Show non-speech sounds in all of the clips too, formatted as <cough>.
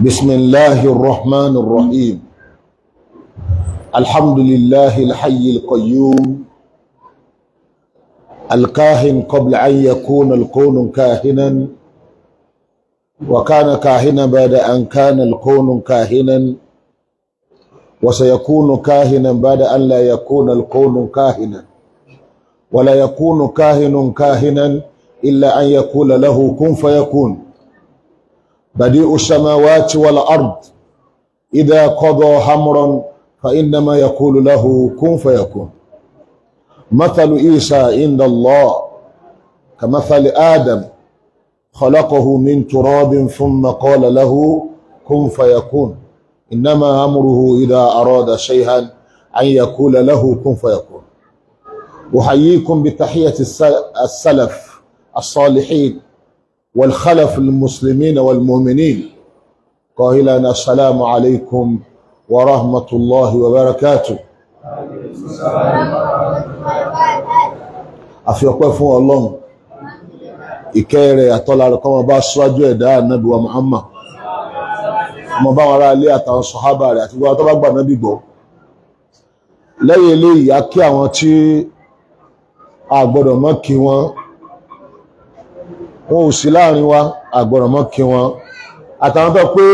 بسم الله الرحمن الرحيم الحمد لله الحي القيوم الكاهن قبل أن يكون الكون كاهنا وكان كاهنا بعد أن كان الكون كاهنا وسيكون كاهنا بعد أن لا يكون الكون كاهنا ولا يكون كاهن كاهنا إلا أن يقول له كن فيكون بديء السماوات والأرض إذا قضى أمرا فإنما يقول له كن فيكون مثل عيسى عند الله كمثل آدم خلقه من تراب ثم قال له كن فيكون إنما أمره إذا أراد شيئا أن يقول له كن فيكون أحييكم بتحية السلف الصالحين والخلف المسلمين والمؤمنين قائلا السلام عليكم ورحمة الله وبركاته àfi ọpẹ́ fún Ọlọ́run ìkẹ́ rẹ̀ àtọ́lá rẹ̀ kó máa bá aṣáájú ẹ̀dá ànábì wa Muhammad ọmọ báwọn ará ilé àtàwọn sọ̀hábà rẹ̀ àti gbogbo àtọ́bá gbà nábì gbọ́ lẹ́yìn eléyìí a kí àwọn tí a gbọ́dọ̀ mọ́ kí wọ́n wọn ò sí láàrin wa àgbọ̀rọ̀ mọ́ kí wọn àtàwọn tó pé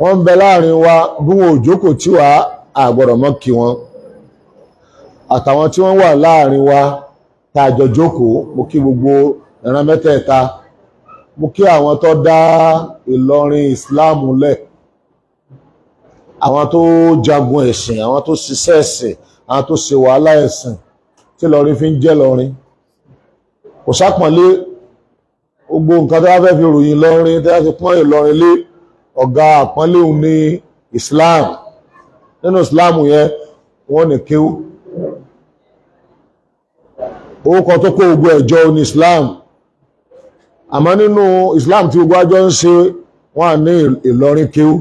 wọ́n ń bẹ láàrin wa bí wọn ò jókòó tí wàá àgbọ̀rọ̀ kí wọn àtàwọn tí wọ́n wà láàrin wa tá a jọ jókòó mo kí gbogbo ìran mẹ́tẹ̀ẹ̀ta mo kí àwọn tó dá Ìlọrin Islam lẹ̀ àwọn tó jagun ẹ̀sìn àwọn tó ṣiṣẹ́ ẹ̀sìn àwọn tó ṣe wàhálà ẹ̀sìn tí Ìlọrin fi ń jẹ́ Ìlọrin kò sápọ̀nlé gbogbo nǹkan tó wá fẹ́ fi ròyìn lọ́rin tó wá fi pọ́n ìlọrin lé ọ̀gá àpọ́nlé òun ní Islam nínú Islam yẹn wọ́n ní kéwú orúkọ tó kó gbogbo ẹ̀jọ́ ní Islam àmọ́ nínú Islam tí gbogbo àjọ ń ṣe wọ́n ní Ìlọrin kéwú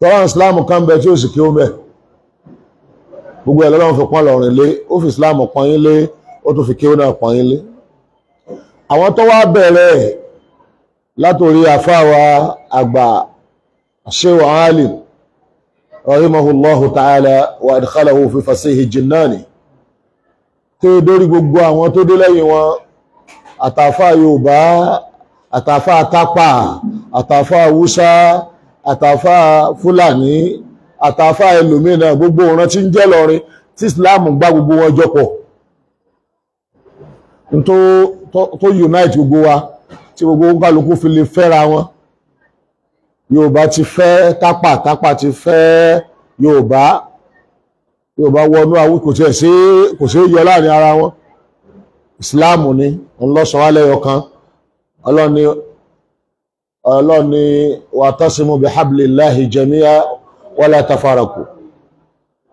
tọ́lá Islam kan bẹ tí ó sì kéwú bẹ́ẹ̀ gbogbo ẹ̀ lọ́lọ́run fi pọ́n lọ́rin lé ó fi Islam pọ́n yín lé ó tún fi kí ó náà pọ̀ yín lé àwọn tó wá bẹ̀rẹ̀ látòrí àfáwa àgbà ṣéwà alim rahimahullahu ta'ala wa adkhalahu fi fasihi jinnani tó dórí gbogbo àwọn tó dé lẹ́yìn wọn àtàfà yorùbá àtàfà tápà àtàfà wúsá àtàfà fúlàní àtàfà ẹlòmínà gbogbo òran tí ń jẹ́ lọrin tí islam gbá gbogbo wọn jọpọ̀ tó unite gbogbo wa tí gbogbo kálukú fi lè fẹ́ra wọn yorùbá ti fẹ́ tápà tápà ti fẹ́ yorùbá yorùbá wọnú àwọn kò tiẹ̀ sí kò sí yọ láàrin ara wọn ìsìláàmù ni ńlọsọ alẹyọ kan ọlọ́ni ọlọ́ni wa'tasimu bihablillahi jami'a wala tafaraku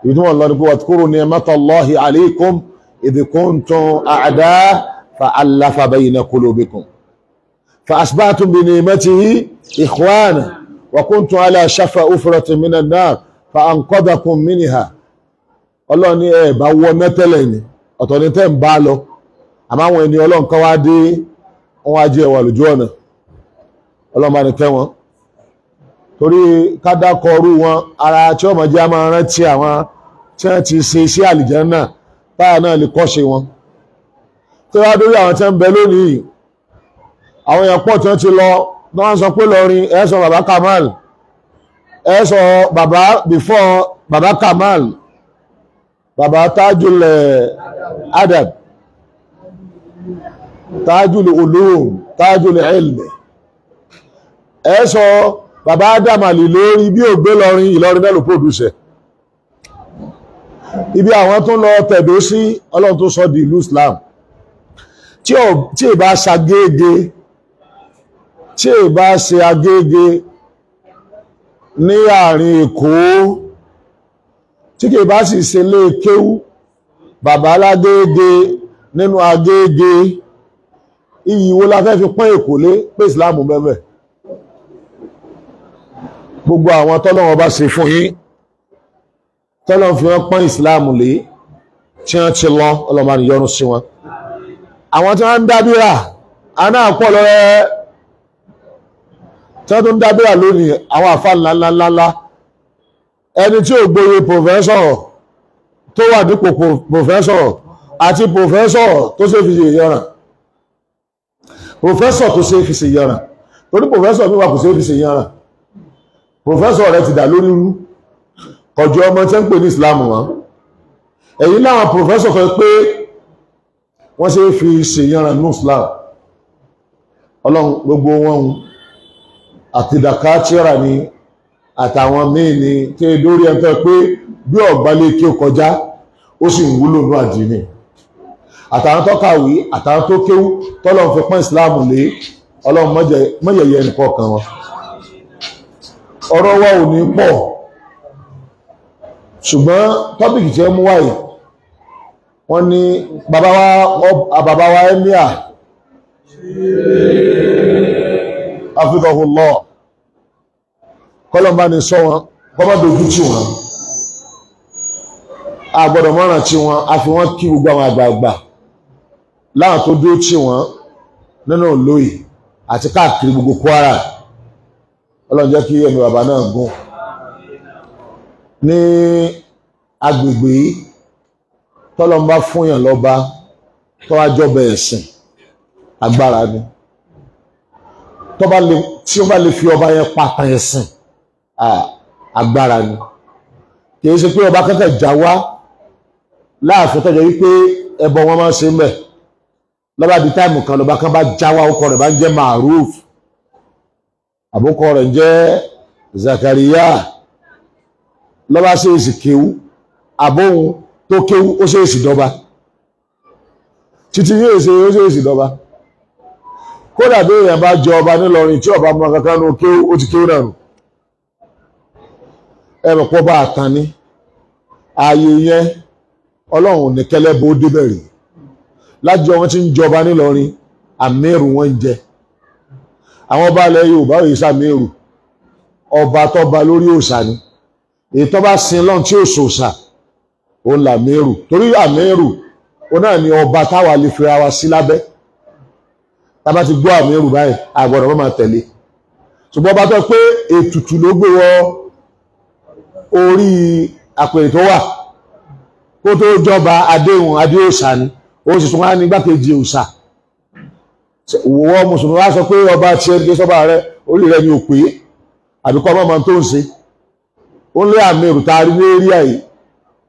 ìdúnwọ̀n lọ́ni pé wàtúkúrò ní ẹ̀mẹ́tọ̀ Allahi alaykum إذ كنتم أعداء فألف بين قلوبكم فأصبحتم بنعمته إخوانا وكنتم على شفا أفرة من النار فأنقذكم منها Ọlọ́run ní ẹ bá wọ mẹ́tẹ́lẹ̀ ni ọ̀tọ̀ ni tẹ́ ń bá lọ àmọ́ àwọn ènìyàn torí kádàkọrú wọn ara tí ọmọ jẹ́ máa rántí àwọn tí wọ́n ti ṣe iṣẹ́ àlìjẹ́ náà táyà náà lè kọ́ṣe wọn tí wọ́n dórí àwọn tí wọ́n ń bẹ lónìí àwọn èèyàn pọ̀ tí wọ́n ti lọ náà wọ́n sọ pé lọ́rin ẹ sọ bàbá Kamal ẹ sọ bàbá before bàbá Kamal bàbá Tajul eh, Adab Tajul Ulum Tajul Ilm ẹ sọ bàbá Adam àlè lórí bí ògbé lọ́rin Ìlọrin náà ló pòdùsẹ̀ ibi àwọn tó lọ tẹ̀dó sí ọlọ́run tó sọ di ìlú Islam tí ì bá ṣagége tí ì bá ṣe agége ní àárín Èkó tí kì í bá sì ṣe lé kéwú bàbá alágége nínú agége iyì wo la fẹ́ fi pọ́n Èkó lé pé Islam bẹ́ẹ̀ bẹ́ẹ̀ gbogbo àwọn tọ́lọ́wọ́n bá ṣe fún yín tọ́lọ́ fi wọ́n pọ́n ìsìláàmù lé tí wọ́n ti lọ ọlọ́mọ ìyọnu sí wọn àwọn tí wọ́n ń dábìrà àná àpọ̀ lọ́rẹ́ tí wọ́n tó ń dábìrà lónìí àwọn àfa ńláńláńlá ẹni tí ò gboyè pòfẹ́sọ̀ tó wà dípò pòfẹ́sọ̀ àti pòfẹ́sọ̀ tó ṣe fi ṣe yọràn pòfẹ́sọ̀ tó ṣe fi ṣe yọràn torí pòfẹ́sọ̀ mi wà kò ṣe fi ṣe yọràn pòfẹ́sọ̀ rẹ ti dà lórí rú kọjú ọmọ tí ń pè ní islam wọn èyí láwọn pòfẹ́sọ̀ fẹ́ pé wọ́n ṣe fi ṣèyànràn ní islam ọlọ́run gbogbo wọn àti dàkátìrà ni àtàwọn míì ni tí lórí ẹ̀fẹ́ pé bí ọ̀gbálẹ̀ kí ó kọjá ó sì ń wúlò ní àdínì àtàwọn tó kàwé àtàwọn tó kéwú tọ́lọ́ fi pọ́n islam lé ọlọ́run mọ́yẹ̀yẹ nìkan kan wọn ọ̀rọ̀ wa ò ní pọ̀ ṣùgbọ́n tọ́pìkì tí ó mú wáyé wọ́n ní bàbá wa bàbá wa emir afidahullah kọlọmbà ní sọ wọn kọmọ dojú tí wọn àgbọ́dọ̀ mọràn tí wọn a fi wọn kí gbogbo àwọn àgbààgbà láwọn tó dúró tí wọn nínú lóyè àti káàkiri gbogbo Kwara Ọlọ́run kí ẹ̀mí bàbá náà gùn ní agbègbè tọ́lọ́mbá fúnyàn lọ́ba tọ́wá ẹ̀sìn agbára ni tí ó bá lè fi ọba yẹn pàtàn ẹ̀sìn agbára ni kìí ṣe pé ọba kẹ́kẹ́ já wá láàfin tọ́jọ́ wípé ẹbọ wọn máa ń ṣe mẹ́ lọ́ba di táìmù kan lọ́ba kan bá já wá ọkọ rẹ̀ bá ń jẹ́ Maruf àbúkọ rẹ̀ ń jẹ́ Zakariya lọ́ba ṣèèṣì kéwú àbóhun tó kéwú ó ṣèèṣì dọ́ba títí yóò ṣe ó ṣèèṣì dọ́ba kódà bí èèyàn bá jẹ ọba nílọrin tí ọba mọ kankan ní oké ó ti kéwòn ẹrù ẹ mọ̀ pọ́ bá àtàn ní ààyè yẹn ọlọ́run ní kẹlẹ́bó débẹ̀rẹ̀ lájọ wọn ti ń jọba nílọrin àmẹ́rù wọn ń jẹ àwọn ọba ilẹ̀ Yorùbá òye sàmẹ́rù ọba tọba lórí òòṣà ni ètò bá sin lọ́n tí ó sòsà ó làmẹ́rù torí àmẹ́rù ó náà ní ọba táwa lè fira wa sí lábẹ́ tábà ti gbọ́ àmẹ́rù báyìí àgbọ̀dọ̀ wọ́n máa tẹ̀lé ṣùgbọ́n bá tọ́ pé ètùtù ló gbé wọ orí àpèrè tó wà kó tó jọba adéhùn adéòsà ni ó sì tún wá ní igbákejì òsà wọ́n mùsùlùmí wá sọ pé ọba tiẹ̀ ń gé sọ́ba rẹ orí rẹ ni ò pé àbíkọ́ ọmọ ọmọ tó ń ṣe ó lé àmì ìrùtà arílé rí àyè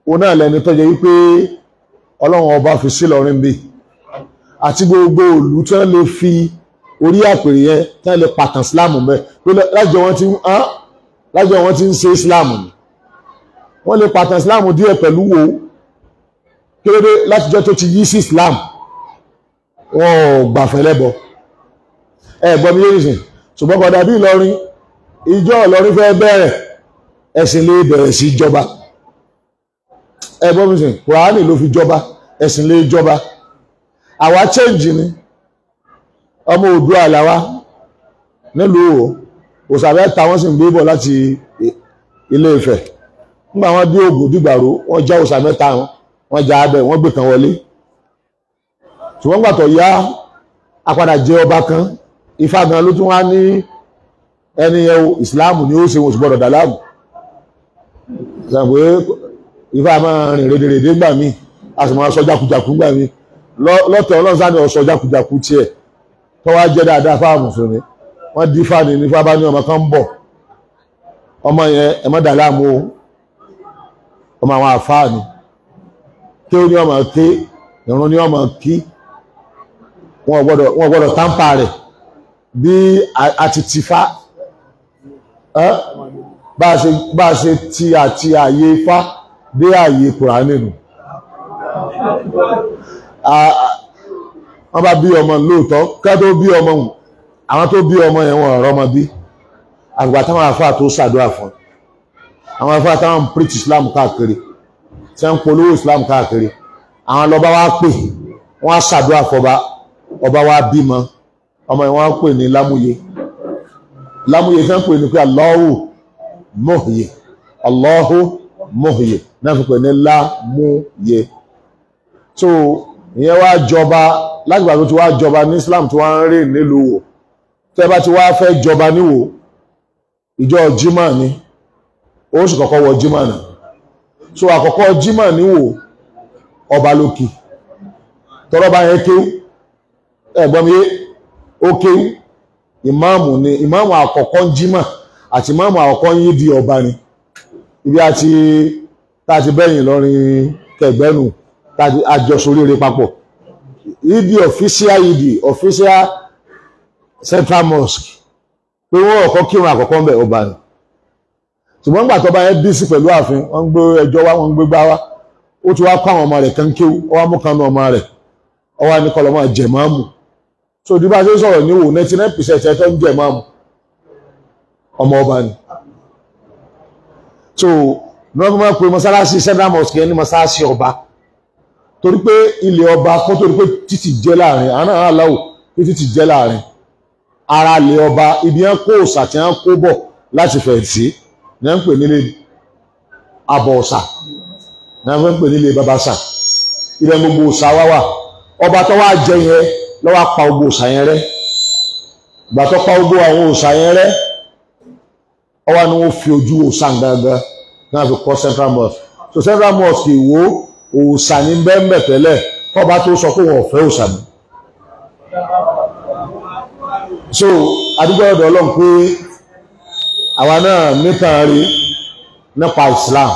òun náà lẹni tó jẹ́ wípé ọlọ́run ọba fi sí lọ́rin bí àti gbogbo òlú tí wọ́n lè fi orí àpèrè yẹn tí wọ́n lè pàtàn síláàmù mẹ́ pé lájọ wọn ti ń hàn lájọ wọn ti ń ṣe síláàmù ni wọ́n lè pàtàn síláàmù díẹ̀ pẹ̀lú wo kéré látijọ́ tó ti yí sí síláàmù wọn ò gbàfẹ́ lẹ́bọ ẹ gbọ́ mi yé nìsín ṣùgbọ́n kọ̀dà bí Ìlọrin ìjọ Ìlọrin fẹ́ bẹ̀rẹ̀ ẹ̀sìn lè bẹ̀rẹ̀ sí jọba ẹ gbọ́ mi sìn kùránì ló fi jọba ẹ̀sìn lè jọba àwa change ni ọmọ Oòduà làwa nílùú o òsàbẹ́ ta wọ́n sì ń gbé bọ̀ láti Ilé Ifẹ̀ nígbà wọn dé Ògùn dìgbàrú wọn já òsàbẹ́ ta wọn wọn já abẹ wọn gbé kan wọlé ṣùgbọ́n gbàtọ̀ ya apadà jẹ ọba kan Ifá gan ló tún wá ní ẹni yẹn Ìsìláàmù ni ó ṣe wọn ò sì gbọdọ̀ dà sàpé ifá máa rìn rèdèrèdè gbà mí a sì máa sọ jákujàku gbà mí lọ́tọ̀ ọlọ́run sáà ni ọ̀sọ̀ jákujàku tiẹ̀ tó wá jẹ́ dáadáa fáwọn mùsùlùmí wọ́n di fáàní nífà bá ní ọmọ kan ń bọ̀ ọmọ yẹn ẹ má dà láàmú o ọmọ àwọn àfáàní ké ó ní ọmọ ké ìrún ní ọmọ kí wọn gbọ́dọ̀ wọn gbọ́dọ̀ táǹpà rẹ̀ bí àti tìfa bá ṣe ti àti àyè ifá dé àyè kùránì nù wọ́n bá bí ọmọ lóòótọ́ ká tó bí ọmọ hùn àwọn tó bí ọmọ yẹn wọn ọ̀rọ̀ ọmọ bí àgbà táwọn afá tó ṣàdúrà fún àwọn afá táwọn ń preach Islam káàkiri tí wọ́n ń polówó Islam káàkiri àwọn lọ́ba wa pè wọ́n á ṣàdúrà fọba ọba wa bímọ ọmọ yẹn wọ́n á pè ní lámúye lámúye fẹ́ pè ní pé àlọ́wù mọ́hìyè Allahu mọ́hìyè náà fi pè ní lámúyè so ìyẹn wá jọba lágbà tó ti wá jọba ní Islam tó wá ń rìn nílùú wò tẹ́ bá ti wá fẹ́ jọba níwò ìjọ jimá ni ó sì kọ́kọ́ wọ jimá náà so àkọ́kọ́ jimá níwò ọba lókì tọ́rọ́bá yẹn kéwú ẹ̀gbọ́n mi yé ó kéwú ìmáàmù ni ìmáàmù àkọ́kọ́ ń àti máàmù àkọ́kọ́ yín di ọba ni ibi àti tá a ti bẹ́yìn lọ́rin kẹgbẹ́nu tá a papọ̀ ìdí e official ìdí e official central mosque pé wọ́n ọ̀kọ́ kírun àkọ́kọ́ ń bẹ̀ ọba ni ṣùgbọ́n gbà tọ́ba yẹn bísí pẹ̀lú ààfin wọ́n ń gbé ẹjọ́ wá wọ́n ń gbé gbá wá ó ti wá kọ́ àwọn ọmọ rẹ̀ kan kéwú ó wá mú kan ọmọ rẹ̀ ó wá ní kọlọ́mọ jẹ̀máàmù so bí bá ṣe sọ̀rọ̀ níwò ninety nine percent ẹ̀ fẹ́ ń jẹ̀máàmù ọmọ ọba ni so náà fún mi pé mọ́sálásí central mosque yẹn ní mọ́sálásí ọba torí pé ilẹ̀ ọba kan torí pé títì jẹ́ láàrin àná aláwọ̀ pé títì jẹ́ láàrin ara ilẹ̀ ọba ibi yẹn kó òòṣà tí wọ́n kó bọ̀ láti fẹ̀yìntì ní wọ́n ń pè nílé abọ̀ òòṣà ní wọ́n ń pè nílé babasa ilẹ̀ gbogbo òòṣà wá wà ọba tó wá jẹ yẹn lọ́wọ́ pa gbogbo òòṣà yẹn rẹ́ gbàtọ́ pa gbogbo àwọn òòṣà yẹn rẹ́ ọwọ́ ni wọ́n fi ojú òòsàn gangan náà fi kọ́ central mosque so central mosque ìwó òòsàn ní bẹ́ẹ̀mbẹ̀ tẹ́lẹ̀ kọ́ba tó sọ pé wọ́n fẹ́ òòsàn mi. so àdúgbò ọ̀dọ̀ ọlọ́run pé àwa náà nítàn rí nípa Islam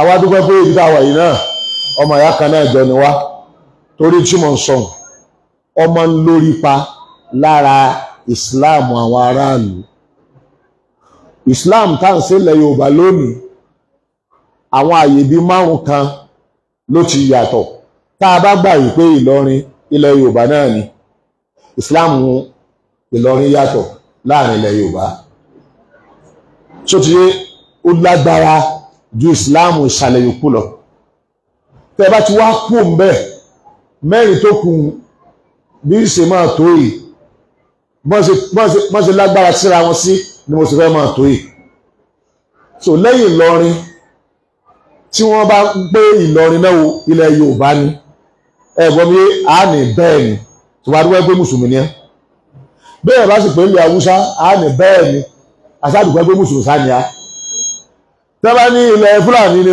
àwa dúpẹ́ pé ibi táwa yìí náà ọmọ ìyá kan náà jọ ni wá torí tí mo ń sọ ọmọ ń lórí pa lára Islam àwọn aráàlú. Islam tá à ń ṣe ilẹ̀ Yorùbá lónìí àwọn àyè bíi márùn kan ló ti yàtọ̀ tá a bá gbà yìí pé Ìlọrin ilẹ̀ Yorùbá náà ni Islam Ìlọrin yàtọ̀ láàrin ilẹ̀ Yorùbá sotiye ó lágbára ju Islam ìsàlẹ̀ yòókù lọ tẹ́ bá ti wá kú mbẹ mẹ́rin tó kù bí ṣe máa tó yìí bọ́n ṣe lágbára síra wọn sí. Si ni mo sì fẹ́ máa tó yìí so lẹ́yìn Ìlọrin tí wọ́n bá ń pé Ìlọrin náà wo ilẹ̀ Yorùbá ni ẹ̀gbọ́n mi á ní bẹ́ẹ̀ ni tó bá dúpẹ́ pé mùsùlùmí ni ẹ́ bẹ́ẹ̀ bá sì pé ilẹ̀ Haúsá á bẹ́ẹ̀ ni àṣàdùpẹ́ pé mùsùlùmí sá ni á tẹ́ bá ní ilẹ̀ Fúlàní ni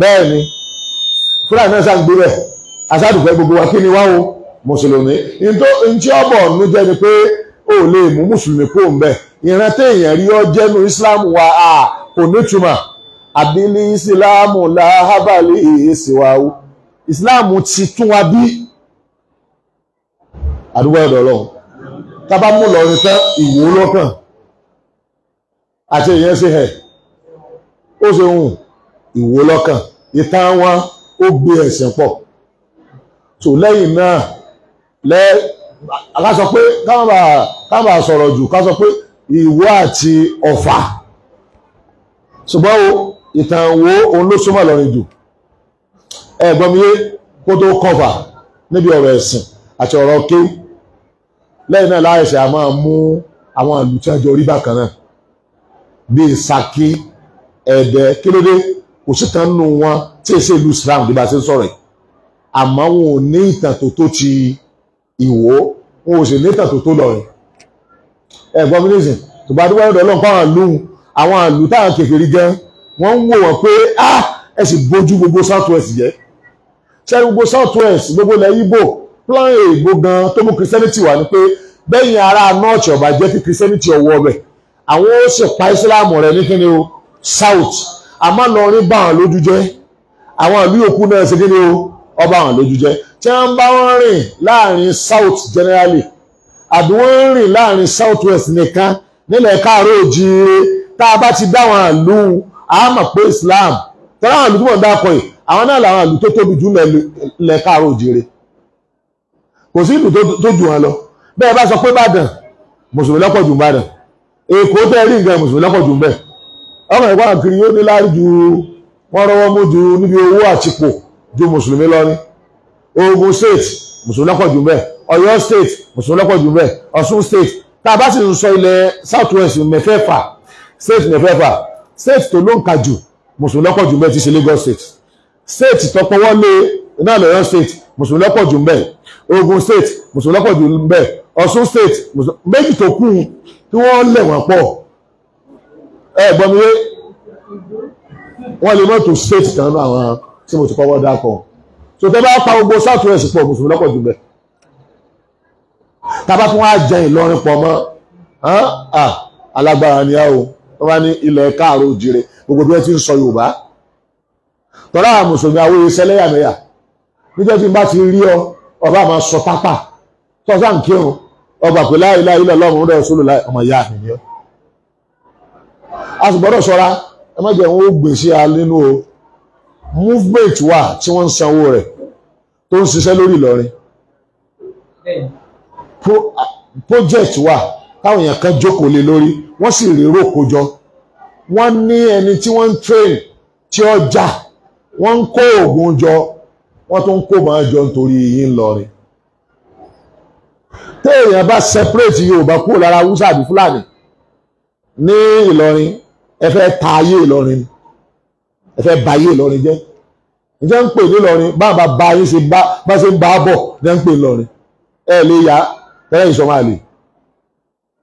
bẹ́ẹ̀ ni Fúlàní náà sá ń gbé bẹ́ẹ̀ àṣàdùpẹ́ gbogbo wa kí ni wá o mùsùlùmí ntí ọ̀bọ̀ ọ̀nù jẹ́ ni pé ó lè mú mùsùlùmí kó ń bẹ́ẹ̀ ìran téèyàn rí ọ jẹ́nu islam wa kò nítumọ̀ àbílí islam làhábàlì ìsìwáwó islam ti tún wa bí àdúgbò ọ̀dọ̀ ọlọ́run tábà mú lọrin tán ìwò lọ́kàn àti èèyàn ṣe hẹ̀ ó ṣe hùn ìwò lọ́kàn ìtàn wọn ó gbé ẹ̀sìn pọ̀ tó lẹ́yìn náà lẹ́ ká pé káwọn bá sọ̀rọ̀ jù ká sọ pé ìwó àti ọ̀fà ṣùgbọ́n o ìtàn wo òun ló súnmọ́ lọ́rin jù ẹ̀gbọ́n mi yé kó tó kọfà níbi ọ̀rọ̀ ẹ̀sìn àti ọ̀rọ̀ kéwù lẹ́yìn náà láìsẹ̀ a máa mú àwọn ìlú tí wọ́n jọ rí bákan náà bíi Ṣakí Ẹ̀dẹ́ kílódé kò sí kan nù wọn tí èsì ìlú Islam bí ba ṣe ń sọ̀rọ̀ àmọ́ wọn ò ní ìtàn tó tó ti Ìwó wọn ò sì ní ìtàn tó tó lọ́rin ẹ̀gbọ́n mi nìsín tó bá dúpẹ́ lọ́dọ̀ ọlọ́run fáwọn àlù àwọn àlù táwọn kékeré gan wọ́n ń wò wọ́n pé ah ẹ sì bójú gbogbo south west jẹ́ ṣe gbogbo south west gbogbo ilẹ̀ Ìgbò plan èèbó gan tó mú christianity wà ní pé bẹ́yìn ará north ọ̀bà jẹ́ kí christianity ọwọ́ ọbẹ̀ àwọn ó sì pa islam rẹ̀ ní kíni o south àmọ́ lọrin bá àwọn lójú jẹ́ àwọn ìlú yòókù náà ṣe kíni o ọba àwọn lójú jẹ́ tí wọ́n bá wọn rìn láàrin south generally àbí wọ́n ń rìn láàrin south west nìkan nílẹ̀ káàárọ̀ òjíire tá a bá ti dáwọn àlù àmọ̀ pé Islam tẹ́lá àwọn àlù tó mọ̀ ń dákọ̀ yìí àwọn náà làwọn àlù tó tóbi jù lẹ̀ káàárọ̀ òjíire kò sí ìlú tó jù wọn lọ bẹ́ẹ̀ bá sọ pé Ìbàdàn mùsùlùmí lọ́pọ̀ jù Ìbàdàn Èkó tẹ́ rí nǹkan mùsùlùmí lọ́pọ̀ jù bẹ́ẹ̀ ọmọ ìwà kiri yóò ní láàrí ju wọ́n rọwọ́ mú ju níbi owó àtìpó ju mùsùlùmí lọ ní Ògùn State mùsùlùmí lọ́pọ̀ jù bẹ́ẹ̀ Ọ̀yọ́ state mùsùlùmọ́pọ̀ jù bẹ́ẹ̀ Ọ̀ṣun state tá a bá sì ń sọ ilẹ̀ south west mẹ́fẹ̀ẹ̀fà state mẹ́fẹ̀ẹ̀fà state tó ló ń ka jù mùsùlùmọ́pọ̀ jù bẹ́ẹ̀ ti ṣe Lagos state state tọpọwọ́lé náà lọ́yọ́ state mùsùlùmọ́pọ̀ jù bẹ́ẹ̀ Ogun state mùsùlùmọ́pọ̀ jù bẹ́ẹ̀ Ọ̀ṣun state méjì tó kù tí wọ́n lẹ̀ wọ́n pọ̀ ẹ gbọ́ mi wé wọ́n lè mọ́tò state kan náà àwọn tí mo ti kọ́wọ́ dá kan so tẹ́ bá pa gbogbo south west pọ̀ mùsùlùmọ́pọ̀ jù bẹ́ẹ̀ tábà tún wá jẹ Ìlọrin pọ̀ mọ́ alágbára ni a o wọ́n bá ní ilẹ̀ káàró jire gbogbo bí wọ́n ti ń sọ Yorùbá tọ́lá àwọn mùsùlùmí àwọn iṣẹ́ lẹ́yàmẹ̀yà níjọ́ tí n bá ti rí ọ ọba máa sọ pápá tọ́sà ń kírun ọgbà pé láì láì ilẹ̀ ọlọ́run rẹ̀ sólò láì ọmọ ìyá mi ni ọ́ a sì gbọ́dọ̀ ṣọ́ra ẹ má jẹ́ wọn ó gbè sí alínú o movement wà tí wọ́n ń sanwó rẹ̀ tó ń ṣiṣẹ́ lórí Ìlọrin project wa, táwọn èèyàn kan jókòó lé lórí wọ́n sì rérò kójọ wọ́n ní ẹni tí wọ́n ń train tí ó jà wọ́n ń kó oògùn jọ wọ́n tún ń kó máa jọ nítorí yín lọrin téèyàn bá separate Yorùbá kúrò lára Hausa àbí Fúlàní ní Ìlọrin ẹ fẹ́ ta ayé Ìlọrin ẹ fẹ́ ba ayé Ìlọrin jẹ́ ǹjẹ́ ń pè ní Ìlọrin bá bá ba yín ṣe bá ṣe ń bá bọ̀ ǹjẹ́ ń pè ní Ìlọrin ẹ lè yá tẹ́lẹ̀ ìṣọ́mọ́ àlè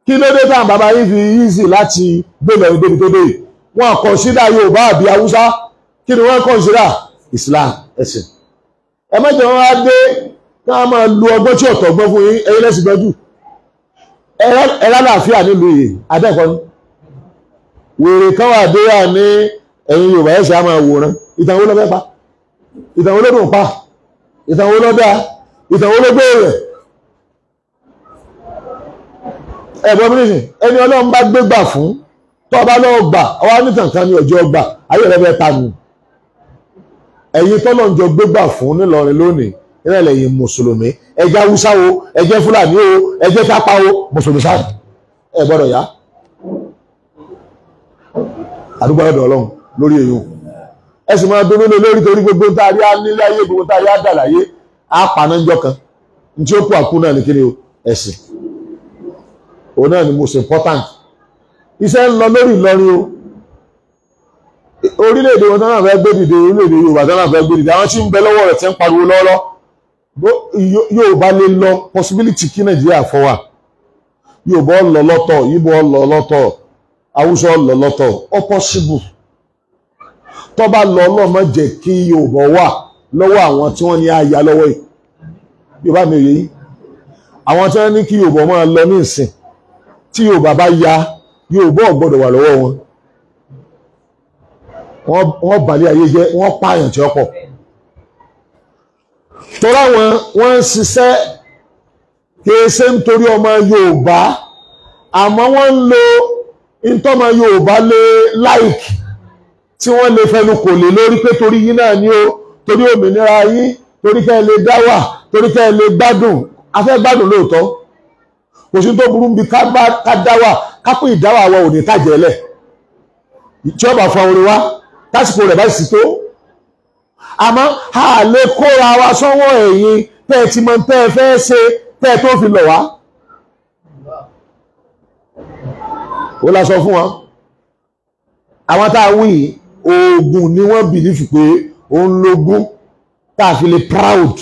kí ló dé táwọn bàbá yìí fi yíìsì láti gbélé ọ̀hún débi tó dé wọn kọ̀nsídà Yorùbá àbí Haúsá kí ni wọ́n kọ̀nsídà Islam ẹ̀sìn ẹ mẹ́jọ wọn á dé ká máa lu ọgbọ́n tí ọ̀tọ̀ gbọ́n fún yín ẹ̀yin lẹ́sìn gbọ́n jù ẹ lálàáfíà nílùú yìí adẹ́kọ̀ọ́ ni wèrè kan wà dé wà ní ẹ̀yin Yorùbá ẹ̀sìn á máa wòran ìtàn wo ló fẹ́ pa ìtàn wo ló dùn pa ìtàn wo ló dáa ìtàn wo ló gbé rẹ̀ ẹ̀bọ̀n mínísìn ẹni ọlọ́run bá gbé gbà fún tó ọba lọ́wọ́ gbà ọwọ́ nítàntàn ní ọjọ́ gbà ayé rẹ bẹ́ẹ̀ ta ni ẹ̀yin tọ́lọ́run jọ gbé gbà fún nílọrin lónìí ìrẹ̀lẹ̀ yìí mùsùlùmí ẹjẹ́ haúsá o ẹjẹ́ fúlàní o ẹjẹ́ tápá o mùsùlùmí sáà ẹ gbọ́dọ̀ yá àdúgbò ọ̀dọ̀ ọlọ́run lórí èyàn ẹ sì máa dúró lórí torí gbogbo tá a rí nílé ayé gbogbo tá a rí àdàlàyé àpànájọ kan ní tí òun náà ni most important iṣẹ́ ń lọ lórí Ìlọrin o orílẹ̀-èdè wọn náà fẹ́ gbé dìde orílẹ̀-èdè Yorùbá náà fẹ́ gbé dìde àwọn tí ń bẹ lọ́wọ́ rẹ̀ ti ń pariwo lọ́wọ́lọ́ Yorùbá lè lọ possibility kí Nàìjíríà fọwà Yorùbá lọ lọ́tọ̀ Ìgbò lọ lọ́tọ̀ Haúsá lọ lọ́tọ̀ all possible tó bá lọ ọlọ́mọ jẹ́ kí Yorùbá wà lọ́wọ́ àwọn tí wọ́n ní àyà lọ́wọ́ yìí Yorùbá mi ò yẹ yìí àwọn tí wọ́n ní kí Yorùbá máa lọ ní ìsìn tí Yorùbá bá ya Yorùbá ò gbọ́dọ̀ wà lọ́wọ́ wọn wọ́n balẹ̀ ayé jẹ́ wọ́n pààyàn tí ó pọ̀ tọ́lá wọn wọ́n ń ṣiṣẹ́ kéèṣe nítorí ọmọ Yorùbá àmọ́ wọ́n ń lo ìtọ́mọ Yorùbá lé láìkì tí wọ́n lè fẹnu kò lè lórí pé torí yín náà ni ó torí òmìnira yín torí kẹ́ ẹ lè dá wà torí kẹ́ ẹ lè gbádùn afẹ́ gbádùn lóòótọ́ kò sí tó burú bí ká dáwà ká pín ìdáwà wa ò ní tàjẹ́ lẹ̀ tí ọba fa orin wa tásìkò rẹ̀ bá sì tó àmọ́ a lè kóra wa sọ́wọ́ ẹ̀yìn tẹ́ ẹ ti mọ tẹ́ ẹ fẹ́ ṣe tẹ́ ẹ tó fi lọ̀ wá. ó la sọ fún wọn àwọn tá a wí oògùn ni wọ́n bìlífù pé òun lógún tá a fi lè proud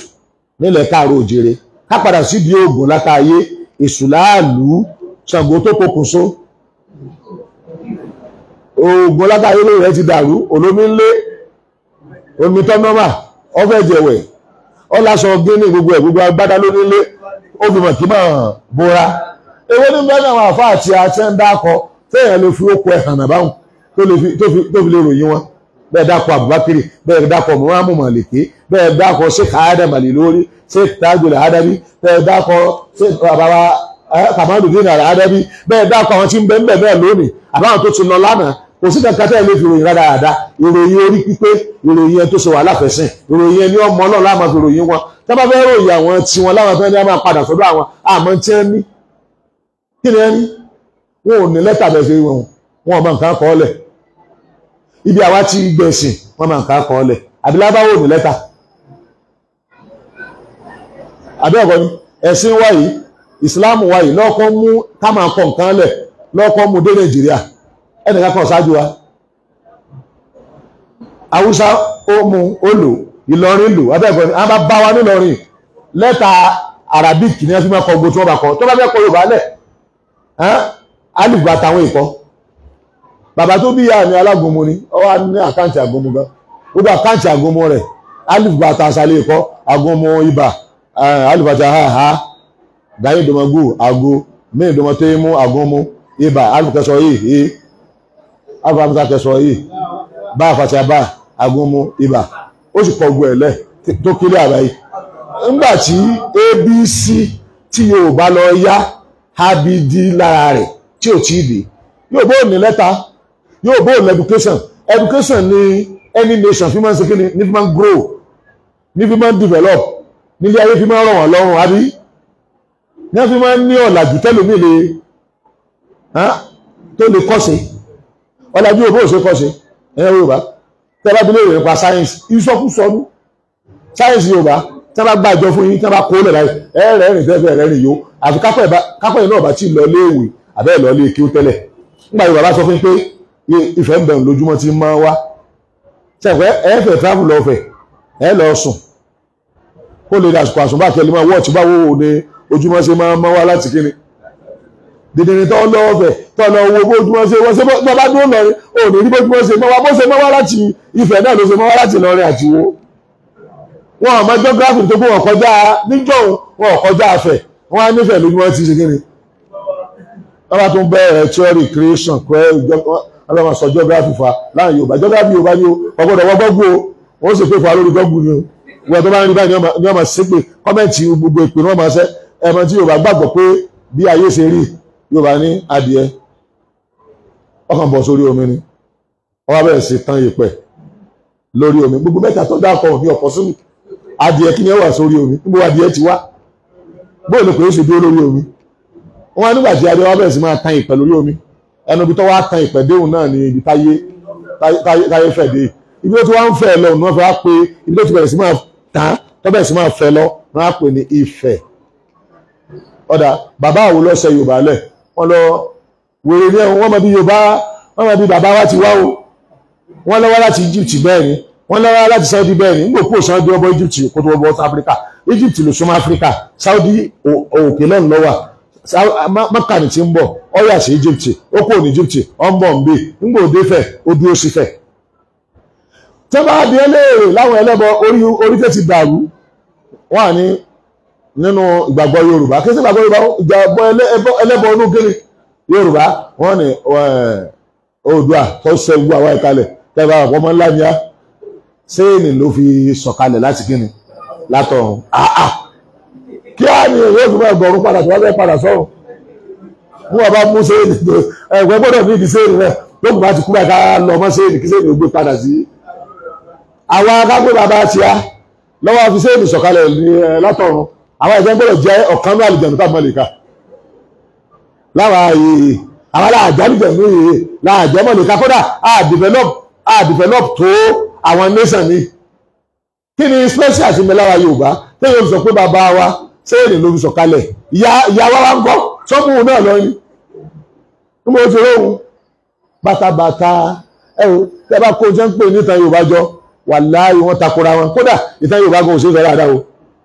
nílẹ̀ káàró òjèrè ká padà sídìí oògùn látàáyé èṣù láàlú ṣàngó tó pokùnso oògùn látàrí ilé rẹ̀ ti dàrú olómi ńlé omi tọ́nọ́mà ọfẹ́ jẹ̀wẹ̀ ọlásọ gíní gbogbo ẹ̀ gbogbo agbádá lónílé obìnrin kì máa bóra ewé ní bẹ́ẹ̀ àwọn àfáà àti àti ń dákọ téèyàn lè fi okùn ẹ̀ hàn àbáhùn tó fi lè ròyìn wọn bẹ́ẹ̀ dákọ Àbúbákírì bẹ́ẹ̀ dákọ mọ́rámù Màlíkì bẹ́ẹ̀ dákọ sheikh adam ali lórí sheikh tajul adabi bẹ́ẹ̀ dákọ sheikh bàbá kamalu dina adabi bẹ́ẹ̀ dákọ àwọn tí ń bẹ ń bẹ bẹ́ẹ̀ lónìí àbáwọn tó ti lọ lánàá kò sí kankan tẹ́lẹ̀ fi ròyìn rárá àdá ìròyìn orí pípé ìròyìn ẹni tó ṣe wà láfẹ̀sìn ìròyìn ẹni ọmọ náà láàmà fi ròyìn wọn tá bá fẹ́ ròyìn àwọn tí wọn láwọn fẹ́ẹ́ ní àmà padà sọ́dọ̀ àwọn àmọ́ tí wọ́n ní kí ni ẹni wọn ò ní lẹ́tà bẹ́ẹ̀ fi wọn wọn máa nǹkan kọ́ lẹ̀ ibi àwa ti gbẹ̀sìn wọn máa nǹkan kọ́ lẹ̀ àbí lábáwò ní lẹ́tà àbẹ́ẹ̀kọ́ ni ẹ̀sìn wáyé ìsìláàmù wáyé lọ́kọ́ mú ká le kọ nǹkan lẹ̀ lọ́kọ́ mú dé nàìjíríà ẹnìkan kan ṣáájú wa ó mu ó lò ìlọrin lò bá wa nílọrin arabic ni wọ́n fi máa kọ gbogbo tí wọ́n bá kọ tó bá fẹ́ kọ yorùbá lẹ̀ alùpùpù àtàwọn ìkọ́ bàbá tó bí ìyá alágúnmu ni ó wà ní àkáǹtì àgúnmu gan àkáǹtì àgúnmu Ah, alifata ha ha gaye domago ago mẹ́rin domate mú ago mú ibà alifakẹsọ yìí yìí alifakẹsọ yìí bá àfàṣà bá ago mú ibà ó sì pọ̀ gbọ́ ẹ̀ lẹ̀ tó kílẹ̀ àbáyé ńgbà tí abc tí yorùbá lọ yá abidi lára rẹ̀ tí ò tí ì dé yorùbá ò ní lẹ́tà yorùbá ò ní education education ni any nation fi máa ń ṣe kí ni ni fi máa ń grow ni fi máa ń develop nílé ayé fi máa rọ̀ wọ́n lọ́rùn àbí ní wọ́n fi máa ń ní ọ̀làjú tẹ́lómi lè tó lè kọ́ṣe ọ̀làjú òbó òṣè kọ́ṣe ẹ̀yẹ́ Yorùbá tẹ́lá bí léèrè nípa sáyẹ́nsì ìsọkúsọnú sáyẹ́nsì Yorùbá tẹ́lá gba ìjọ fún yín tẹ́lá kó lẹ̀ láì ẹ̀rẹ̀ rìn tẹ́fẹ̀ rẹ̀ rìn yó àfi kápẹ́ náà bá ti lọ léèwé àbẹ́ẹ̀ lọ lé kí ó tẹ́lẹ̀ nígbà Yorùbá bá sọ fún yín pé ìfẹ́ ń bẹ̀rù lójúmọ́ ti máa wá tẹ̀fẹ́ ẹ̀fẹ̀ travel lọ́fẹ̀ ẹ̀ lọ sùn kó lè dàsùkò àsùnbà kẹlẹ́ máa wọ́ọ̀tì báwo ni ojúmọ́ ṣe máa máa wá láti kíni dìdìrì tó ń lọ ọ̀fẹ́ tó ń lọ owó bó ojúmọ́ ṣe wọ́n ṣe bọ́ bá dúró lọ́rin ò ní rí bójúmọ́ ṣe máa wá bó ṣe máa wá láti Ifẹ̀ náà ló ṣe máa wá láti lọ́rin àti wo wọn àmọ́ geography tó kó wọn kọjá níjọ́ wọn kọjá afẹ́ wọn á nífẹ̀ẹ́ lójúmọ́ ti ṣe kíni wọ́n bá tún bẹ̀rẹ̀ theory creation pé ọlọ́mọ sọ geography fa láàrin Yorùbá geography Yorùbá ni o ọgbọ́dọ̀ wọ́n gbọ́gbó wọ́n sì pé fa lórí gbọ́gbó ni o ìwọ tó bá ń rí báyìí ni wọ́n máa ṣépè kọ́mẹ̀ntì gbogbo ìpè ni wọ́n máa ṣẹ́ ẹ̀mọ tí Yorùbá gbàgbọ́ pé bí ayé ṣe rí Yorùbá ní adìẹ ọkàn bọ̀ sórí omi ni wọ́n wá bẹ̀rẹ̀ sí tán ìpẹ́ lórí omi gbogbo mẹ́ta tó dákọ̀ ní ọ̀pọ̀ sómi adìẹ kí ni ẹ wà sórí omi níbo adìẹ ti wá bóyá ló pè é ṣe dúró lórí omi wọ́n wá nígbà tí adìẹ wá bẹ̀rẹ̀ sí máa tan ìpẹ́ lórí omi ẹnu ibi tó wá tan ìpẹ́ déhùn náà ni ibi táyé fẹ̀ dé ibi tó ti wá ń fẹ̀ lọ́hùn náà fẹ́ wá pé ibi tó ti bẹ̀rẹ̀ sí máa tá tọ́bẹ̀ sì máa fẹ́ lọ wọ́n ní ife ọ̀dà bàbá àwọn lọ́sẹ̀ Yorùbá lẹ̀ wọ́n lọ wèrè ní ẹ̀hún wọ́n mọ bí Yorùbá wọ́n wa ti wá o lọ́wọ́ láti Egypt bẹ́ẹ̀ ni lọ́wọ́ láti Saudi bẹ́ẹ̀ ni Saudi Egypt Africa Egypt ló súnmọ́ Africa Saudi òkè náà lọ́wọ́ ni ti Egypt Egypt tó bá di eléèrè láwọn ẹlẹ́bọ orí oríkè ti dàrú wọ́n à ní nínú ìgbàgbọ́ Yorùbá kí sí ìgbàgbọ́ Yorùbá ìgbàgbọ́ ẹlẹ́bọ inú kiri Yorùbá wọ́n ní Oòduà tó ṣe gbogbo àwa ìkalẹ̀ tẹ́lẹ̀ bá wọ́n mọ́ ńlá ni á séènì ló fi sọ̀kalẹ̀ láti kíni látọ̀run àà kí á ní èrè òfin máa gbọ̀rún padà tó wá fẹ́ padà sọ̀rọ̀ fún ọba mú séènì ẹgbẹ́ gbọ́dọ̀ ní ìdí séènì rẹ̀ lókùn ti kú bá ká lọ mọ́ séènì kí séènì ó gbé padà sí i àwọn akágbé bàbá ti á lọ́wọ́ fi sẹ́ẹ̀lì sọ̀kalẹ̀ látọ̀run àwọn ẹ̀jẹ̀ gbọ́dọ̀ jẹ́ ọ̀kan ní àlùjẹ̀nu táwọn lè ka láwọn ààyè àwọn aláàjálùjẹ̀nu yìí láàjẹ́mọ̀ lè ka kódà a develop a develop tó àwọn nation ni kí ni special ti mẹ́lára Yorùbá téèyàn sọ pé bàbá wa sẹ́ẹ̀lì ló fi sọ̀kalẹ̀ ìyá wa wá ń kọ́ sọ́mù náà lọ ni mo ti róhun bàtàbàtà ẹ̀rù tẹ́ bá kó jẹ́ ń pè níta Yorùbá jọ wàláhì wọ́n takora wọn kódà ìtàn yorùbá gan òṣèlú rárá o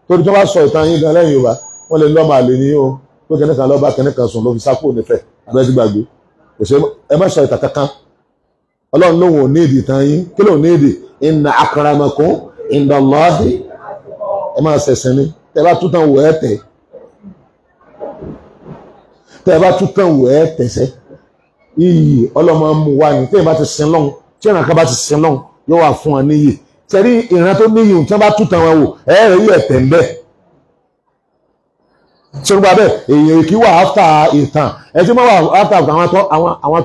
torí tí wọ́n bá sọ ìtàn yín gan lẹ́yìn yorùbá wọ́n lè lọ́ọ́ máa lè ní o pé kẹ́ni kan lọ́ọ́ bá kẹ́ni kan sùn ló fi sápò nífẹ̀ abẹ́ ti gbàgbé òṣèlú ẹ má sọ ìtàn kankan ọlọ́run lóun ò ní èdè ìtàn yín kí lóun ní èdè inna akramakum indallahi ẹ máa ṣẹ̀sìn ni tẹ bá tútàn wò ẹ tẹ tẹ bá tútàn wò ẹ tẹsẹ iyì ọlọ́mọ mú wa ni tẹ́yìn bá ti sin lọ́hùn tí ẹ̀ràn kan bá yóò wà fún ọ níyì sẹ́rí ìran tó níyì tí wọ́n bá tún tàn wọn wò ẹ̀ẹ́rẹ́ yìí ẹ̀tẹ̀ ń bẹ̀ sọ́dọ̀ bẹ́ẹ̀ èyàn kì í wà áfta ìtàn ẹ tí wọ́n wà áfta àwọn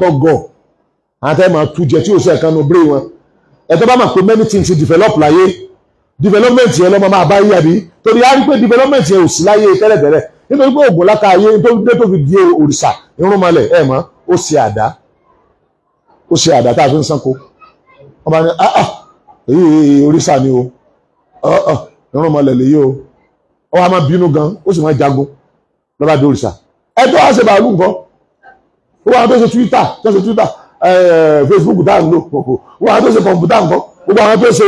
tó gọ̀ àwọn tẹ́ máa tú jẹ tí ò sí ẹ̀kan nu bírè wọn ẹ tó bá mọ̀ pé many things develop láyé development yẹn lọ́mọ máa bá yí àbí torí a rí pé development yẹn ò sí láyé tẹ́lẹ̀tẹ́lẹ̀ nítorí pé òògùn láka ayé tó dé tó fi di òrìṣà irúnmọlẹ̀ ẹ̀ mọ́ ó ṣe àdá ó ṣe àdá tá a fi ń sanko ọba ní ah ah èyí oríṣà ni o ah ah ìran ọmọ lẹ̀lẹ̀ yìí o ọba máa bínú gan ó sì máa jagun lọ́ba di oríṣà ẹ tó wá ṣe bàálù nǹkan ó wà tó ṣe Twitter tó ṣe Twitter Facebook tá à ń lò ó wà tó ṣe kọ̀ǹpútà nǹkan gbogbo àwọn tó ṣe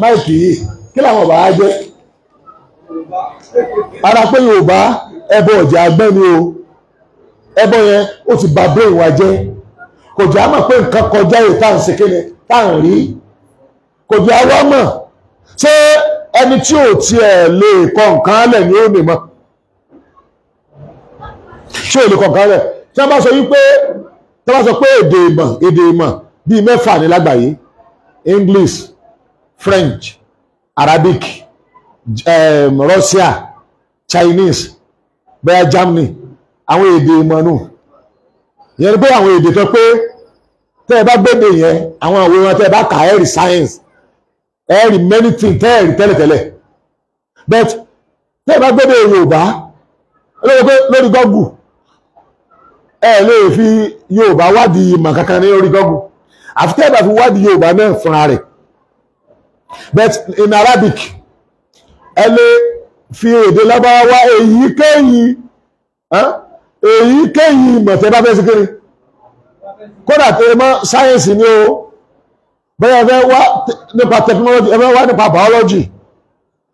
máìkì yìí kí làwọn bàá jẹ́ ara pé Yorùbá ẹbọ ọ̀jà agbẹ́ni o ẹbọ yẹn ó ti bà brain wa jẹ́ kò jẹ́ àmọ̀ pé nǹkan kọjá yìí tá à ń ṣe kéde tá à ń rí kò àwọn mọ̀ ṣé ẹni tí ò tiẹ̀ lè kọ nǹkan lẹ̀ ni ó nìmọ̀ ṣé ò lè kọ nǹkan lẹ̀ tí wọ́n bá sọ wípé tí wọ́n bá sọ pé èdè ìmọ̀ èdè ìmọ̀ bíi mẹ́fà ní lágbàáyé English French Arabic um, Russia Chinese bẹ́ẹ̀ Germany àwọn èdè ìmọ̀ náà ìyẹn ni pé àwọn èdè tó pé tẹ́ ẹ bá gbédè yẹn àwọn àwòrán tẹ́ ẹ bá kà ẹ́ rí science ẹ́ rí many things tẹ́ ẹ rí tẹ́lẹ̀tẹ́lẹ̀ but tẹ́ ẹ bá gbédè Yorùbá lórí Google ẹ lè fi Yorùbá wádìí ìmọ̀ kankan ní orí Google àfi tẹ́ ẹ bá fi wádìí Yorùbá náà fúnra rẹ̀ but in Arabic ẹ lè fi èdè lábáwá èyíkéyìí. Huh? èyíkéyìí ìmọ̀tẹ́ bá fẹ́ sí kiri kódà tó mọ́ sáyẹ́nsì ni o bẹ́ẹ̀ fẹ́ wá nípa technology ẹ fẹ́ wá nípa biology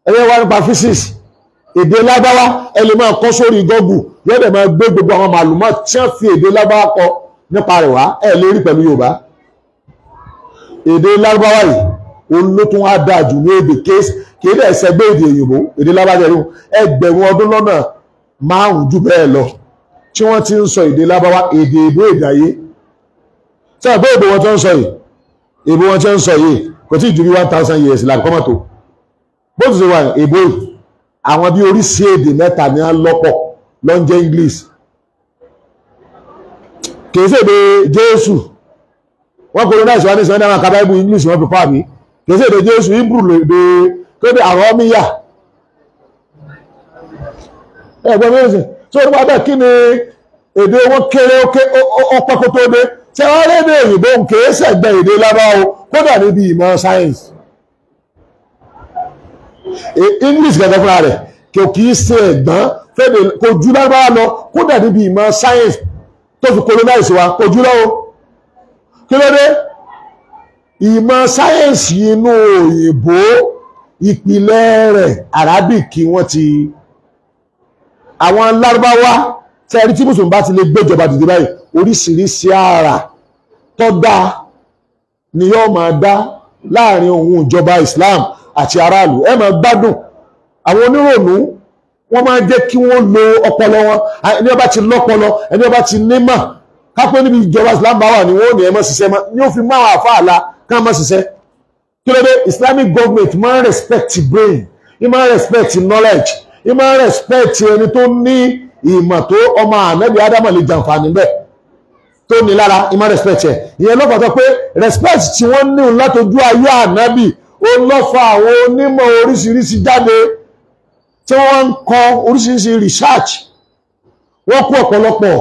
ẹ fẹ́ wá nípa physics èdè lágbáwá ẹ lè máa kọ́ sórí gọ́gù yóò dẹ̀ máa gbé gbogbo àwọn màlúmọ́ tí wọ́n fi èdè lágbáwá kọ nípa rẹ̀ wá ẹ lè rí pẹ̀lú Yorùbá èdè lágbáwá yìí òun ló tún á dáa jù ní èdè kéésì kéèdè ẹsẹ̀ gbé èdè òyìnbó èdè lágbáwá yẹn ẹgbẹ̀rún ọdún lọ́nà márùn-ún jù bẹ́ẹ̀ lọ tí wọ́n ti ń sọ èdè lábáwá èdè ìbò ìdáyé tí àgbé ìbò wọn tó ń sọ yìí ìbò wọn tó ń sọ yìí kò tí ì one thousand years la kọ́mọ̀ tó bó ti ṣe wà ìbò yìí àwọn bí oríṣi èdè mẹ́ta ní wọ́n lọ́pọ̀ ló ń jẹ́ English kì í ṣèdè Jésù wọ́n kò lóná ìṣòwò ní sọ́ni àwọn àkàbá ìbò English wọ́n fi pa mí kì í ṣèdè Jésù Hebrew lè dé tó àwọn ọmọ tí ó wá bẹ́ẹ̀ kí ni èdè wọn kéré ọpẹ́ kó tó dé tí wọ́n rí èdè òyìnbó ń kéé sẹ̀gbẹ́ èdè lábáwo kódà níbi ìmọ̀ sáyẹ́ǹsì e, English gẹ́gẹ́ fúnra rẹ̀ kò kì í ṣe ẹ̀gbọ́n fẹ́ẹ̀dẹ̀ kò jù lágbára lọ kódà níbi ìmọ̀ sáyẹ́ǹsì tó fi colonize wa kò jù lọ́wọ́ kí ló dé ìmọ̀ sáyẹ́ǹsì inú òyìnbó ìpìlẹ̀ rẹ̀ Arabic wọ́n ti àwọn lárúbáwá tẹ́rí tí mùsùlùmí bá ti lè gbéjọba dìde báyìí oríṣiríṣi ààrà tó dáa ni yóò máa dá láàrin òun ìjọba Islam àti aráàlú ẹ máa gbádùn àwọn onírònú wọ́n máa jẹ́ kí wọ́n lo ọpọlọ wọn ẹni ọba ti lọ́pọlọ ẹni ọba ti nímọ̀ kápẹ́ níbi ìjọba Islam bá wà ní wọ́n ò ní ẹ máa ṣiṣẹ́ ni ó fi máa àfáàlà ká máa ṣiṣẹ́ kí ló dé Islamic government máa respect brain máa respect knowledge ẹ máa rẹ̀spẹ̀tì ẹni tó ní ìmọ̀ tó ọmọ ànábì ádámù lè jàǹfààní bẹ́ẹ̀ tó ní lára ẹ máa rẹ̀spẹ̀tì ẹ̀ ìyẹn ló fàtọ́ pé rẹ̀spẹ̀tì tí wọ́n ní òun látọjú ayé ànábì ó lọ fa àwọn onímọ̀ oríṣiríṣi jáde tí wọ́n ń kọ oríṣiríṣi research wọ́n kó ọ̀pọ̀lọpọ̀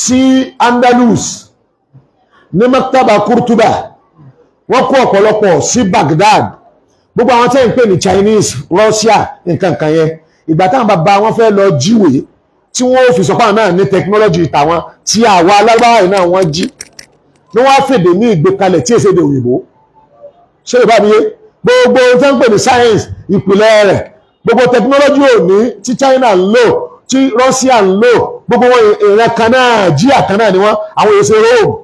sí Andalus ní maktaba Kurtuba wọ́n kó ọ̀pọ̀lọpọ̀ sí Baghdad gbogbo àwọn tẹ́ pè ní Chinese Russia nǹkan kan yẹn ìgbà táwọn bàbá wọn fẹ́ lọ jíwèé tí wọ́n fi sọ́pá náà ní tẹkinọ́lọ́jì tàwọn tí àwa alágbára yìí náà wọ́n jí ni wọ́n á fèdè ní ìgbékalẹ̀ tí èsèdè òyìnbó ṣé ìbá mi yé gbogbo ohun tó ń pè ní science ìpìlẹ̀ rẹ̀ gbogbo tẹkinọ́lọ́jì òní tí China ń lò tí Russia ń lò gbogbo wọn ìran kan náà jíà kan náà ni wọ́n àwọn èso Rome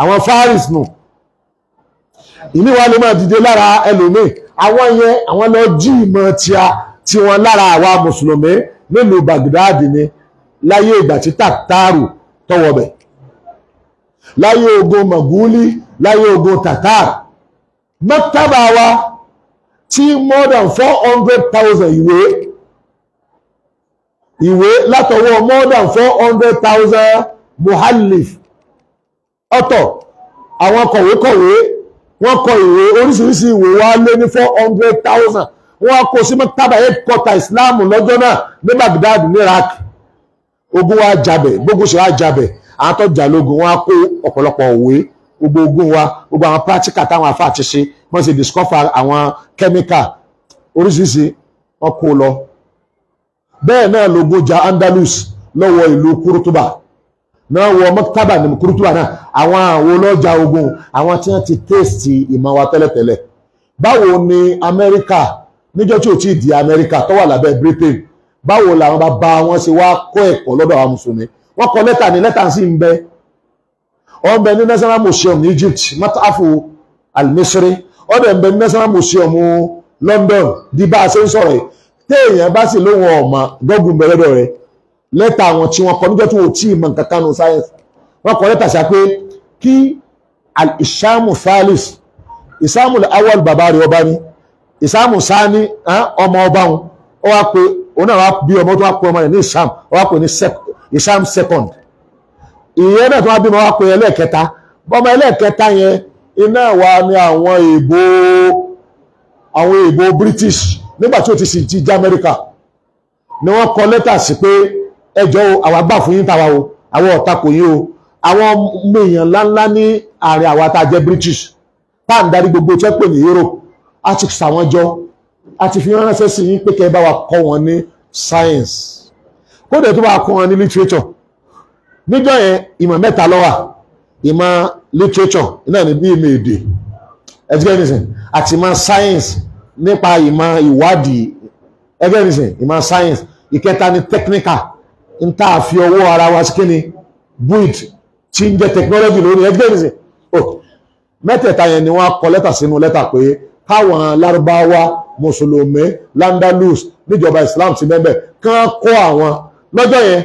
àwọn Faris nù ìníwá ló máa dìde lára ẹlòmíì àwọn yẹn àwọn lọ jí ìmọ̀ tíya tí wọ́n lára àwa mùsùlùmí nílùú Baghdad ni láyé ìgbà tí tàtàrù tọwọ́ bẹ̀ láyé ogun Mọ̀gúlí láyé ogun tàtàrù mọ́tàbà wa tí more than four hundred thousand ìwé ìwé látọwọ́ more than four hundred thousand muhallif ọ̀tọ̀ àwọn kọ̀wékọ̀wé wọ́n kọ ìwé oríṣiríṣi ìwé wa lé ní four hundred thousand wọ́n kó sí mọ́tàbà headquarter islam lọ́jọ́ náà ní baghdad ní iraq ogun wa jabẹ̀ gbogbo ṣe wa jabẹ̀ àtọ́jà lógun wọn kó ọ̀pọ̀lọpọ̀ òwe gbogbo ogun wa gbogbo àwọn practical táwọn afa ti ṣe wọ́n ṣe discover àwọn chemical oríṣiríṣi wọ́n kó lọ bẹ́ẹ̀ náà lógun ja andalus lọ́wọ́ ìlú kúrútùbà náà wọ mọ́tàbà ní kúrútùbà náà àwọn àwọn olójà ogun àwọn tí wọ́n ti taste ìmọ̀ wa tẹ́lẹ̀tẹ́lẹ̀ báwo ni amẹ́ríkà níjọ́ tí ò tí ì di Amẹ́ríkà tó wà lábẹ́ Britain báwo làwọn bàbá wọn ṣe wá kọ́ ẹ̀kọ́ lọ́dọ̀ àwọn mùsùlùmí wọ́n kọ lẹ́tà ní lẹ́tà sí ń bẹ ọ̀n bẹ ní National Museum Egypt matafu almisiri misri ọ̀dẹ̀ ń bẹ ní National Museum London di bá a ṣe ń sọ̀rọ̀ yìí téèyàn bá sì lóhun ọ̀mà gọ́gùn bẹ lọ́dọ̀ rẹ̀ lẹ́tà àwọn tí wọ́n kọ níjọ́ tí ò tí ì mọ̀ nǹkan nù sáyẹ́nsì wọ́n al-Isham Thalis Isham al-Awwal bàbá ìsáàmù sáání ọmọ ọba wọn ó wá pé òun náà wá bí ọmọ tó wá pé ọmọ rẹ̀ ní ìsáàmù ó wá pé ní ìsáàmù second ìyẹn náà tó wá bímọ wá pé ẹlẹ́ẹ̀kẹta bọ́mọ ẹlẹ́ẹ̀kẹta yẹn iná wa ni àwọn èèbò àwọn èèbò British nígbà tí ó ti sì ti jẹ́ Amẹ́ríkà ni wọ́n kọ lẹ́tà sí pé ẹjọ́ àwa gbà fún yín tàwa o àwọn ọ̀tá kò yí o àwọn èèyàn ńláńlá ní àárín àwa tá a jẹ́ British tá à ń darí gbogbo tí wọ́n pè ní Europe a ti sàwọn jọ a ti fi ránṣẹ́ sí yín pé kẹ́ bá wa kọ́ wọn ní science kódà tó bá kọ́ wọn ní literature níjọ́ yẹn ìmọ̀ mẹ́ta ló ìmọ̀ literature náà ní bí ìmọ̀ èdè education àti ìmọ̀ science nípa ìmọ̀ ìwádìí education ìmọ̀ science ìkẹta ní technical ń tà fi ọwọ́ ara wa sí kíni build tí ń jẹ́ technology lórí education mẹ́tẹ̀ẹ̀ta yẹn ni wọ́n kọ lẹ́tà sínú lẹ́tà pé káwọn lárúbáwá mùsùlùmí landalus níjọba islam ti bẹ́ẹ̀ kán kọ́ àwọn lọ́jọ́ yẹn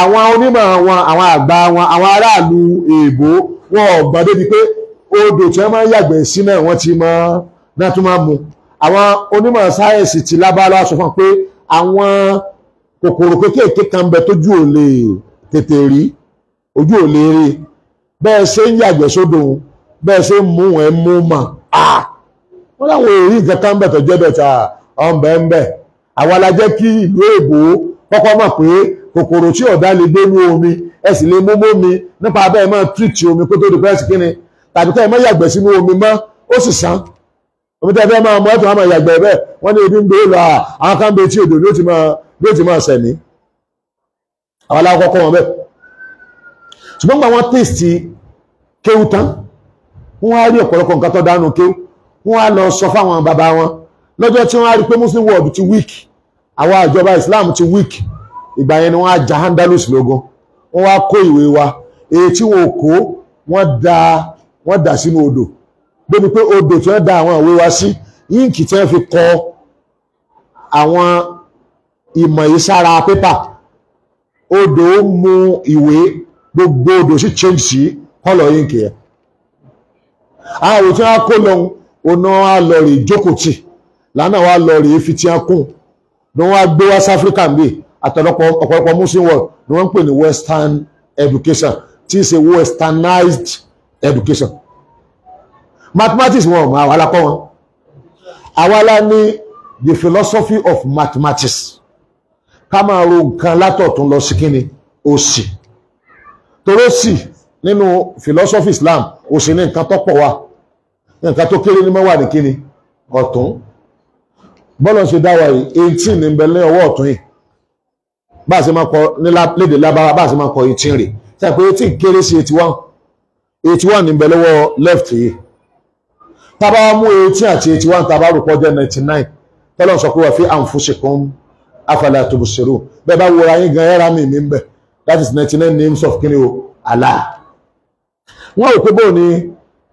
àwọn onímọ̀ wọn àwọn àgbà wọn àwọn aráàlú èèbó wọn ò gbọ́n débi pé odò tí wọ́n máa ń yàgbẹ́ sí náà wọ́n ti mọ náà tún máa mu àwọn onímọ̀ sáyẹ̀nsì ti lábára sọ fún wọn pé àwọn kòkòrò kéékèèké kan bẹ tójú ò lè tètè rí ojú ò lè rí bẹ́ẹ̀ ṣe ń yàgbẹ́ sódò bẹ́ẹ̀ ṣe ń mú ẹ̀ mú mà á. Ah! wọ́n láwọn èrí nǹkan kan bẹ̀ tó jẹ́ bẹ̀ ta ọ̀nbẹ̀ ń bẹ̀ àwa la jẹ́ kí ìlú èbó kọ́kọ́ mọ̀ pé kòkòrò tí ọ̀dá lè gbé ní omi ẹ sì lè mómó mi nípa abẹ́ ẹ máa tírìtì omi kó tó di pẹ́ẹ́sì kíni tàbí tẹ́ ẹ máa yàgbẹ́ sínú omi mọ́ ó sì sàn omi tẹ́ ẹ fẹ́ máa mọ ẹ̀tọ́ máa yàgbẹ́ bẹ́ẹ̀ wọ́n ní ebi ń gbé lọ àwọn kan bẹ tí odò ló ti máa sẹ̀ ní. àwọn alákọ̀ọ́kọ́ wọn bẹ́ẹ̀ ṣùgbọ́n gba wọn tèèstì kéwù tán wọ́n á rí ọ̀pọ̀lọpọ̀ nǹkan tó dánú kéwù wọ́n á lọ sọ fáwọn bàbá wọn lọ́jọ́ tí wọ́n á rí pé muslim world ti weak àwọn àjọba islam ti weak ìgbà yẹn ni wọ́n á ja Andalus lógún wọ́n wá kó ìwé wa èyí tí wọ́n kó wọ́n da wọ́n dà sínú odò débi pé odò tí wọ́n da àwọn ìwé wa sí yíǹkì tí wọ́n fi kọ àwọn ìmọ̀ yìí pépà odò mu ìwé gbogbo odò sì change sí kọ́lọ̀ yíǹkì yẹn àwọn òtún á kó lọ́hùn oná wa lọ rè jókòtì lánàá wa lọ rè fitiankun ni wọ́n á gbé west africa mbẹ àtọ̀lọpọ̀ ọ̀pọ̀lọpọ̀ muslim world ni wọ́n ń pè ní western education tí í ṣe westernized education mathematics wọn ọmọ àwa la kọ́ wọn àwa la ní the philosophy of mathematics ká máa ro nǹkan látọ̀tún lọ sí kíni òsì toró sì nínú philosophy islam òsì ní nǹkan tọ́pọ̀ wa nǹkan tó kéré ní mọ́ wà ní kíni ọ̀tún bọ́lọ̀ ṣe dáwà yìí eighteen ní bẹ lẹ́yìn ọwọ́ ọ̀tún yìí bá a ṣe máa kọ lédè lábára bá a ṣe máa kọ eighteen rè ṣe àpé eighteen kéré sí eighty one eighty one ní bẹ lọ́wọ́ left yìí tábà mú eighteen àti eighty one tábà rò pọ̀ jẹ́ ninety nine tọ́lọ̀ sọ pé wà fi àǹfóṣekún afala tòbùsẹ̀rù bẹ́ẹ̀ bá wọra yín gan ẹ̀rá mi mi ń bẹ̀ that is ninety nine names of kini o Allah wọ́n rò pé bóun ni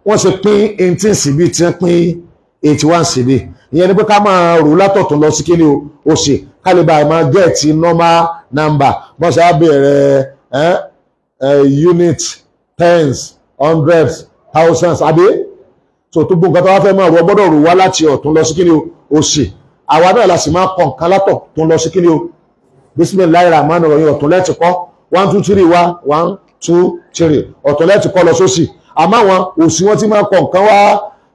wọ́n ṣe pín eighteen síbi tí wọ́n pín eighty one síbi ìyẹn ni pé ká máa rò látọ̀tún lọ sí kíni o ṣe ká lè báyìí máa gẹ̀ẹ́tì normal number wọ́n ṣe á bẹ̀rẹ̀ unit tens hundreds thousands àbí so tó gbogbo nǹkan tó wá fẹ́ máa rò ọ gbọ́dọ̀ rò wá láti ọ̀tún lọ sí kíni o ṣe àwa náà la sì máa kọ̀ nǹkan látọ̀tún lọ sí kíni o bisimilayi rahman rahim ọ̀tún lẹ́tì one two three one one two three ọ̀tún lẹ́tì kọ́ lọ sósì. So àmọ́ àwọn òsì wọn ti máa kọ nǹkan wá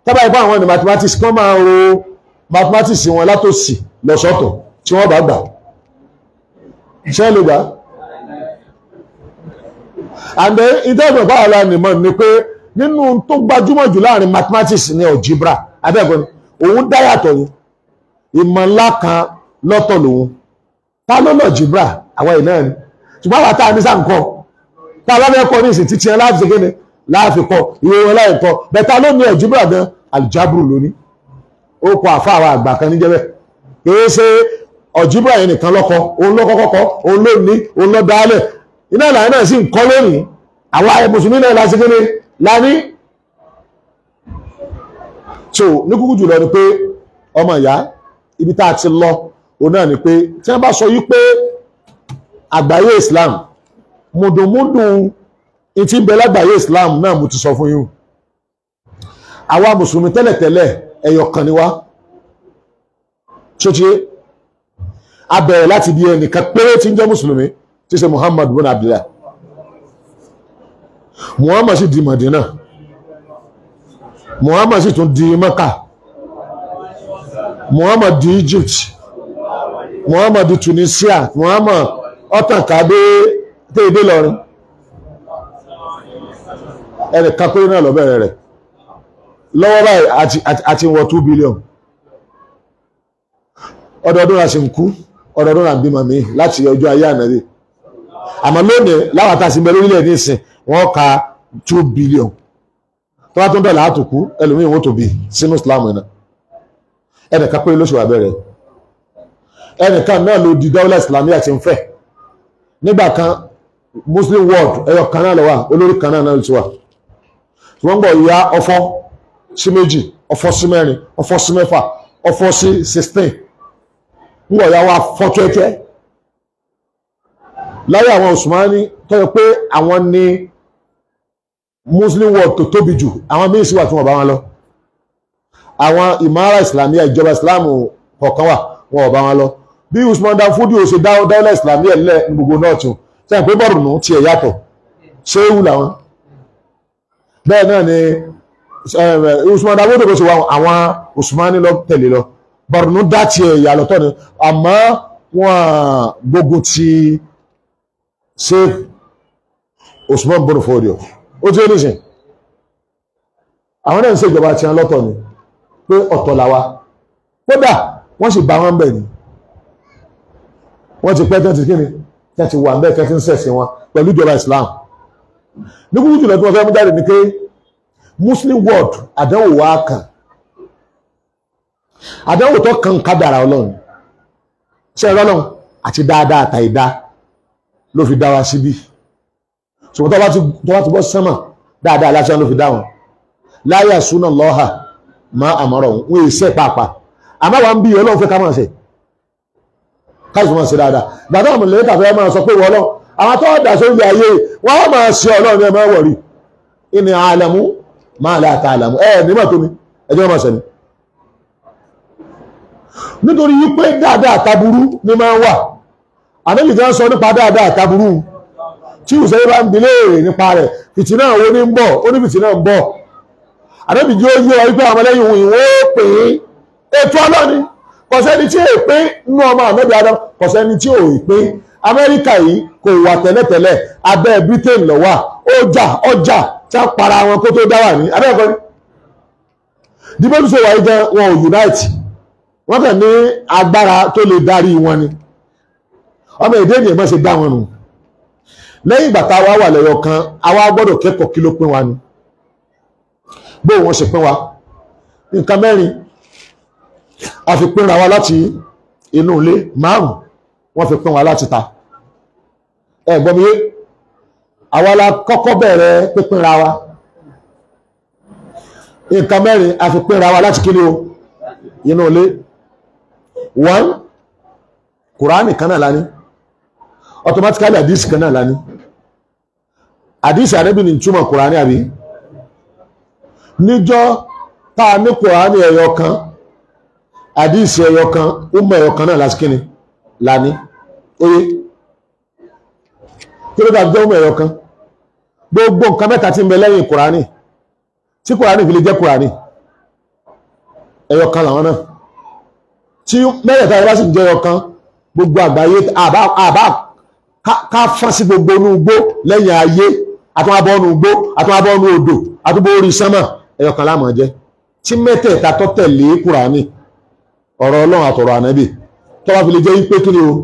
tábà ipá àwọn ní mathematics kan máa ro mathematics wọn látòsí lọ́sọ̀tọ̀ tí wọ́n bá gbà ṣé ló gbà and then ìtẹ́gbẹ̀ báwa nìmọ̀ ni pé nínú tó gbajúmọ̀ jù láàrin mathematics ní algebra abẹ́ẹ̀kọ́ ni òun dáyàtọ̀ ni ìmọ̀ ńlá kan lọ́tọ̀ lòun ta ló lọ algebra àwọn ìnáà ni ṣùgbọ́n àwọn àtàwọn ní sáà ń kọ́ ta lọ́bẹ̀ẹ́kọ́ ní ìsìn títí ẹ láti ṣe kéde láàfikọ ìwé wọn láìkọ bẹ̀tà ló ní ẹ̀júbà gan alìjábùrù lóní ó kọ àfáàwà àgbà kan níjẹ́bẹ̀ kìí ṣe ọ̀júbà yẹn nìkan lọ́kọ òun ló kọ́kọ́kọ́ òun ló ní òun ló dálẹ̀ iná ìlànà náà sì ń kọ́ lónìí àwa mùsùlùmí náà láti kéde lání. so ní kúkú jùlọ ni pé ọmọ ìyá ibi tá a ti lọ òun náà ni pé tí wọ́n bá sọ yí pé àgbáyé Islam mùdùnmùdùn etí ń Islam náà mo ti sọ fún yín àwa mùsùlùmí tẹ́lẹ̀tẹ́lẹ̀ ẹ̀yọ kan ni wá ṣóṣe a bẹ̀rẹ̀ láti bí ẹnìkan péré tí ń jẹ́ mùsùlùmí tí ṣe Muhammad bin Abdullah Muhammad sì di Madina Muhammad sì tún di Mecca Muhammad di Egypt Muhammad di Tunisia Muhammad ọ̀tàn kàdé téèdé lọ́rin ẹnì kan péré náà lọ́bẹ̀rẹ̀ rẹ̀ lọ́wọ́ báyìí àti wọ two billion ọdọọdún la ṣe ń kú ọdọọdún la ń bímọ mi láti ọjọ́ ayé ànábì àmọ́ lónìí láwọn tá a sì bẹ lórílẹ̀ ní wọ́n ka two billion tó bá tó ń bẹ̀ láàtò kú ẹlòmíì wọ́n tó bí sínú Islam náà ẹnì kan péré ló ṣe wà bẹ̀rẹ̀ ẹnì kan náà ló di dawla Islamiyya ti ń fẹ́ nígbà kan Muslim world ẹyọ kan náà lọ wà olórí kan náà náà ló ti wà wọ́n gbọ́ ìyá ọfọ́ sí méjì ọfọ́ sí mẹ́rin ọfọ́ sí mẹ́fà ọfọ́ sí sixteen ńgbọ̀ ìyá wa fọ́ kẹ́kẹ́ láyé àwọn Usmani tó yẹ pé àwọn ni Muslim world tó tóbi jù àwọn míì sì wà tí wọ́n bá wọn lọ àwọn ìmárà ìsìlámíà ìjọba ìsìlámù kọ̀ọ̀kan wà wọn ò bá wọn lọ bí Usman Dan Fodio ṣe dáwọ́lá ìsìlámíà lẹ́ẹ̀ gbogbo náà tún sẹ́yìn pé Borno tiẹ̀ yàtọ̀ ṣé ewu làwọn bẹ́ẹ̀ náà ni eh, eh, Usman Dawodo kò sí wa àwọn Usmani lọ tẹ̀lé lọ Borno dá tiẹ̀ ìyàlọ́tọ̀ ni àmọ́ wọ́n gbógun ti Sheikh Usman Bono Fodio ó ti ní sìn àwọn náà ń ṣe ìjọba tiẹ̀ lọ́tọ̀ ni pé ọ̀tọ̀ làwa kódà wọ́n sì bá wọn bẹ̀ ni wọ́n ti pẹ́ tẹ́tí kí ni tẹ́tí wà ń bẹ́ẹ̀ tẹ́tí ń sẹ̀sìn wọn pẹ̀lú ìjọba Islam ní kúrú jùlọ tí wọ́n fẹ́ mú jáde ni pé muslim world àdánwò wa kàn àdánwò tó kàn kádàrà ọlọ́run ṣe ẹ̀rọ ọlọ́run àti dáadáa àtàìdá ló fi dá wa síbí ṣùgbọ́n tó bá ti bọ́ sánmà dáadáa aláṣẹ ló fi dá wọn láyé àsúná lọ́hà má àmọ́rọ̀ wọn èyí sẹ́ pàápàá àmọ́ wa ń bí ọlọ́run fẹ́ ká máa ṣe káàsì máa ṣe dáadáa gbàdá àmọ̀ lẹ́yìn tàfẹ́ máa sọ pé wọ́n ọlọ́run àwọn tó dà sórí ayé wọ́n á ṣe ọlọ́run ẹ máa wọ̀rí àlàmú máa láta àlàmú ẹ nígbà tó mi ẹjọ́ nítorí wípé dáadáa taburú ni máa wà ànábì sọ nípa dáadáa taburú tí ìṣẹ́ bá ń bilé nípa rẹ̀ ń bọ̀ ó ní ń bọ̀ ọ wípé àwọn ẹlẹ́yìn òun ìwé pè é ètò ọlọ́ni kọ̀sẹ́ni tí èèpé nú ọmọ ànábì adam kọ̀sẹ́ni tí ò amẹ́ríkà yìí kò wà tẹ́lẹ̀tẹ́lẹ̀ abẹ́ britain ló wà ọjà ọjà tí a para wọn kó tó dá wà ní abẹ́ ni dìbòtú ṣe wáyé gan wọn ò unite wọn kàn ní agbára tó lè darí wọn ni ọmọ èdè ènìyàn máa ṣe dá wọn nù lẹ́yìn ìgbà tá a wá wà lẹ́yọ kan àwa gbọ́dọ̀ kẹ́kọ̀ọ́ kí ló pín wa ni bó wọn ṣe pín wa nǹkan mẹ́rin a fi pínra wa láti inú ilé márùn-ún fi pín wa láti ta ẹ gbọ́ mi yé àwa la kọ́kọ́ bẹ̀rẹ̀ pínpínra wa nǹkan mẹ́rin a fi pínra wa láti kíni o inú ilé one kùránì kan náà lání automatically àdísì kan náà lání àdísì àrẹ́bì ní túmọ̀ kùránì àbí níjọ́ tá a ní kùránì ẹ̀yọ kan àdísì ẹ̀yọ kan ó mọ ẹ̀yọ kan náà lásìkíni lání ó yé kí ló dàbí jẹ́wọ́mọ̀ ẹ̀yọ kan gbogbo nǹkan mẹ́ta tí ń bẹ lẹ́yìn kùránì tí kùránì fi lè jẹ́ kùránì ẹ̀yọ kan làwọn náà tí mẹ́rẹ̀ẹ̀ta ẹ̀yọ bá sì ń jẹ́ ẹ̀yọ kan gbogbo àgbáyé àbá ká fọ́n sí gbogbo inú igbó lẹ́yìn ayé àtúnwábọ́ inú igbó àtúnwábọ́ inú odò àtúnbọ̀ orí sánmà ẹ̀yọ kan láàmọ̀ jẹ́ tí mẹ́tẹ̀ẹ̀ta tó tẹ̀lé kùránì ọ̀rọ̀ ọlọ́run àtọ̀rọ̀ ànábì tó fi lè jẹ́ wípé kí o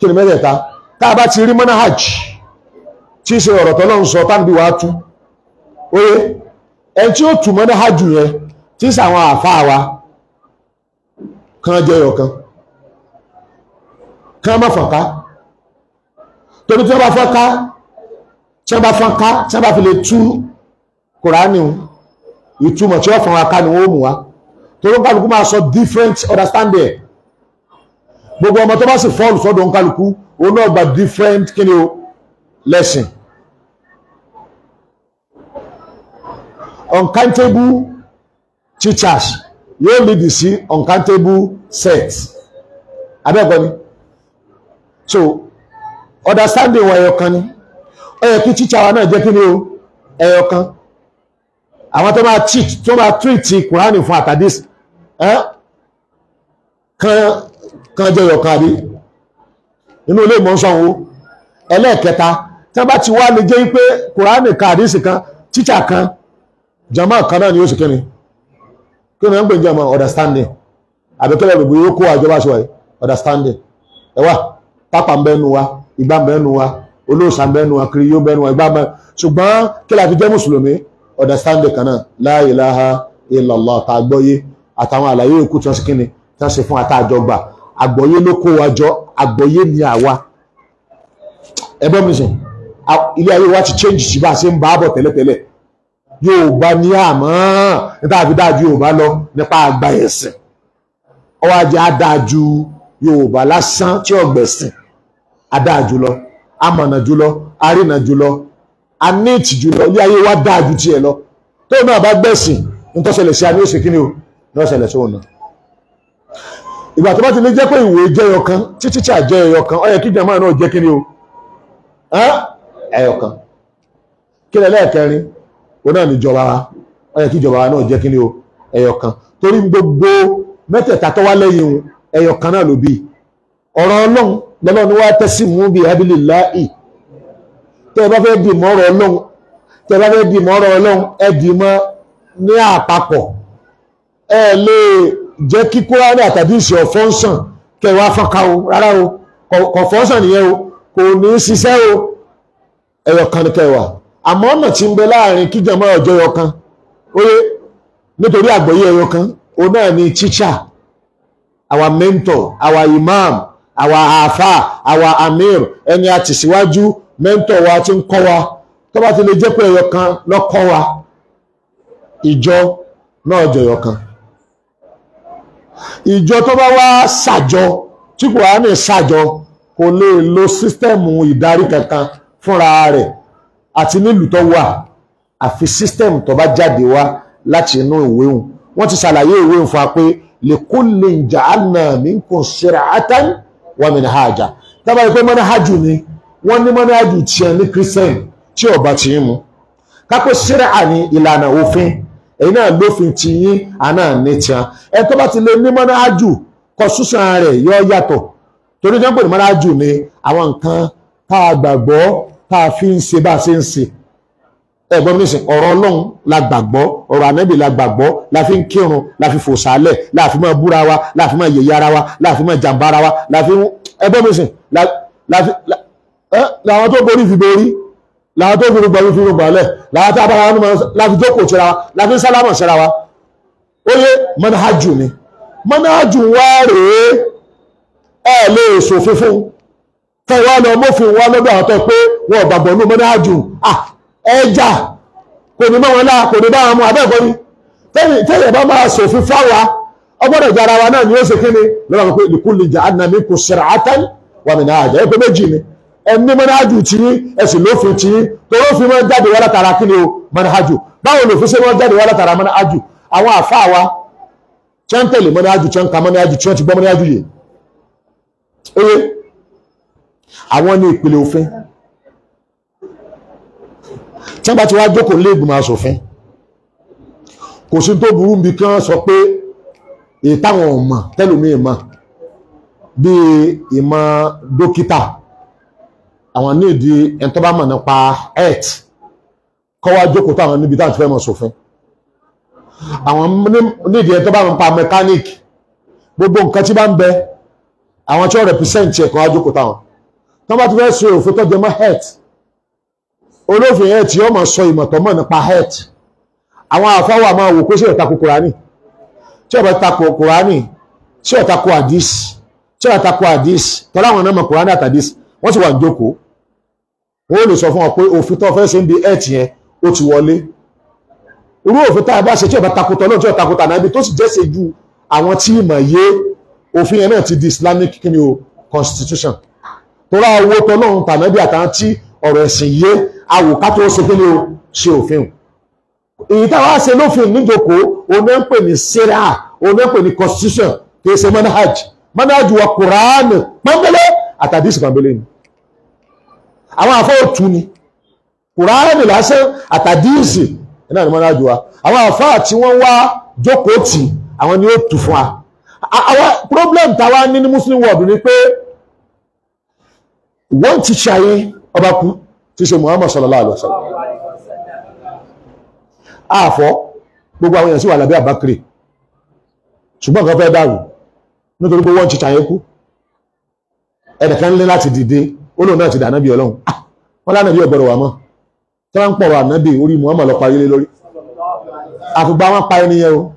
kí ni mẹ́tẹ̀ẹ̀ta tá a bá ti rí manahaj tí í ṣe ọ̀rọ̀ tọ́lọ́ ń sọ tábí wàá tú oye ẹni tí ó tù manahaj yẹn tí í ṣe àwọn àáfàá wa kan jẹyọ kan kan má fọ̀ká torí tí wọ́n bá fọ́ká tí wọ́n bá fọ́ká tí wọ́n bá fi lè tú kùránì ìtumọ̀ tí wọ́n fọ́n wa ká ni wọ́n mú wa torí kálukú máa sọ different understanding gbogbo ọmọ tó bá sì fọ́ọ̀lù sọ́dọ̀ nkálukú òun náà gba different kíni o lesson uncountable teachers yóò lead sí uncountable sets abẹ́ẹ̀kọ́ ni so understanding wa ẹyọ kan ni ó yẹ kí teacher wa náà jẹ́ kíni o ẹyọ kan àwọn tó máa teach tó máa treat Kùránì fún àtàdís kan kan jẹ́ yọ̀kan àbí inú ilé ìmọ̀ ń sanwó ẹlẹ́ẹ̀kẹta tí wọ́n bá ti wá lè jẹ́ pé kùránì kan àdísì kan tíṣà kan jama kan ni yóò sì kíni kí ni wọ́n ń jama understanding àbí kílẹ̀ gbogbo yóò kó àjọba ṣọ yìí understanding ẹ wá pápá ń bẹ́ nu wa igbá ń bẹ́ nu wa olóòsà ń bẹ́ wa kiri yóò bẹ́ wa igbá ń bẹ́ ṣùgbọ́n kílẹ̀ àfi jẹ́ mùsùlùmí understanding kan náà la ilaha illallah tá a gbọ́ yé àtàwọn àlàyé yòókù tí wọ́n sì kíni tí wọ́n sì fún àtàjọgbà àgbọ́yé ló kó wa jọ àgbọ́yé ni àwa ẹgbọ́n mi sìn ilé ayé wa ti change sí bá a ṣe ń bá a bọ̀ tẹ́lẹ̀tẹ́lẹ̀ Yorùbá ní àmọ́ níta àfi dájú Yorùbá lọ nípa àgbà ẹ̀sìn ọwọ́ ajé adájú Yorùbá lásán tí ọ̀gbẹ̀sìn adájú lọ amọ̀nà jùlọ arìnà jùlọ anéètì jùlọ ilé ayé wa dájú tiẹ̀ lọ tóun náà bá gbẹ̀sìn ní tọ́sẹ̀lẹ̀ sí a ní òsèkínni o ní ọ̀sẹ̀lẹ̀ sóun náà ìgbà tó bá ti lè jẹ́ pé ìwé jẹ́ ẹyọkan tí tíṣà jẹ́ ẹyọkan ó yẹ kí jàmáà náà jẹ́ kíni o ẹyọkan kí lẹ́lẹ́ẹ̀kẹrin ó náà níjọba ó yẹ kí ìjọba náà jẹ́ kíni o ẹyọkan torí gbogbo mẹ́tẹ̀ẹ̀ta tó wá lẹ́yìn ẹyọkan náà ló bí ọ̀rọ̀ ọlọ́run lọ́lọ́run ni wàá tẹ́sí mú bí abilillahi tẹ́ ẹ bá fẹ́ dì mọ́ ọ̀rọ̀ ọlọ́run tẹ́ ẹ bá fẹ́ dì mọ́ ọ̀rọ̀ ọlọ́run jẹ́ kí kúránì àtàdí ìṣẹ́ ọ̀fọ́nsàn kẹwàá fọ́nká o rárá o kọ̀fọ́nsàn nìyẹn o kò ní í ṣiṣẹ́ o ẹ̀yọ̀ kan ní kẹwàá àmọ́ ọ̀nà tí ń bẹ láàrin kíjàmọ́ ọjọ́ ẹyọ kan oye nítorí àgbọ́yé ẹyọ kan o náà ni teacher our mentor our imam our afa our amir ẹni àtìsíwájú mentor wa ti ń kọ́ wa tó bá ti lè jẹ́ pé ẹyọ kan ló wa ìjọ náà jọyọ̀ kan ìjọ tó bá wá ṣàjọ tí kò wá ní ṣàjọ kò lè lo sísítẹ́ẹ̀mù ìdarí kankan fúnra rẹ̀ àti nílùú tó wà àfi sísítẹ́ẹ̀mù tó bá jáde wá láti inú ìwé hùn wọ́n ti ṣàlàyé ìwé hùn fún wa pé likullin ja'alna minkum shir'atan wa minhaja tábà yìí pé mọ́náhájú ni wọ́n ní mọ́náhájú tiẹ̀ ní kírísítẹ́nì tí ọba ti ń mu kápẹ́ ṣẹ́rà ní ìlànà òfin ẹ̀yin náà lófin ti yín àná ní tiwọn ẹ tó bá ti lè ní mọ́nà ájù constitution rẹ̀ yọ yàtọ̀ torí jẹ́ pé mọ́nà ájù ni àwọn nǹkan tá a gbàgbọ́ tá a fi ń ṣe bá a ṣe ń ṣe ẹ̀gbọ́n mi sìn ọ̀rọ̀ Ọlọ́run la gbàgbọ́ ọ̀rọ̀ ànábì la gbàgbọ́ la fi ń kírun la fi fò sálẹ̀ la fi máa búra wa la fi máa yẹ̀yẹ́ ara wa la fi máa jàǹbá ara wa la fi ń ẹ̀gbọ́n mi sìn làwọn tó borí fi borí láwọn tó fi gbogbo fi gbogbo alẹ́ láwọn tó abára wọn láti jókòó ṣe ra wa láti sálámọ̀ ṣe ra wa ó yé mọ́nájú ni mọ́nájú wá rèé ẹ lè ṣòfin fún fẹ́wọ́ lọ mọ́fin wá lọ́dọ̀ àtọ́ pé wọ́n gbàgbọ́ ní mọ́nájú ẹja kò ní mọ́wọn náà kò ní bá mú abẹ́ẹ̀kọ́ ni tẹ́lẹ̀ bá máa ṣòfin fáwa ọgbọ́dọ̀ jara wa náà ni ó ṣe kí ni lọ́wọ́ pé ìkúlìjà ànàmí kò ṣẹ̀rà átán wà mí náà àjẹ́ pé méjì ni ẹni mọ́nájú tí ẹ̀sìn ló fi tí toró fi mọ́ jáde wá látara kí ni o mọ́nájú báwo ló fi ṣe mọ́ jáde wá látara mọ́nájú àwọn àfáà wa tí wọ́n tẹ̀lé mọ́nájú tí wọ́n ka mọ́nájú tí wọ́n ti gbọ́ mọ́nájú yìí oye àwọn ní ìpele òfin tí wọ́n bá ti wá jókòó lé ìgbìmọ̀ asòfin kò sí tó burú bí kí sọ pé èyí táwọn àwọn nídi ẹni tó bá mọ̀ nípa earth kọ́ wá jókòó táwọn níbi táwọn ti fẹ́ mọ̀ sòfin àwọn nídi ẹni tó bá mọ̀ nípa mechanic gbogbo nǹkan tí bá ń bẹ àwọn tí wọ́n represent ẹ̀ kọ́ wá jókòó táwọn tó bá ti fẹ́ sọ òfin tó jẹ mọ́ olófin health yóò máa sọ ìmọ̀ mọ̀ nípa health àwọn àfáwà máa wò kó ṣe ìtakò kùránì tí ó takò kùránì tí ó takò àdìs tí ó takò àdìs tọ́lá àwọn náà mọ̀ kùránì àtàdìs wọ́n sì wà ń jókòó ó lè sọ fún ọ pé òfin tó fẹ́ ṣe ń bi ẹ̀tì yẹn ó ti wọlé irú òfin tá a bá ṣe tí ọba takotọ náà tí ọba takotọ àná ibi tó sì jẹ́sẹ̀ ju àwọn tí ìmọ̀ yé òfin yẹn náà ti di Islamic kí ni o constitution tóra owó tọlọ́run tànábì àtàwọn tí ọ̀rọ̀ ẹ̀sìn yé awòká tó ṣe kí ni o ṣe òfin èyí táwa ṣe lófin níjòkó oná ń pè ní sera oná ń pè ní constitution kì í ṣe manhaj manhaj wa Quran pọ́nbélé àtàdísì pọ́nbélé ni àwọn àfọ́ọ̀tù ni kùránì lásán àtàdíìsì náà ni mọ́nájú wa àwọn àfáà tí wọ́n wá jókòó tì àwọn ni ó tù fún wa àwọn problem táwa ní ní muslim world ni pé wọ́n ti ṣàyẹ ọba kú ti ṣe muhammad sallallahu alaihi wasallam àfọ́ gbogbo àwọn èèyàn sì wà lábẹ́ àbákiri ṣùgbọ́n kan fẹ́ dàrú nítorí pé wọ́n ti ṣàyẹ kú ẹnìkan ní láti dìde olóhùn náà ti dà nábì ọlọ́run ah, wọn lánàbí ọ̀gbọ̀rọ̀ wà mọ́ tí wọ́n ń pọ̀rọ̀ ànábì orí Muhammad lọ parí lé lórí àfùgbà wọn pa ẹni yẹn o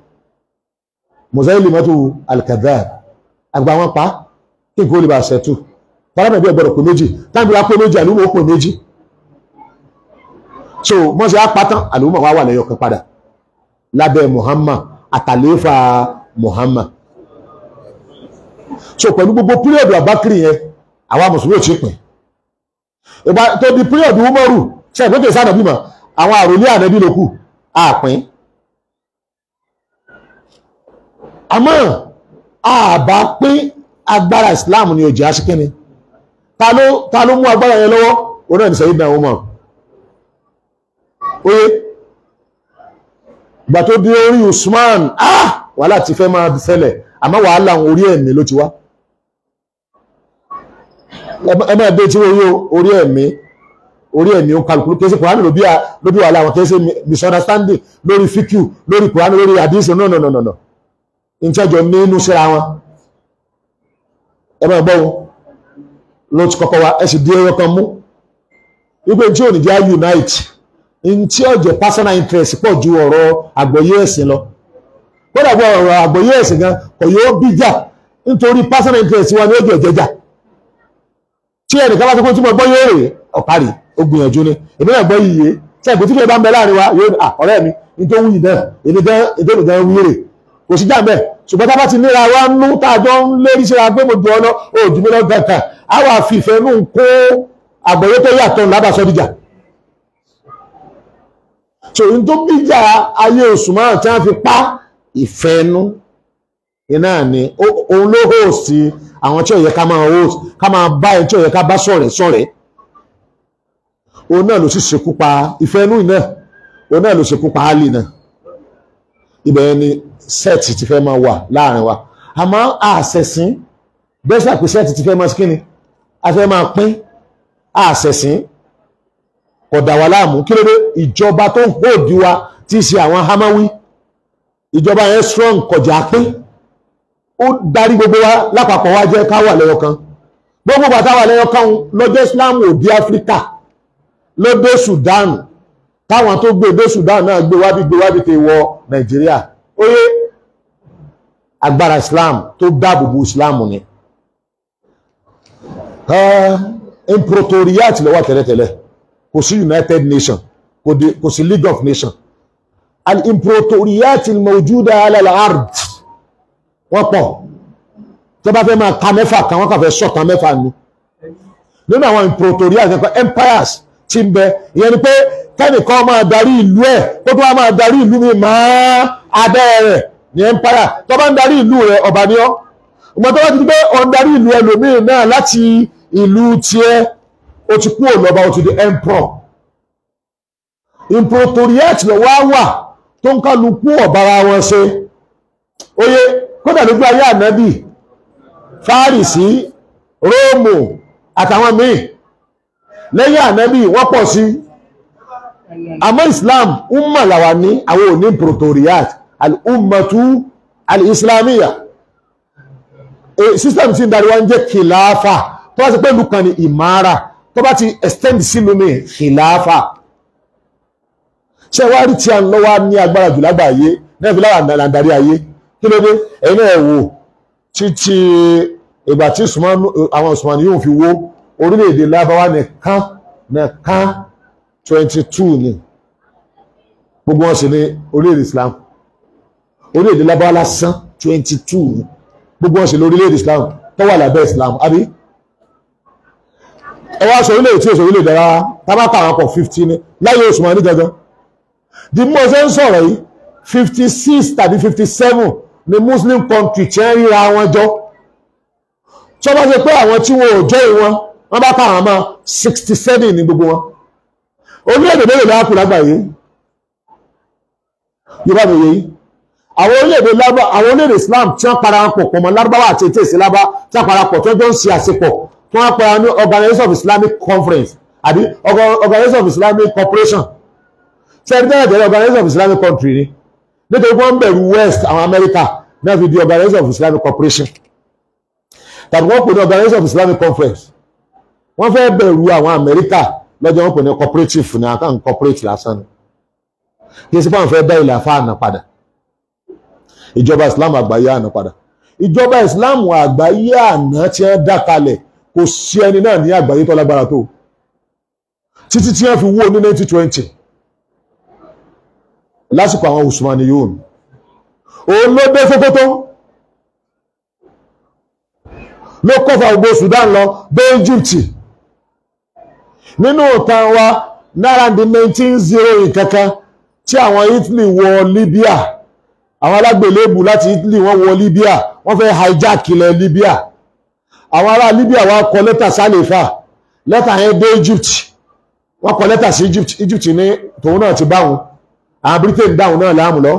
Muzailimatu al-kadhab àgbà wọn pa kí nǹkan ó lè bá ṣẹ́tù tọ́lábẹ̀bí pé méjì tábí wá pé méjì àlúmọ̀ ó méjì so wọ́n ṣe apátán àlúmọ̀ wá wà lẹ́yọ̀ kan padà lábẹ́ Muhammad àtàlẹ́fà Muhammad so pẹ̀lú gbogbo pírẹ̀dù àbákìrì yẹn àwa mùsùlùmí ò tí pin ìgbà tó di period Umaru ṣẹ̀gbọ́n kèsì ànàbí mọ̀ àwọn àròlé ànàbí ló kù àpín àmọ́ àbá pín agbára Islam ni òjì aṣíkíni ta ló ta ló mú agbára yẹn lọ́wọ́ òun náà ní sẹ́yìn náà Umar oye ìgbà tó di orí Usman ah wàhálà ti fẹ́ máa fẹ́lẹ̀ àmọ́ wàhálà orí ẹ̀mí ló ti wá ẹ máa bẹ tí wọ́n yóò orí ẹ̀mí orí ẹ̀mí ó kálukú kí n ṣe kùránì ló bí wàhálà àwọn kí n ṣe misunderstanding lórí fíkìú lórí kùránì lórí àdínsì no no no no no ìjọjọ nínú síra wọn ẹ máa gbọ́ ló ti kọ́kọ́ wa ẹ sì di ẹyọ kan mú wípé tí ò ní jẹ́ unite ntí ọ̀jẹ̀ personal interest pọ̀ ju ọ̀rọ̀ àgbọ̀yé ẹ̀sìn lọ gbọ́dọ̀ ọ̀rọ̀ àgbọ̀yé ẹ̀sìn gan kò yóò bí jà nítorí personal interest wa ni ó jẹ́ jẹ́jà tí ẹnìkan bá sọ pé tí mo gbọ́ yóò rè ọ̀parí ó gbìyànjú ni èmi náà gbọ́ yìí yé tí ẹ̀gbọ́n tí kò bá ń bẹ láàrin wa yóò à ọ̀rẹ́ mi ní tó wúyì náà èmi gan èdè mi gan wúyè rè kò sí jàmbẹ́ ṣùgbọ́n tá a bá ti níra wa nú tá a jọ ń lérí síra pé mo ju ọ gàkà á wà fi nù kó àgbọ̀yé tó yàtọ̀ lábàṣọ dìjà tòun tó bíjà ayé òṣùmọ́ tí wọ́n fi pa ìfẹ́ nú iná ni òun ló hò sí àwọn tí ó yẹ ká máa host ká máa bá ẹni tí ó yẹ ká bá ṣọ̀rẹ́ ṣọ̀rẹ́ òun náà ló sì ṣekú pa ìfẹ́ inú iná òun náà ló ṣekú pa áàlì náà ibẹ̀ ni sẹ́ẹ̀tì ti fẹ́ máa wà láàrin wa àmọ́ àṣẹ̀sìn bẹ́ẹ̀ sàpè sẹ́ẹ̀tì ti fẹ́ máa sí kíni a fẹ́ máa pín àṣẹ̀sìn kódà wà láàmú kí ló dé ìjọba tó ń kó òdi wa ti ṣe àwọn hamáwí ìjọba yẹn strong kọjá pín ó darí gbogbo wa lápapọ̀ wá jẹ́ ká wà lẹ́yọ kan gbogbo bàtà wà lẹ́yọ kan lọ́jọ́ Islam ò dé Áfíríkà ló dé Sudan táwọn tó gbé dé Sudan náà gbé wábí gbé wábí tè wọ Nàìjíríà ó yé agbára Islam tó dáàbò bo Islam ni improtoriat ló tẹ́lẹ̀tẹ́lẹ̀ kò sí United Nations kò sí League of Nations al improtoriat al mawjuda ala ard wọ́n pọ̀ tó bá fẹ́ máa ka mẹ́fà kan wọ́n kà fẹ́ sọ̀ka mẹ́fà ni nínú àwọn ìpòtòríà ìjọba empires ti ń bẹ ìyẹn ni pé kẹ́nìkan máa darí ìlú ẹ̀ kó tó wá máa darí ìlú mi máa abẹ́ rẹ̀ ní empire tó bá ń darí ìlú rẹ̀ ọba ni ọ́ ọmọ tó bá ti di pé ọ̀ ń darí ìlú ẹlòmíì náà láti ìlú tiẹ̀ ó ti kú òlọ́ba ó ti di emperor ìpòtòríà ìjọba wá wà tó ń kálukú ọ̀bára wọn ṣe Oh yeah kódà lójú ayé ànábì fáàrìsì róòmù àtàwọn míì lẹ́yìn ànábì wọ́n pọ̀ sí àmọ́ islam umma làwà ní àwọn òní protoriat al-ummatu al-islamiyya e, system ti ń darí wọ́n jẹ́ kìláfà tó bá ti pẹ́ lùkàn ní ìmára tó bá ti extend sílùmí kìláfà ṣe wá rí tí a ń lọ́wọ́ ní agbára jù lágbàáyé náà fi láwà nàìjíríà ayé kí ló dé ẹ̀yin náà wò títí ìgbà tí àwọn Usman yóò fi wó orílẹ̀-èdè lábáwá nìkan nìkan twenty two ni gbogbo wọn sì ní orílẹ̀-èdè Islam orílẹ̀-èdè lábáwá lásán twenty two ni gbogbo wọn sì ní orílẹ̀-èdè Islam tó wà lábẹ́ Islam àbí ẹ wá sọ orílẹ̀-èdè tí òṣèlú lè dára tábàkà àwọn pọ̀ fifteen ni láyé Usman ní gangan di mọ́ ṣe ń sọ̀rọ̀ yìí fifty six tàbí fifty seven ní muslim country tí ń ríra wọn jọ tí wọ́n bá ṣe pé àwọn tí wọn ò jọ ìwọn wọ́n bá kà wọ́n mọ́ sixty seven ní gbogbo wọn orílẹ̀-èdè mélòó láàkù lágbàáyé yorùbá mi yẹ yìí àwọn orílẹ̀-èdè lábá àwọn orílẹ̀-èdè islam tí wọ́n para pọ̀ pọ̀ mọ́ lárúbáwá àti ètè ìsìlábá tí wọ́n para pọ̀ tí wọ́n jọ ń ṣe àṣepọ̀ tí wọ́n para ní organization of islamic conference àbí organization of islamic corporation ṣe ẹni tẹ́lẹ̀ tẹ́lẹ̀ organization of islamic country ni nítorí wọ́n ń bẹ̀rù west àwọn America, náà fi di organization of islamic cooperation tàbí wọ́n pè ní organization of islamic conference wọ́n fẹ́ bẹ̀rù àwọn America, lọ́jọ́ wọ́n pè ní cooperative ní àkàn corporate lásán kí sí fáwọn fẹ́ dá ilẹ̀ afá àná padà ìjọba islam àgbáyé àná padà ìjọba islam àgbáyé àná tí wọ́n dá kalẹ̀ kò sí ẹni náà ní àgbáyé tó lágbára tó títí tí wọ́n fi wó ní 1920 lásìkò àwọn Usmani yóò mi òun ló dé Sókótó ló kọfà gbogbo Sudan lọ dé Egypt nínú ìtàn wa náírà di nineteen zero ìkankan tí àwọn Italy wọ Libya àwọn alágbèlébù láti Italy wọ́n wọ Libya wọ́n fẹ́ hijack ilẹ̀ Libya àwọn ará Libya wa kọ lẹ́tà sálẹ̀fà lẹ́tà yẹn dé Egypt wọ́n kọ lẹ́tà sí Egypt Egypt ní tòun náà ti bá àwọn britain dáhùn náà láàmú lọ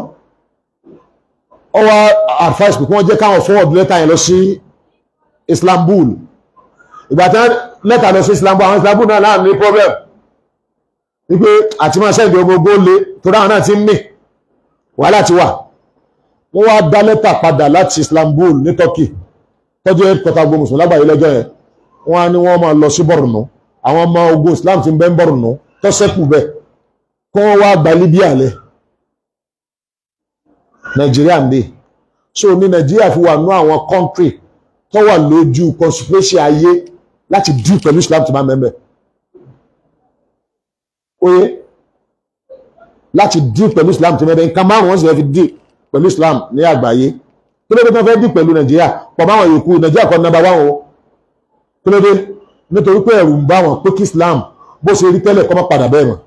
ọ wá advice pé kí wọ́n jẹ́ káwọn forward lẹ́tà yẹn lọ sí islambul ìgbà tí wọ́n lẹ́tà lọ sí islambul àwọn islambul náà láàmú ní problem wípé àti máa ṣẹ́ǹdì ogogo le tó dáhùn náà ti ń mì wàhálà ti wà wọ́n wá dá lẹ́tà padà láti islambul ní turkey tọ́jú ẹ̀kọ́ta gbogbo mùsùlùmí lágbàáyé lọ́jọ́ yẹn wọ́n á ní wọ́n máa lọ sí bọ̀rùnú àwọn ọmọ ogun islam ti ń bẹ ń bọ̀rùnú tọ́sẹ́kù bẹ́ẹ̀ kọ́ wá gba Libya lẹ̀ Nàìjíríà ń bè so ní Nàìjíríà fi wà nú àwọn country tó wà lójú conspiracy ayé láti dùn pẹ̀lú Islam tó máa mẹ́mẹ́ oye láti dùn pẹ̀lú Islam tó mẹ́mẹ́ nǹkan márùn-ún wọ́n sì fẹ́ fi dùn pẹ̀lú Islam ní àgbáyé kí ló dé tó fẹ́ dùn pẹ̀lú Nàìjíríà pọ̀ máwọn yòókù Nàìjíríà kan nàbà wáwọn o kí ló dé nítorí pé ẹ̀rù ń bá wọn pé kí Islam bó ṣe rí tẹ́lẹ̀ kó má padà bẹ́ẹ̀ mọ́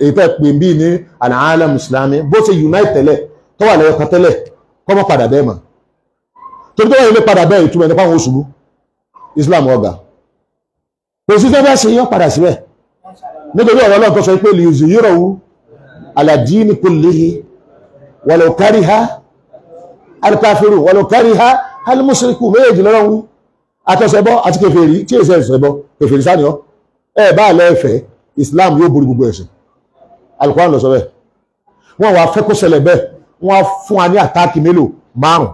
èyí tẹ́ pè bí ní àlàálẹ̀ mùsùlùmí bó ṣe unite tẹ́lẹ̀ tó wà lẹ́yọ̀kan tẹ́lẹ̀ kọ́ mọ́ padà bẹ́ẹ̀ mọ́ torí tó wà nílé padà bẹ́ẹ̀ ìtumọ̀ nípa àwọn oṣùlù Islam ọgà kò sí fẹ́ẹ́ ṣe yọ padà síbẹ̀ nítorí ọ̀rọ̀ Ọlọ́run tó sọ pé lè yìí rọ̀ wú aládì ní kò léhe wàlọ̀ kárí ha alkafiru wàlọ̀ kárí ha alimusiriku méjèèjì lọ́rọ̀ wú atọ́sẹ̀bọ́ àti kèfèrí tí èsẹ̀ ìsẹ̀bọ́ kèfèrí sáníọ́ ẹ̀ bá àlẹ́ ẹ̀fẹ́ Islam yóò borí gbogbo ẹ̀sìn alukóran lọ sọ bẹ́ẹ̀ wọ́n wá fẹ́ kó ṣẹlẹ̀ bẹ́ẹ̀ wọ́n á fún wa ní àtáàkì mélòó márùn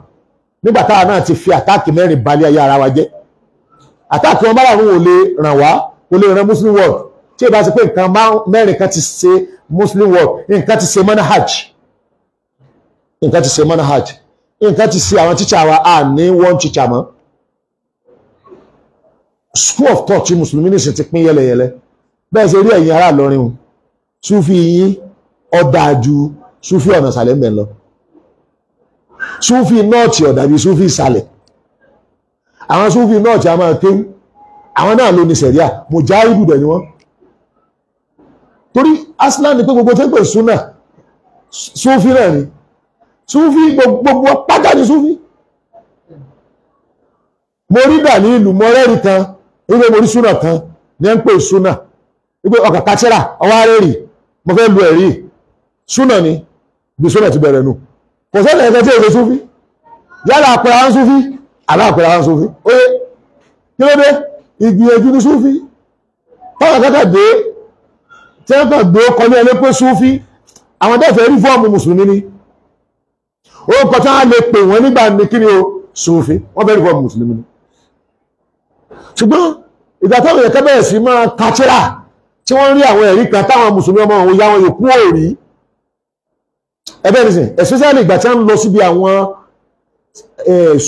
nígbà táwa náà ti fi àtáàkì mẹ́rin balẹ̀ ayé ara wa jẹ́ àtáàkì wọn bára wọn ò lè ràn wá kò lè ràn muslim world tí ìbá ṣe pé nǹkan mẹ́rin kan ti ṣe muslim world nǹkan ti ṣe manhaj nǹkan ti ṣe manhaj nǹkan ti ṣe àwọn tíṣà wa à ní wọ́n tíṣà mọ́ school of thought musulmi nìṣẹ́ ti pín yẹlẹyẹlẹ bẹ́ẹ̀ ṣe rí ẹ̀yin ará Ìlọrin o Sufi yín ọ̀dà ju sufi ọ̀nà ìsàlẹ̀ ń bẹ̀ lọ súfì nọ́ọ̀tì ọ̀dà bíi sufi ìsàlẹ̀ àwọn súfì nọ́ọ̀tì a máa kéwú àwọn náà ló ní sẹ̀ríà mo já ibùdó ni wọ́n torí aslan ni pé gbogbo tó ń pè súnà sufi náà ni súfì gbogbo pátá ni súfì mo rí dà ní ìlú mọ́rẹ́rì kan ìwé mo rí súnà kan ní ẹ̀ ń pè súnà ìgbé ọkà kátírà ọwọ́ arẹ́rì mo fẹ́ lu ẹ̀rí súnà ni bí súnà ti bẹ̀rẹ̀ nù kò sẹ́ni ẹ̀kẹ́ tí èso súnfí yálà àpẹẹrẹ à ń súnfí àlà àpẹẹrẹ à ń súnfí ó yẹ kí ló dé ìgbìyànjú ní súnfí táwọn kẹ́kẹ́ dé tí wọ́n kàn gbé kọ́ ní ẹni pé súnfí àwọn dẹ́fẹ̀ẹ́ rí fọ́ọ̀mù mùsùlùmí ni orúkọ tí wọ́n lè pè wọ́n nígbà ní ni o súnfí wọ́n fẹ́ rí fọ́ọ̀mù mùsùlùmí ni ṣùgbọ́n ìgbà táwọn yẹn kẹ́ tí wọ́n rí àwọn ẹ̀rí kan táwọn mùsùlùmí ọmọ òun ya wọn yòókù òrí ẹbẹ́ nìsìn especially ìgbà tí wọ́n lọ síbi àwọn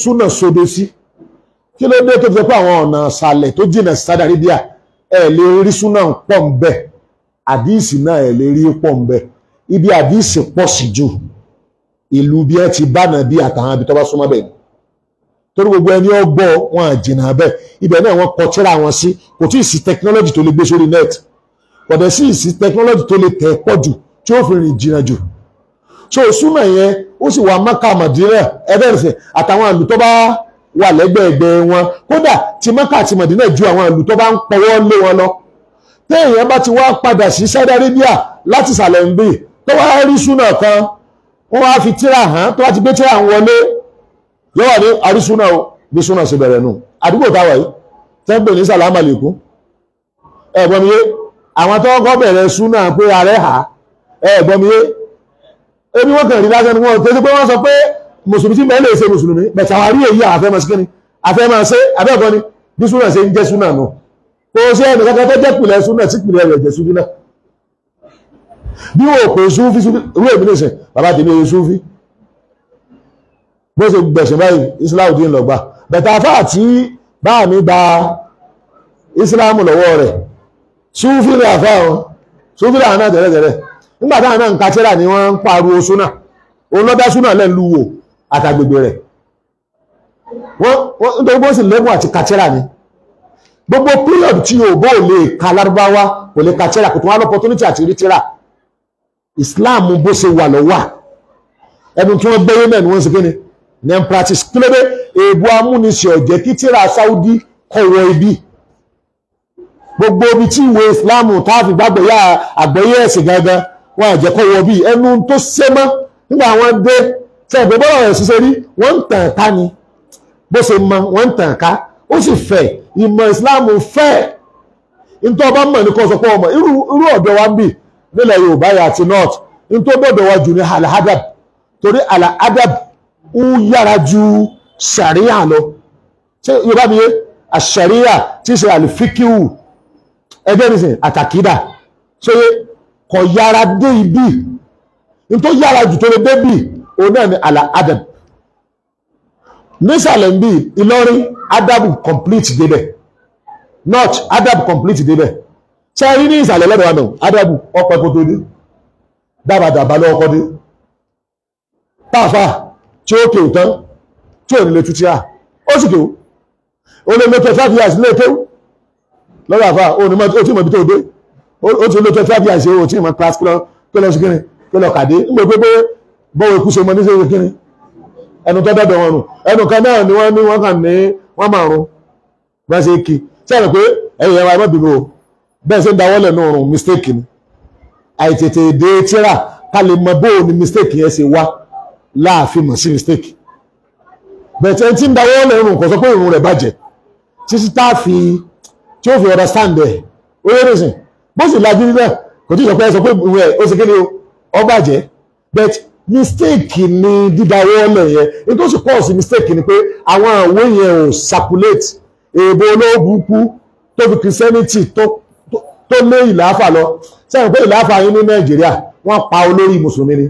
súnà sodo sí kí ló dé tó fi pé àwọn ọ̀nà ṣàlẹ̀ tó jìnà sádà ríbíà ẹ̀ lè rí súnà pọ̀ ń bẹ̀ àdíìsì náà ẹ̀ lè rí pọ̀ ń bẹ̀ ibi àdíìsì pọ̀ sí jù ìlú bí ẹ ti bá nàbí àtàwọn ibi bá súnmọ́ bẹ́ẹ̀ torí gbogbo ẹni ọgbọ́ wọn àjìnà bẹ́ẹ̀ ibẹ̀ náà wọ́n kọtíra wọn sí kò tí sí technology tó lè gbé sórí net bọ̀dẹ̀ sí ìsí tẹkinọ́lọ́jì tó lè tẹ̀ pọ̀ jù tí ó fi rìn jìnnà jù so súnà yẹn ó sì wà Mákà Mádínà ẹ̀fẹ̀rẹ̀fẹ̀ àtàwọn àlù tó bá wà lẹ́gbẹ̀ẹ́gbẹ́ wọn kódà tí Mákà àti Mádínà ju àwọn àlù tó bá ń pọwọ́ lé wọn lọ téèyàn bá ti wá padà sí Saudi Arabia láti sàlẹ̀ ń gbé tó wá rí súnà kan wọ́n wá fi tíra hàn tó wá ti gbé tíra wọlé yọ́wọ́ ní arísúnà o bí súnà sí bẹ̀rẹ̀ nù àdúgbò táwa yìí tẹ́gbẹ̀ ní sàlámà lè kú ẹ̀gbọ́n mi yé àwọn tó kọ́ bẹ̀rẹ̀ súnà pé ààrẹ hà ẹ gbọ́n mi yé ebi wọ́n kàn rí lásán ni wọ́n tẹ́sí pé wọ́n sọ pé mùsùlùmí tí mẹ́lẹ̀ ṣe mùsùlùmí bẹ̀tẹ̀ àwọn àrí èyí àfẹ́ máa ṣe kíni àfẹ́ máa ṣe àfẹ́ ọ̀gbọ́n ni bí súnà ṣe ń jẹ́ súnà nù kò ṣe ẹnì kankan tó jẹ́ pìlẹ̀ súnà tí pìlẹ̀ rẹ̀ jẹ́ súnà bí wọn kò súnfí rú èmi lè ṣe bàbá tèmi èyí súnfí bó ṣe gbẹ̀ṣẹ̀ báyìí islam dín lọ́gbà bẹ̀tẹ̀ afá àti báàmí ba islam lọ́wọ́ rẹ̀ súnfì rẹ̀ àfá o súnfì rẹ̀ àná tẹ̀lẹ̀tẹ̀lẹ̀ nígbàtá àná ń kàtírà ni wọ́n ń pariwo súnà suna lẹ́nu àtàgbègbè rẹ̀ wọ́n ni gbogbo period tí bó lè ka kò lè kò tó Islam bó ṣe wà lọ́wà ẹnu tí wọ́n mẹ́rin wọ́n nem practice kílódé èèbù gbogbo ibi tí ìwé ìsìláàmù tá a fi gbàgbé yá àgbẹ̀yẹ ẹ̀sìn gangan wọn àjẹ́ kọ́ wọ bí ẹnu tó ṣe mọ́ nígbà wọn dé sẹ́ẹ̀bẹ̀ bọ́lá rẹ̀ ṣiṣẹ́ rí wọ́n ń tàn ká ni bó ṣe mọ wọ́n ń tàn ká ó sì fẹ̀ ìmọ̀ ìsìláàmù fẹ̀ nítorí ọba mọ̀ ní kò sọ pé ọmọ irú ọ̀dọ̀ wa ń bì nílẹ̀ Yorùbá yà àti north nítorí ọ̀dọ̀ wa jù ní alahadab torí alahadab ń yára ju sàríyà lọ ṣé Yorùbá mi yé àṣàríyà tí í ṣe àlùfíkìwù ẹgbẹ́ nìsín àtàkìdà sóyè kò yára dé ibi nítorí yára jù tó lè dé bì òun náà ni àlà adam, nísàlẹ̀ ń bì Ìlọrin adab complete débẹ̀ not adab complete débẹ̀ ṣe rí ní ìsàlẹ̀ lọ́dọ̀ wa náà adab ọ̀pẹ̀ kò tó dé dábàdàbà lọ́kọ́ dé pàápàá tí ó kéwù tán tí ò ní lè tutù yá ó sì kéwù ó lè lè five years lè kéwù lọ́rọ̀ àfà ó ní ó tí mọ̀ bí tó dé ó ti ló twenty five years ó tí mọ̀ class kílọ̀ kílọ̀ sí kíni kílọ̀ kàdé ń gbé pé bọ́wọ́ ikú ṣe mọ ní sẹ́yìn kíni ẹnu tó dọ̀dọ̀ wọn nù ẹnu kan náà ni wọ́n ní wọ́n kàn ní wọ́n máa rún bá ṣe kí sẹ́yìn pé ẹ̀yìn ẹ̀wà ẹ̀mọ́ bìbò bẹ́ẹ̀ ṣe ń dáwọ́lẹ̀ ní ọ̀run mistake ni àìtètè dé tíra ká lè mọ bóò ni mistake yẹn ṣe wá láàfin mọ̀ sí mistake bẹ̀tẹ̀ tí ń dáwọ́lẹ̀ ọ̀run kò sọ pé ìrun rẹ̀ bàjẹ́ títí tá a fi tí ó fi understand ẹ̀ ó yẹ nìsín bó sì lajú níbẹ̀ kò tí ì sọ pé ẹ sọ pé ìwé ẹ̀ ó kéde o ó bàjẹ́ but mistake ni dídáwọ́ ọ̀lẹ̀ yẹn ní tó sì cause mistake ni pé àwọn àwọ̀ yẹn ò circulate èèbò olóògùn kú tó fi christianity tó tó lé ìlàáfà lọ sẹ́yìn pé ìlàáfà yín ní nàìjíríà wọ́n pa olórí mùsùlùmí ni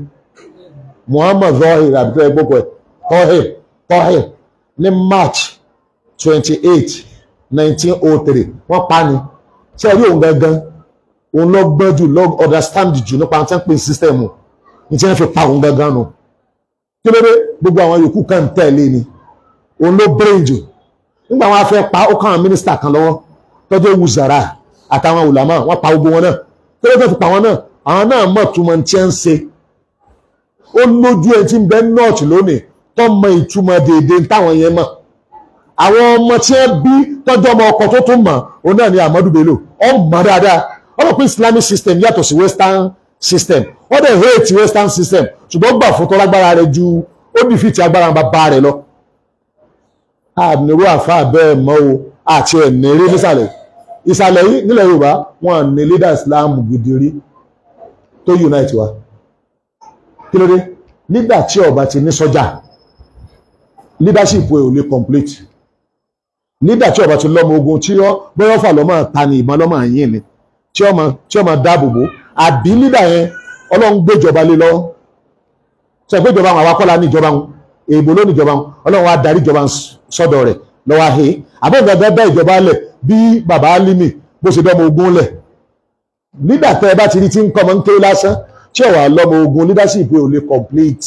muhammad zohir abdul gbogbo ẹ̀ tọ́hìn tọ́hìn ní march twenty eight 1903 wọ́n pa ni ṣe rí òun gangan òun lọ gbọ́n jù lọ understand jù nípa tí wọ́n pè system ní tí wọ́n fi pa òun gangan nù kí ló dé gbogbo àwọn yòókù kan tẹ̀lé ni òun ló brain jù nígbà wọn fẹ́ pa ó kàn án mínísítà kan lọ́wọ́ tọ́jú wùzàrà àtàwọn ulama wọ́n pa gbogbo wọn náà kí ló dé fi pa wọn náà àwọn náà mọ̀ túmọ̀ tí wọ́n ń ṣe ó lójú ẹ̀ tí ń bẹ nọ́ọ̀tì lónìí tó mọ ìtumọ̀ déédéé táwọn yẹn mọ̀ àwọn ọmọ tí wọ́n bí tọ́jú ọmọ ọkọ̀ tó tún mọ̀ òun náà ni amadu Bello ọ̀n mọ̀ dáadáa wọ́n mọ̀ pé Islamic system yàtọ̀ sí Western system wọ́n dẹ̀ hate Western system ṣùgbọ́n gbà fún tọ́lágbára rẹ̀ ju ó bì fìtì agbára bàbá rẹ̀ lọ. àmìwò àfa bẹ́ẹ̀ mọ́ o àti ẹ̀nẹ́rí nísàlẹ̀ ìsàlẹ̀ yìí nílẹ̀ Yorùbá wọn ní leader Islam gidi rí tó unite wa kí ló dé nígbà tí ọba ti ní sọ́jà leadership ẹ ò lè complete nígbà tí ọba ti lọ́mọ ogun tí ó bọ́yọ́ fà lọ́mọ ta ni ìbọn lọ́mọ yín ni tí ọmọ tí ọmọ dáàbò bò àbí nígbà yẹn ọlọ́run gbéjọba lé lọ́wọ́ sọ pé àwọn awakọ́lá ní ìjọba èèbò ló ní ìjọba wọn wa darí ìjọba sọ́dọ̀ rẹ̀ lọ́wọ́ ahé àbẹ́gbẹ́gbẹ́ bẹ́ ìjọba lẹ̀ bí bàbá alimi bó ṣe dọ́mọ ogun lẹ̀ nígbà tẹ́ ẹ bá ti rí tí ń kọ́ ọmọ ń kéré lásán tí ọ̀wà lọ́mọ ogun leadership ò lè complete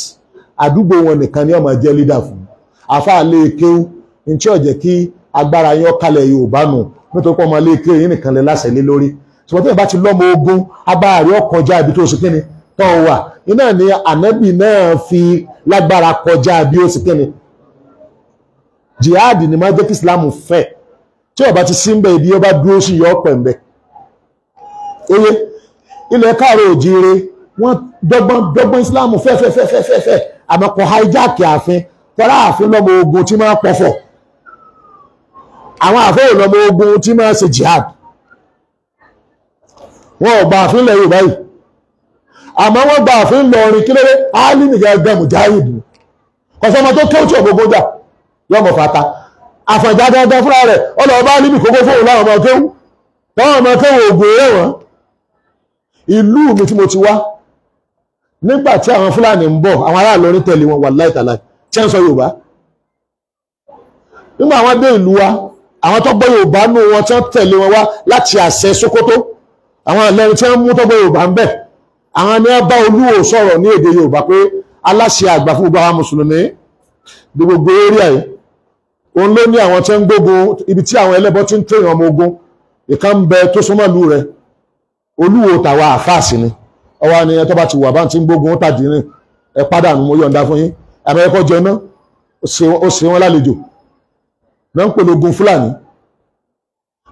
àdúgbò wọn nìkan ni ọmọ jẹ́ leader fún àfa àlè kéwú ní tí ọ̀jẹ̀ kí agbára yín kalẹ̀ yorùbá nù nítorí pé ọmọ ilé kí èyí nìkan lè láṣẹ lé lórí ṣùgbọ́n tí ìbá ti lọ́mọ ogun agbára rẹ̀ kọjá ibi tó ṣe kíni tó wà iná ni ànábì náà fi lágbára kọjá bí ó ṣe kíni jihad ni máa jẹ́ kí islam fẹ́ tí ọba ti sínbẹ̀ ibi ọba dúró sí yọ pẹ̀mbẹ̀ oye ilẹ̀ káàró òjire wọ́n dọ́gbọ́n dọ́gbọ́n islam fẹ́fẹ́fẹ́fẹ́fẹ́ àmọ́ kò hijack ààfin tọ́lá ààfin lọ́mọ ogun tí máa pọ̀fọ̀ àwọn àfẹ́yìn lọ́mọ ogun tí máa ṣe jihad wọn ò gba àfin ilẹ̀ Yorùbá yìí àmọ́ wọ́n gba àfin Ìlọrin kíléré áálí nìkan ẹgbẹ́ mujahid kọ̀sọ́mọ tó kéwù tí ògbógbó dà yọmọ fata àfọ̀njá dandan fúnra rẹ̀ ọlọ́ọ̀bá níbi kókó fóun láwọn ọmọ kéwù láwọn ọmọ kéwù ògùn eré wọn ìlú mi tí mo ti wá nígbà tí àwọn Fúlàní ń bọ̀ àwọn aráàlú orin tẹ̀lé wọn wà láìtàláì tí wọ́n sọ Yorùbá nígbà àwọn dé ìlú wa àwọn tọ́gbọ́ yorùbá nù wọn tán tẹ̀lé wọn wá láti àṣẹ sokoto àwọn ìlẹ́rin tí wọ́n mú tọ́gbọ́ yorùbá ń bẹ̀ àwọn ni wọ́n bá olúwo sọ̀rọ̀ ní èdè yorùbá pé aláṣẹ àgbà fún gbogbo àwọn mùsùlùmí ní gbogbo area yìí òun ló ní àwọn tí wọ́n ń gbógun ibi tí àwọn ẹlẹ́bọ ti ń tó ìwọ̀n ogun ìkan ń bẹ tó súnmọ́ lù rẹ olúwo tàwa àfáàsì ni ọwọ́ ni ẹ tó bá ti wà bá ti ń gbógun ó tàdí rìn ẹ padà nù mo yọ̀ǹda fún yín àmọ́ jẹ náà ó ṣe wọn lálejò náà ń polongo fúlàní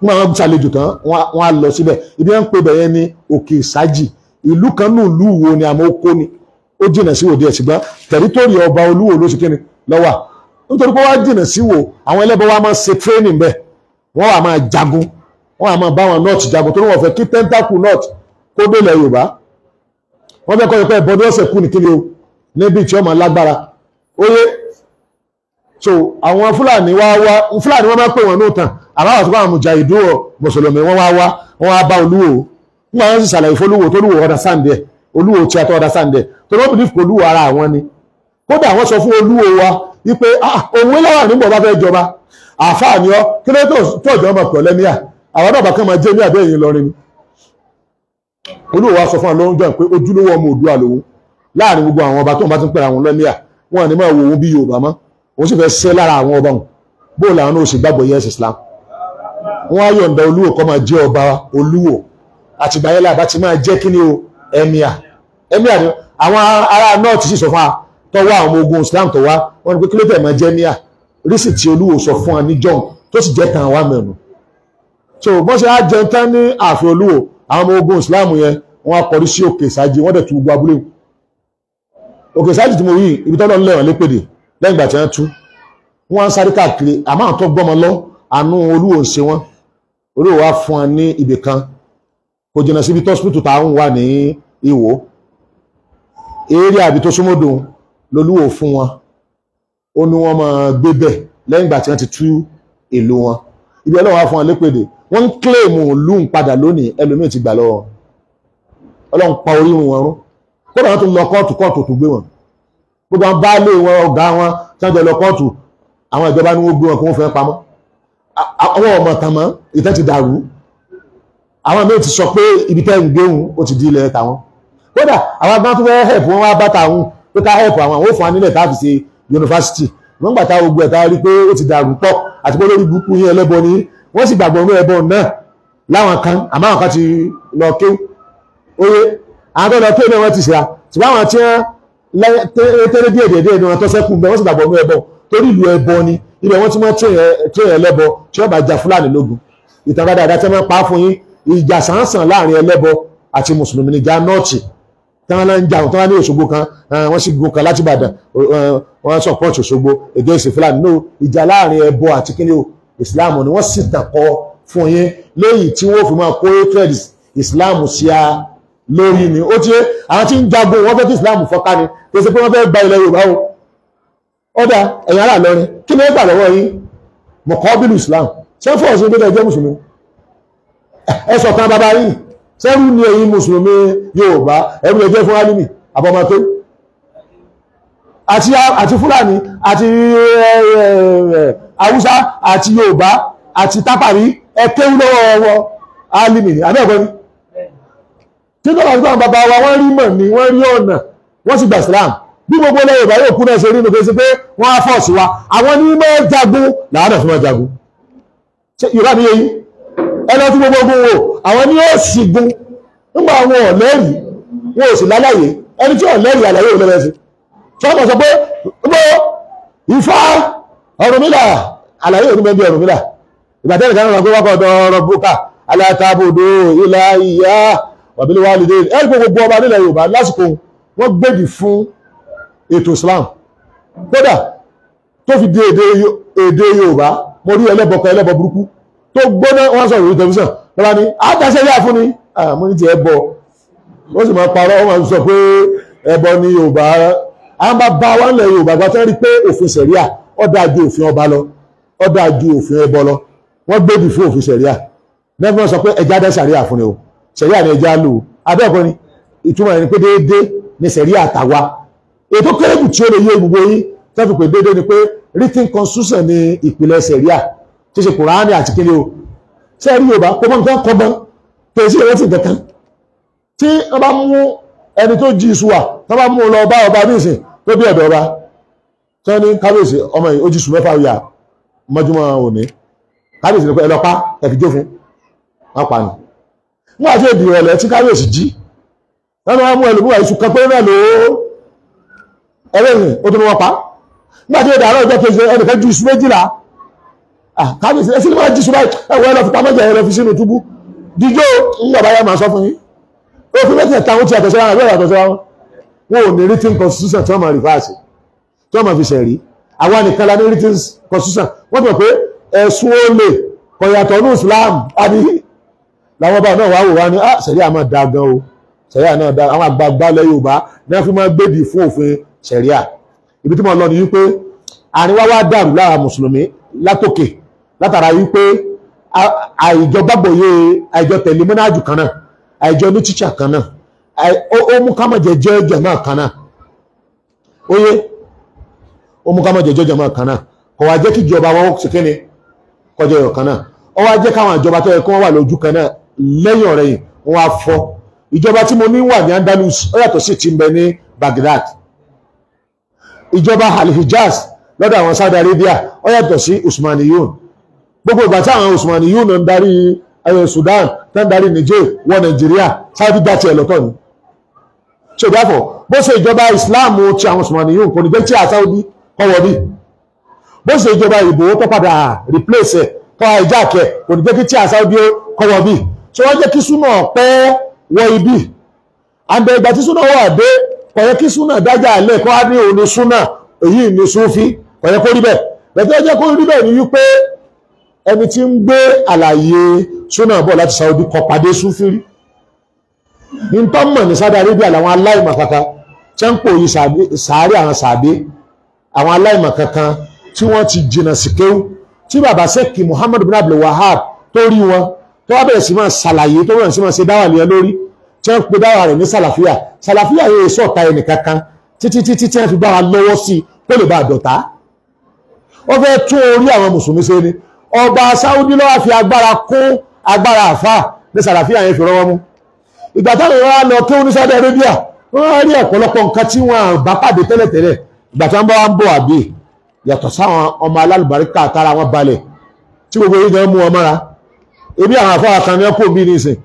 wọn àwọn ṣàlejò tán wọn á lọ síbẹ̀ ibi wọn ń pe bẹ̀yẹn ní òkè ìsájì ìlú kan náà ìlú wo ni àmọ́ ó kó ni ó jìnà sí òde ẹ̀sìn gbọ́n ọba olúwo ló ṣe kí ni lọ́wọ́ nítorí pé wọ́n á jìnà sí wo àwọn ẹlẹ́bọn wa máa ṣe training bẹ́ẹ̀ wọ́n wà máa jagun wọ́n wà máa bá wọn north jagun torí wọ́n fẹ́ kí tentacle north kó dé ilẹ̀ yorùbá wọ́n fẹ́ kọ́ ẹ pé ẹ̀bọ̀n ni ọ̀sẹ̀ kù ní kí o níbi tí ọmọ lágbára ó yẹ so àwọn fúlàní wá wá fúlàní wọ́n máa pè wọ́n nóòtàn àbáwọ̀ tó bá àwọn mùjàhídù ọ̀ mùsùlùmí wọ́n wá wá wọ́n wá bá olúwo nígbà wọn sì ṣàlàyé fọlúwo tó lúwo ọ̀dà sáǹdẹ̀ olúwo tí a tọ́ ọ̀dà sáǹdẹ̀ tó ló bìlífù kò lúwo ara àwọn ni kódà wọ́n sọ fún olúwo wa wípé ah, òun lọ́wọ́ nígbà bá fẹ́ jọba àfáà ni kí ló tó ìjọ ọmọ pẹ̀lẹ́ ní àwọn bàbá kan máa jẹ́ ní àbẹ́ yìí lọrin olúwo wa sọ fún àlọ́ ọjọ́ pé ojúlówó ọmọ Oòduà lòun láàrin gbogbo àwọn ó sì fẹ́ sẹ́ lára àwọn ọba wọn bóò làwọn ó sì gbàgbọ́ yẹ́sì Islam wọ́n á yọ̀ǹda olúwo kọ́ máa jẹ́ ọba olúwo àtìgbà yẹn làbá ti máa jẹ́ kíni o emia emia ni àwọn ará north sì sọ fún wa tọ́wọ́ àwọn ogun Islam tọ́wọ́ wọn ni pé kílódé máa jẹ́ ẹ̀míà rísì tí olúwo sọ fún wa ní john tó sì jẹ́ tàn wá mẹ́nu so bọ́n ṣe á jẹun tán ní ààfin olúwo àwọn ọmọ ogun Islam yẹn wọ́n á kọrí sí òkè ìsájì wọ́n dẹ̀ tún gbọ́ abúlé òkè ìsájì tí mo yí ibi tọ́lọ́ ń lẹ̀wọ̀n lépèdè lẹ́yìn ìgbà tí wọ́n tú wọ́n ń sáré káàkiri àmọ́ àwọn tó gbọ́mọ lọ àánú olúwo ń ṣe wọ́n olúwo wá fún wọn ní ibì kan kò jìnnà síbi tọ́sípítù tá à ń wà ní ìwò eré àbí tó súnmọ́dò lolúwo fún wọn ó ní wọ́n máa gbé bẹ̀ lẹ́yìn ìgbà tí wọ́n ti tú ìlú wọn ibi ọlọ́run wá fún wọn lépèdè wọ́n ń kílèmù lùn padà lónìí ẹlòmíì ti gbà lọ́wọ́ ọlọ́run pa orí wọn rún kódà wọn tún lọ kóòtù kóòtù tó gbé wọn gbogbo àwọn baálé wọn ọ̀gá wọn tí wọ́n jọ lọ kóòtù àwọn ìjọba ni wọ́n gbé wọn kó wọ́n fẹ́ pamọ́ àwọn ọmọ kan mọ́ ìtẹ́ ti dàrú àwọn míì ti sọ pé ibi tẹ́ ń gbéhùn ó ti di ilẹ̀ tàwọn kódà àwọn agbọ́n tó fẹ́ hẹ̀pù wọn wá bá tàwọn pé ká hẹ̀pù àwọn àwọn òfin anílẹ̀ táàbì ṣe yunifásitì wọ́n gbà ta ogun ẹ̀ta rí pé ó ti dàrú pọ̀ àti pé lórí burúkú yín ẹlẹ́bọ ni wọ́n sì gbàgbọ́ inú ẹbọ náà láwọn kan àmọ́ àwọn kan ti lọ kéw oye àwọn tó lọ kéw náà wọ́n ti ṣe à ṣùgbọ́n àwọn tí wọ́n tẹ́lẹ̀ díẹ̀ díẹ̀ díẹ̀ ni wọn tọ́sẹ́ kú bẹ́ẹ̀ wọ́n sì gbàgbọ́ ní ẹbọ torí ìlú ẹbọ ni ibẹ̀ wọ́n ti mọ́ tún yẹn lẹ́bọ tí wọ́n bá ja fúlàní lógun ìtàn bá dáadáa tẹ́ máa pa á fún yín ìjà sàǹsàn láàrin ẹlẹ́bọ àti mùsùlùmí ni já nọ́ọ̀tì tí wọ́n ń jaun tí wọ́n ní Òṣogbo kan wọ́n sì gun kan láti Ìbàdàn wọ́n sọ̀pọ̀tì Òṣogbo against fúlàní no ìjà láàrin ẹbọ àti kíni o ìsìláàmù ni wọ́n sì tàn kọ́ fún yín lẹ́yìn tí wọ́n fi máa kó hatred ìsìláàmù sí a lórí ni ó tiẹ́ àwọn tí ń jagun wọ́n fẹ́ kí Islam fọ́ká ni kò sí pé wọ́n fẹ́ gba ilẹ̀ Yorùbá o ọ̀dà ẹ̀yìn ara lọ́rin kí ni ó gbà lọ́wọ́ yín mọ̀kọ́bílù Islam ṣé fọ́ọ̀sì gbé ẹjẹ́ mùsùlùmí ẹ sọ̀kan bàbá yìí sẹ́rù ni ẹ̀yin mùsùlùmí Yorùbá ẹ̀rù ẹjẹ́ fún alimi àbọ̀mọ́tò àti àti Fúlàní àti Haúsá àti Yorùbá àti tápàrí ẹ̀kẹ́ wúlọ́wọ́ alimi àbẹ́ẹ̀kọ́ ni tí tó bá gbọ́ àwọn bàbá wa wọ́n rí mọ̀ ni wọ́n rí ọ̀nà wọ́n sì gba Islam bí gbogbo ilẹ̀ Yorùbá yóò kú náà ṣe rí nu fèsì pé wọ́n á fọ́ọ̀sì wa àwọn ní mọ́ jagun làwọn náà fi mọ́ jagun ṣe Yorùbá mi yẹ yín ẹni ọtí gbogbo ogun wo àwọn ní yóò sì gun nígbà àwọn ọ̀lẹ́rìí wọn ò sì láláyé ẹni tí ọ̀lẹ́rìí àlàyé ò lẹ́rẹ́ sí sọ́kàn sọ pé gbọ́ Ifá Ọ̀rúnmìlà àlàyé ò ní bẹ́ẹ̀ ìgbà tẹ́lẹ̀ kan náà wọ́n gbé wákọ̀ ọ̀dọ̀ ọ̀rọ̀ bùkà alátàbòdò ìlà ìyá wàbílí wà lédè ẹ̀rí pé gbogbo ọba nílẹ̀ Yorùbá lásìkò wọ́n gbèdì fún ètò Islam kódà tó fi di èdè Yorùbá mo rí ẹlẹ́bọ kan ẹlẹ́bọ burúkú tó gbóná wọ́n sọ̀rọ̀ lórí tẹlifíṣàn lọ́la ni àtàṣe yá fún ni àmọ́ ní ti ẹ bọ̀ ó sì máa parọ́ wọ́n máa sọ pé ẹbọ ni Yorùbá à ń bá bá wa nílẹ̀ Yorùbá gbà tán rí pé òfin ṣẹ̀ríà ó dáa ju òfin ọba lọ ó dáa ju òfin ẹbọ lọ wọ́n gbèdì fún òfin ṣẹ̀ríà nẹ́fọ̀n sọ pé ẹja dá ṣàríà fún ni o sẹ̀ríà ní ẹja lò abẹ́ ọ̀kan ni ìtumọ̀ ẹni pé déédé ni sẹ̀ríà àtàwa ètò kérébù tí ó lè yé gbogbo yín tó fi pé déédé ni pé written constitution ni ìpìlẹ̀ sẹ̀ríà tó ṣe kùránì àti kíni o sẹ́rí yorùbá kó mọ́ nǹkan kọ́ mọ́ kò sí ìrẹsì kankan tí wọ́n bá mú ẹni tó jí ìṣúwà tó bá mú un lọ bá ọba níìsín tó bí ọ̀dọ̀ ọba tó ní kábíyèsí ọmọ yìí ó jí sùn mẹ́fà yà mọ́júmọ́ òní kábíyèsí ni pé ẹ lọ pa ẹ fi jó pa ni nígbà tí èdè ìrọ̀lẹ́ tí kábíyèsí jí lọ́nà wọn mú ẹlòmíwà iṣu kan pé náà ló ẹlẹ́yìn ó tó ní wọn pa nígbà tí èdè àárọ̀ ìjọ kejì ẹnìkan ju iṣu méjìlá kábíyèsí ẹsẹ̀ ní wọn jí iṣu báyìí ẹwọ ẹ lọ fi pamọ́ jẹ ẹ lọ fi sínú túbú díjó ńgbà báyà máa sọ fún yín ó fi mẹ́tẹ̀ táwọn ti àtọ̀sọ́ra àbẹ́ àtọ̀sọ́ra wọn wọn ò ní written constitution tí wọ́n máa rìfáàsì tí wọ́n máa fi ṣẹ̀rí àwa nìkan la ní written constitution wọ́n Islam àbí làwọn bá náà wàá wò wá ní ah sẹ̀ríà máa da gan o sẹ̀ríà náà da àwọn àgbààgbà ilẹ̀ Yorùbá náà fi máa gbèdì fún òfin sẹ̀ríà ibi tí mo lọ ni wípé àárín wá wá dàrú lára mùsùlùmí látòkè látara wípé àìjọ gbàgbọ́yé àìjọ tẹ̀lé mọ́nájú kan náà àìjọ ní tíṣà kan náà ó mú ká má jẹjẹ jẹmọ kan náà óyé ó mú ká má jẹjẹ jẹmọ kan náà kò wá jẹ́ kí ìjọba wọn ṣe kíni kọjọ ìyọ̀ kan náà ó wá jẹ́ káwọn ìjọba tó yẹ kí wọ́n wà lójú kan náà lẹ́yìn ọ̀rẹ́ yìí wọ́n á fọ́ ìjọba tí mo ní wà ní Andalus ó yàtọ̀ sí ti ń bẹ ní Baghdad ìjọba Al-Hijaz lọ́dọ̀ àwọn Saudi Arabia ó yàtọ̀ sí Usmaniyun gbogbo ìgbà tí àwọn Usmaniyun ń darí ẹ̀yẹ eh, Sudan tó ń darí Niger wọ Nàìjíríà Saudi gbà tiẹ̀ lọ́tọ̀ ni so therefore bó ṣe ìjọba Islam ti àwọn Usmaniyun kò ní jẹ́ tí àsáwọ́dí kọ́wọ́ bí bó ṣe ìjọba ìbò tó padà replace ẹ̀ kọ́ ẹ̀já kẹ̀ kò ní jẹ́ kí tí àsáwọ́dí kọ́wọ́ bí so wọ́n jẹ́ kí súnà pẹ́ wọ ibi àbẹ̀ ìgbà tí súnà wà dé kò yẹ kí súnà dájà alẹ́ kọ́ á ní òun ní súnà èyí ní súnfí kò kó rí bẹ́ẹ̀ bẹ̀tẹ́ jẹ́ kó rí bẹ́ẹ̀ ni wípé ẹni tí ń gbé àlàyé súnà bọ̀ láti Saudi kọ pàdé súnfí rí ní tọ́ mọ̀ ní Saudi Arabia làwọn aláìmọ̀ kankan tí ń pòyì sàárè àwọn sàbé àwọn aláìmọ̀ kankan tí wọ́n ti jìnnà sí kéwú tí bàbá sẹ́kì Muhammad bin Abdul Wahab tó rí wọn tó wá bẹ̀rẹ̀ sí máa ṣàlàyé tó bẹ̀rẹ̀ sí máa ṣe dáwà lẹ́yìn lórí tí wọ́n pe dáwà rẹ̀ ní sàlàfíà sàlàfíà yóò sọ ọ̀tá ẹnì kankan títí títí tí wọ́n fi bára lọ́wọ́ sí kó lè bá a dọ̀tá ó fẹ́ tún orí àwọn mùsùlùmí ṣe ni ọba Saudi lọ́wọ́ fi agbára kún agbára àfà ní sàlàfíà yẹn fi rọ́wọ́ mú ìgbà táwọn ìwà lọ kí wọn ní Saudi Arabia wọ́n rí ọ̀pọ̀lọpọ̀ nǹkan tí wọ́n bá pàdé tẹ́lẹ̀tẹ́lẹ̀ ìgbà tí wọ́n bá ń bọ̀ àbí yàtọ̀ sáwọn ọmọ alálùbáríkà tára wọn ebi àwọn afọ àkànní ọkọ bí ní ìsìn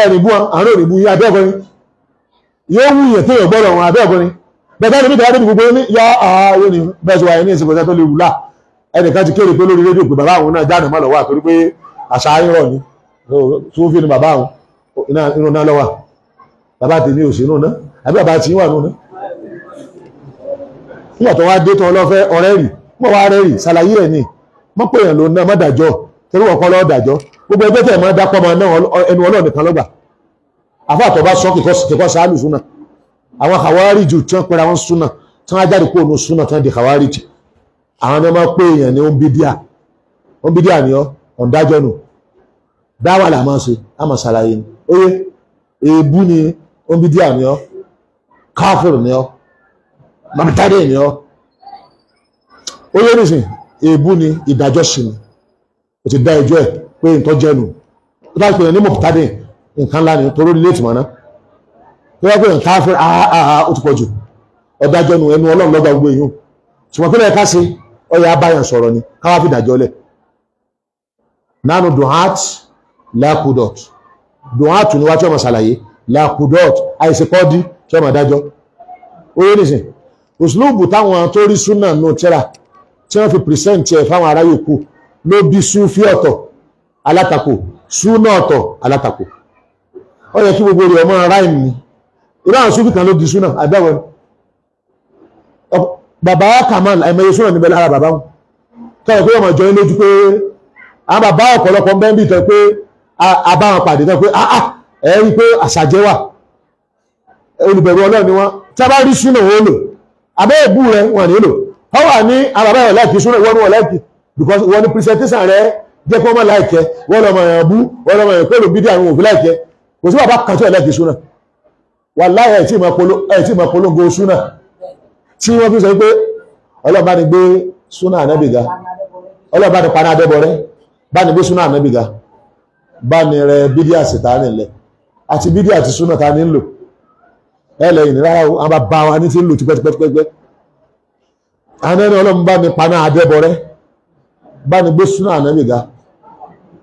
ẹ nìbú àárọ̀ nìbú yá abẹ́ọ̀kọrin yóò wù yẹn tó yọ gbọ́dọ̀ wọn abẹ́ọ̀kọrin bẹ̀tẹ́ níbi tẹ̀lé níbi gbogbo ní yá ààrẹ ní bẹ́ẹ̀sì wáyé ní ìsìn bọ̀tẹ́ tó lè wù lá ẹnìkan ti kéde pé lórí rédíò pé bàbá àwọn náà jáde má lọ́wọ́ àtòrí pé àṣà irọ́ ni tó fi ni bàbá àwọn inú náà lọ́wọ́ bàbá tèmi ò sí inú náà àbí bàbá tí wà nù náà nígbà tó wá dé tó ọlọ́fẹ́ ọ̀rẹ́ rì mọ́ wá rẹ́ rì ṣàlàyé ẹ̀ ni mọ́ pé ná torí wọ́n kọ́ lọ́ọ́ dàjọ́ gbogbo ẹgbẹ́ tẹ̀ máa dápọ̀ máa náà ẹnu ọlọ́ọ̀ nìkan lọ́gbà àfọ́ àtọ̀bá sọ kíkọ́ sáàlù súnà àwọn àwárí jù tí wọ́n pera wọn súnà tí wọ́n ajáde kóònù súnà tí wọ́n di àwárí jù àwọn ni wọ́n máa pé èèyàn ní òǹbídíà òǹbídíà ni ọ́ ọ̀ǹdájọ́ nù dáwà là máa ṣe á máa ṣàlàyé ni oye èébú ni òǹbídíà ni ọ́ káfíìrì ni ọ́ mọ̀mítárì ni ọ́ oye nìsín èébú ni ìdájọ́ sí ni o ti dá ẹjọ́ ẹ̀ pé nǹkan jẹnu ó dájú pé ní mọ̀tádìn nǹkan ńlá ni torí ilé ìtìmọ̀ náà tó yẹ pé nǹkan afẹ́ àhàhà ah, ah, ah, ó ti pọ̀ jù ọ̀dájọ́ nu ẹnu ọlọ́run lọ́gbà gbogbo èèyàn ṣùgbọ́n kílẹ̀ ká sí ọyà abáyàn sọ̀rọ̀ ni káwá fi dàjọ́ lẹ̀ nánú duhat lakudot duhat ni wá tí ọmọ ṣàlàyé lakudot àìsèkọ́dí tí ọmọ dájọ́ oyé nìsín òṣìlúùbù táwọn tó rí súnà nù tíra tí wọ́n fi pìrìsẹ́ǹtì ẹ̀ fáwọn aráyè kù ló bí súnfí ọ̀tọ̀ alátakò súnà ọ̀tọ̀ alátakò ó yẹ kí gbogbo rẹ̀ ọmọ ráìmù ni irú àwọn súnfí kan ló di súnà àbẹ́wọ̀n bàbá Kamal àìmọye súnà níbẹ̀ lára bàbá wọn kẹ́rẹ̀ pé ọmọ ìjọ yín lójú pé àwọn bàbá ọ̀pọ̀lọpọ̀ bẹ́ẹ̀ bí tán pé àbáwọn pàdé tán pé àà ah, ah, ẹ̀ rí pé àṣàjẹ́ wà olùbẹ̀rù Ọlọ́run ni wọ́n tí a bá rí súnà wọn lò abẹ́ ìbú rẹ̀ wọn ní lò wọ́n wà ní àbàbá ah, ẹ̀ láìkí súnà wọn ní wọn láìkí because wọ́n ní presentation rẹ jẹ́ kí wọ́n má láìkẹ́ wọ́n lọ́mọ èèyàn bú wọ́n lọ́mọ èèyàn pẹ̀lú bídí àwọn òfin láìkẹ́ kò sí bàbá kan tó ẹ̀ lẹ́kẹ̀ẹ́ súnà wà láì ẹ̀ tí ìmọ̀ polongo súnà tí wọ́n fi sọ pé ọlọ́ba ni gbé súnà ànábìgá ọlọ́ba ni paná adẹ́bọrẹ́ bá ni gbé súnà ànábìgá bá ni rẹ bídí àsìtá nílẹ̀ àti bídí àti súnà ta ní lò ẹ lẹ́yìn rárá àwọn bá wa ní ti ń lò tipẹ́tipẹ́tipẹ́ àwọn ẹni ọlọ́run bá ni paná adẹ́bọrẹ́ banigbe suna gbé súnà ànábì ga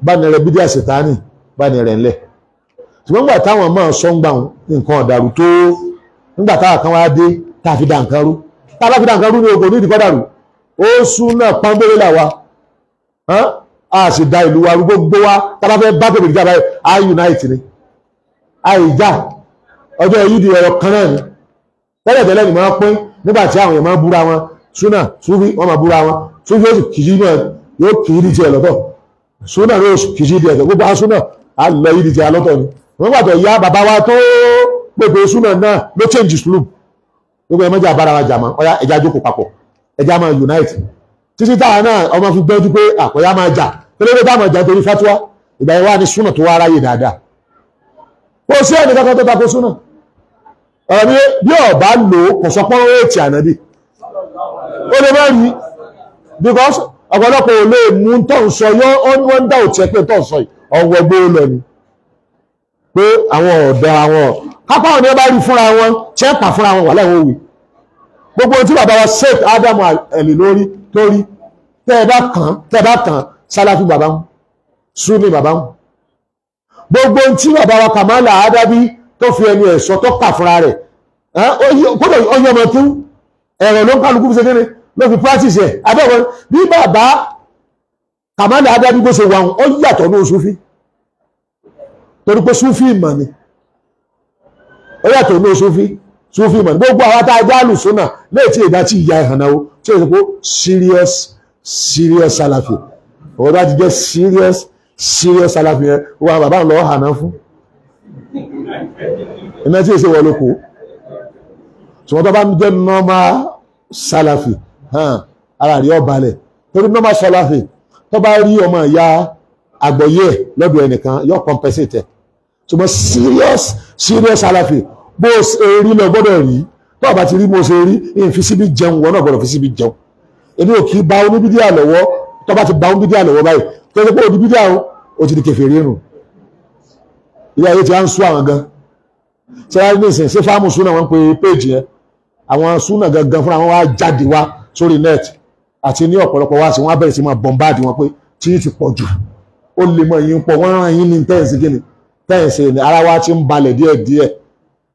bá rẹ bídíà sètáánì bá rẹ táwọn máa sọ wọn nǹkan tó táwọn kan dé tá a fi dà nǹkan rú tá a bá fi dà nǹkan ní ogun a sì da ìlú wa gbogbo wa tá a bá fẹ́ a unite ni a ìjà ọjọ́ yìí di ẹ̀rọ kan náà ni tẹ́lẹ̀tẹ́lẹ̀ ni máa pín nígbà tí àwọn èèyàn máa búra wọn súnà wọn yóò kì í di tiẹ̀ lọ́tọ̀ súnà yóò kì í di gbogbo asúnà á lọ yìí di tiẹ̀ ni wọ́n gbàtọ̀ ya bàbá wa tó pépè súnà náà ló change sloom gbogbo ẹ̀ mọ́jà bára wa jà mọ́ ọ̀yá ẹja jókòó papọ̀ ẹja máa unite títí táwa náà ọmọ fi gbẹ́jú pé àkọ́yá máa jà tẹ́lẹ́dẹ́ táwọn ọjà torí fatuwa ìgbà yẹn wá ní súnà tó wá aráyè dáadáa kò sí ẹni kankan tó tako súnà ọ̀rọ̀ ni bí ọ̀bá lò kò sọ pọ́n ó ti ànábì ó lè má rí because ọ̀pọ̀lọpọ̀ ò lè mú tọ́ ń sọ yọ́ wọ́n dá òtí ẹ pé tọ́ ń sọ yìí ọ̀wọ́ gbé lọ ni pé àwọn ọ̀dọ́ àwọn kápá ọ̀dọ́ bá rí fúnra wọn chẹ́pà fúnra wọn wà láwọn òwe gbogbo tí bàbá wa Sheikh Adam ẹ̀lì lórí lórí tẹ́ ẹ bá kàn tẹ́ ẹ bá kàn Salafi bàbá wọn Sunni bàbá wọn gbogbo tí bàbá wa Kamala Adabi tó fi ẹnu ẹ̀sọ́ tó kà fúnra rẹ̀ kódà ọyọ́ ọmọ tó ẹ̀rọ ló ń kálukú fi ṣe kéde ló fi practice ẹ̀ abẹ́wọ̀n bí bàbá kàmánà adágbígbó ṣe wà ó yàtọ̀ ní Sufi torí pé Sufi ìmọ̀ ni ó yàtọ̀ ní Sufi Sufi ìmọ̀ ni gbogbo àwọn tá a já lùsùnà léè tí ìdá tí ìyá ìhànà o tí ó ṣe pé serious serious Salafi òun láti jẹ́ serious serious Salafi yẹn wọn bàbá ń lọ hànà fún iná tí èsè wọlé kó tí wọ́n tó bá ń jẹ́ normal Salafi hàn ara rí ọba lẹ̀ torí normal sọláfì tó bá rí ọmọ ìyá àgbọ̀yé ẹ̀ lọ́dọ̀ ẹnìkan yóò compensate ẹ̀ serious serious salafi bó rí lọ gbọ́dọ̀ rí tó àbá ti rí mo ṣe rí ìfi síbi jẹun wọn náà gbọ́dọ̀ fi síbi jẹun èmi ò kì í ba oníbídí àlọ́wọ́ tó bá ti ba oníbídí àlọ́wọ́ báyìí tó ṣe pé oníbídí àwọn ò ti di kẹfìrí nù ilé ayé ti à ń sún àwọn gan ṣe wá ní ìsìn ṣé fáàmù súnà wọn pe péèjì yẹn àwọn súnà gangan fúnra wọn wá jáde wá sórí net àti ní ọ̀pọ̀lọpọ̀ wá sí wọn bẹ̀rẹ̀ sí máa bombard wọn pé tí yìí ti pọ̀ jù ó lè mọ ìyín pọ̀ wọ́n rán yín ní tẹ́yìn sí kíni tẹ́yìn sí ni ara wa ti ń balẹ̀ díẹ̀ díẹ̀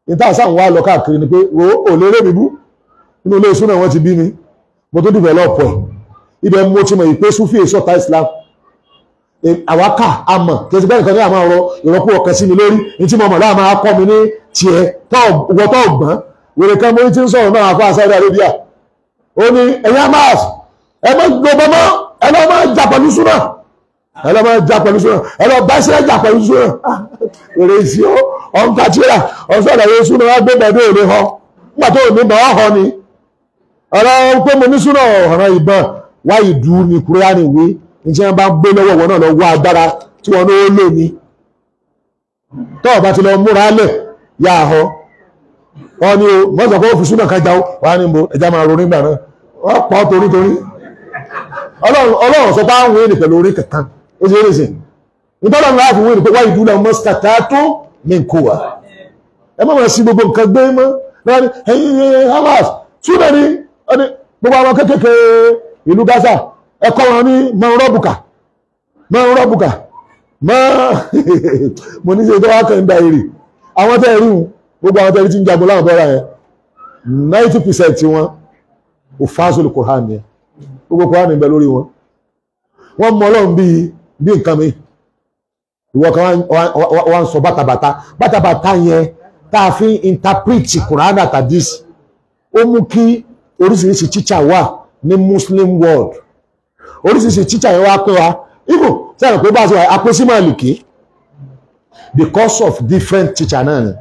níta sáwọn wá lọ káàkiri ni pé o ò lérè mi bú nínú ilé ìsúná wọn ti bí mi mo tó develop ẹ̀ ibẹ̀ mo ti mọ̀ ìpè sufi ìṣọ̀tà Islam àwákà àmọ̀ kẹsì bẹ́ẹ̀ nìkan ní àmọ́ ọ̀rọ̀ ìrọ́pò ọ̀kan sí mi lórí ní tí mo mọ̀ láàmú akọ́ mi ní tiẹ̀ wọ́tọ̀ ọ̀gbọ́n wèrè kan mo ti ń sọ̀rọ̀ náà àfọ ó ní ẹ̀yà mars ẹ mọ́ gbogbo mọ́ ẹ lọ́ máa jà pẹ̀lú súnà ẹ lọ́ máa jà pẹ̀lú súnà ẹ lọ́ bá ìṣẹ́ jà pẹ̀lú súnà èrè sí ọ ọ̀nkà ni ọ̀rọ̀ pé mo ní súnà ọ̀rọ̀ ìbọn wá ìdú ni bá gbé lọ́wọ́ wọn náà lọ wá agbára tí tọ́ọ̀ bá wọ́n ní o mọ́sàn kó fi súnà kájà wà ní bo ẹja máa ronú ìgbà náà wọ́n pọ̀ torí torí ọlọ́run sọ táwọn wéèrè pẹ̀lú orí kankan ó sì rèsì nítorí àwọn láàfin wéèrè pé wáyé dúdà mọ́sítà tá a tó ní nkó wa ẹ má máa sí gbogbo nǹkan gbé mọ́ náà ni ẹyin hamas túnbẹ̀ ni gbogbo àwọn kékèké ìlú Gaza ẹ̀kọ́ wọn ní mọ̀nrọ́bùkà mọ̀nrọ́bùkà mọ́ <laughs> mo ní ṣe tó wá kàn ń da èrè àwọn tẹ́ ẹ̀rí wọn gbogbo àwọn tẹ́lẹ̀ tí ń jagun láwọn bọ́ra yẹn ninety percent wọn kò fásul Quran yẹn gbogbo Quran ń bẹ lórí wọn wọ́n mọ ọlọ́run bíi bíi nǹkan mi ìwọ kan wá ń sọ bàtàbàtà bàtàbàtà yẹn tá a fi interpret Quran at hadith ó mú kí oríṣiríṣi tíṣà wà ní Muslim world oríṣiríṣi tíṣà yẹn wá pé wa ibo sẹ́yìn pé bá a ṣe wà apẹ́símọ̀ àlùkí because of different teacher náà ni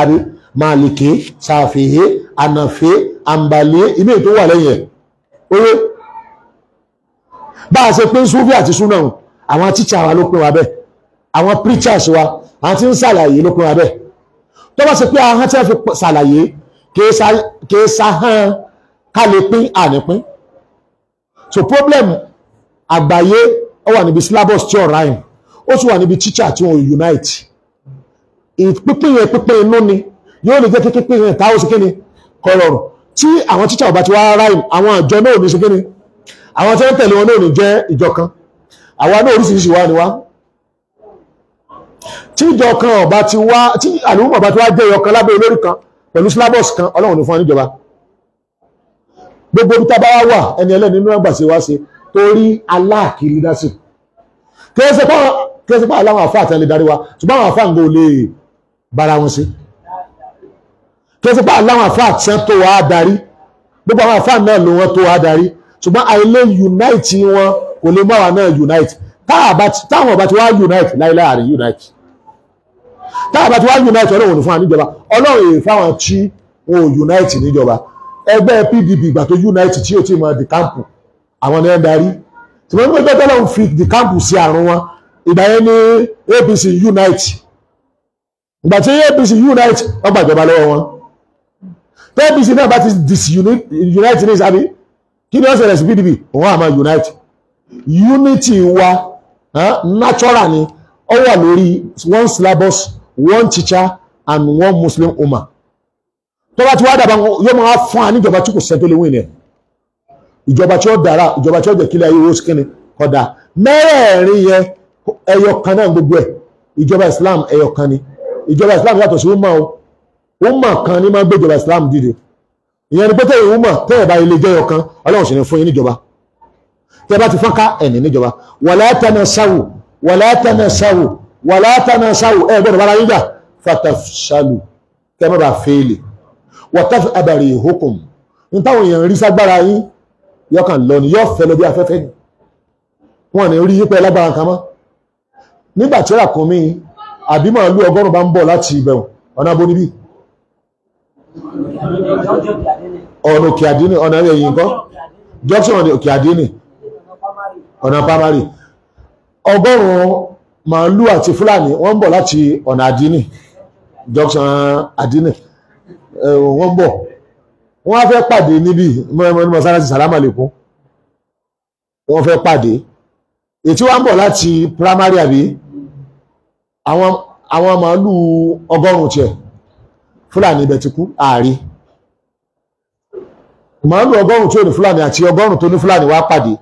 àbí màlìkì ṣàfihì ànàfẹ àǹbàlẹ ibi ètò wà lẹ́yìn ẹ oyè bá a ṣe pín súfì àti súnà àwọn tíṣà wa ló pín wa bẹ́ẹ̀ àwọn preachers wa àwọn tí ń ṣàlàyé ló pín wa bẹ́ẹ̀ tó bá ṣe pé ahọ́n tí wọ́n fi ṣàlàyé kìí ṣahọ́n ká lè pín ànípín so problem àgbáyé ó wà níbi syllabus tí ọ̀rá yìí ó tún wà níbi teacher tí wọ́n unite ìpínpín yẹn pínpín inú ni yóò lè jẹ́ kí pínpín yẹn táwọn sí kíni kọrọrùn tí àwọn tíṣà ọba ti wá ráìm àwọn àjọ náà ní sí kíni àwọn tí wọ́n tẹ̀lé wọn náà ní jẹ́ ìjọ kan àwa náà oríṣiríṣi wá ni wá tí ìjọ kan ọba ti wá tí àlùmọ̀ ọba ti wá jẹ́ ìyọkan lábẹ́ olórí kan pẹ̀lú sílábọ̀sì kan ọlọ́run ní fún níjọba gbogbo ibi tábà wà ẹni ẹlẹ́ni nínú àgbà ṣe wá ṣe torí aláàkiri dá sí kí ẹ sẹ́pà aláwọn àfáà tẹ́lẹ̀ darí wa ṣùgbọ́n àwọn àfáà ń gbọ́ lè bára wọn ṣe tó fipá aláwọn àfáà tí wọ́n tó wàá darí gbogbo àwọn àfáà náà ló wọ́n tó wàá darí ṣùgbọ́n àìlè unite wọn kò lè mọ́ àwa náà unite táwọn ọba ti wá unite láìláà rí unite táwọn ọba ti wá unite ọlọ́run fún wa níjọba ọlọ́run èyí fáwọn tí wọn ò unite níjọba ẹgbẹ́ PDP ìgbà tó unite tí ó ti mọ the camp àwọn ni ẹ ń darí tìmọ̀ nígbà tó lọ́n fi the camp sí àrùn wọn ìgbà ìgbà tí APC unite wọ́n gba ìjọba lọ́wọ́ wọn tí APC náà bá ti disunite ní ìsábí kí ni wọ́n ṣẹlẹ̀ sí PDP òun àmọ́ unite unity wa natural ni ó wà lórí one syllabus one teacher and one Muslim woman tó bá ti wá dàbà yóò máa fún wa níjọba tí kò sẹ́ tó lè wí ni ìjọba tí ó dára ìjọba tí ó jẹ́ kílẹ̀ ayé rose kíni kódà mẹ́rẹ̀ẹ̀rin yẹn ẹyọ kan náà gbogbo ẹ̀ ìjọba Islam ẹyọ kan ni ìjọba islam yàtọ̀ sí umma o umma kan ní máa ń gbé ìjọba islam dìde ìyẹn ni pé tẹ́yìn umma tẹ́yìn bá ilé jẹ́yọ kan ọlọ́run sì ní fún yín níjọba tẹ́ bá ti fọ́n ká ẹ̀ní níjọba wala tanasawu wala tanasawu wala tanasawu ẹ̀ gbọ́dọ̀ bára yín jà fatafshalu tẹ́ bá bá fẹ́ẹ̀lì wọ́tàf abàrí ìhókùn ní táwọn èèyàn rí ságbára yín yọkàn lọ ni yọ́ fẹ́ lọ bí afẹ́fẹ́ ni wọ́n ní rí yípẹ́ lágbára kan mọ́ nígbà tí ó rà kún mí àbí màálù ọgọ́rùn bá ń bọ̀ láti ibẹ̀wọ̀n ọ̀nà abo níbí ọ̀nà òkè àdínì ọ̀nà ẹ̀yìn nǹkan junction ọ̀nà òkè àdínì ọ̀nà primary ọgọ́rùn màálù àti fúlàní wọ́n ń bọ̀ láti ọ̀nà àdínì junction àdínì wọ́n ń bọ̀ wọ́n á fẹ́ pàdé níbi mọ́sálásí sàlámà lẹ́kún wọ́n fẹ́ pàdé ètí wọ́n ń bọ̀ láti primary àbí àwọn àwọn màálù ọgọ́rùn-ún tiẹ̀ fúlàní ibẹ̀ ti kú ààrí màálù ọgọ́rùn-ún tí ò ní fúlàní àti ọgọ́rùn-ún tó ní fúlàní wá pàdé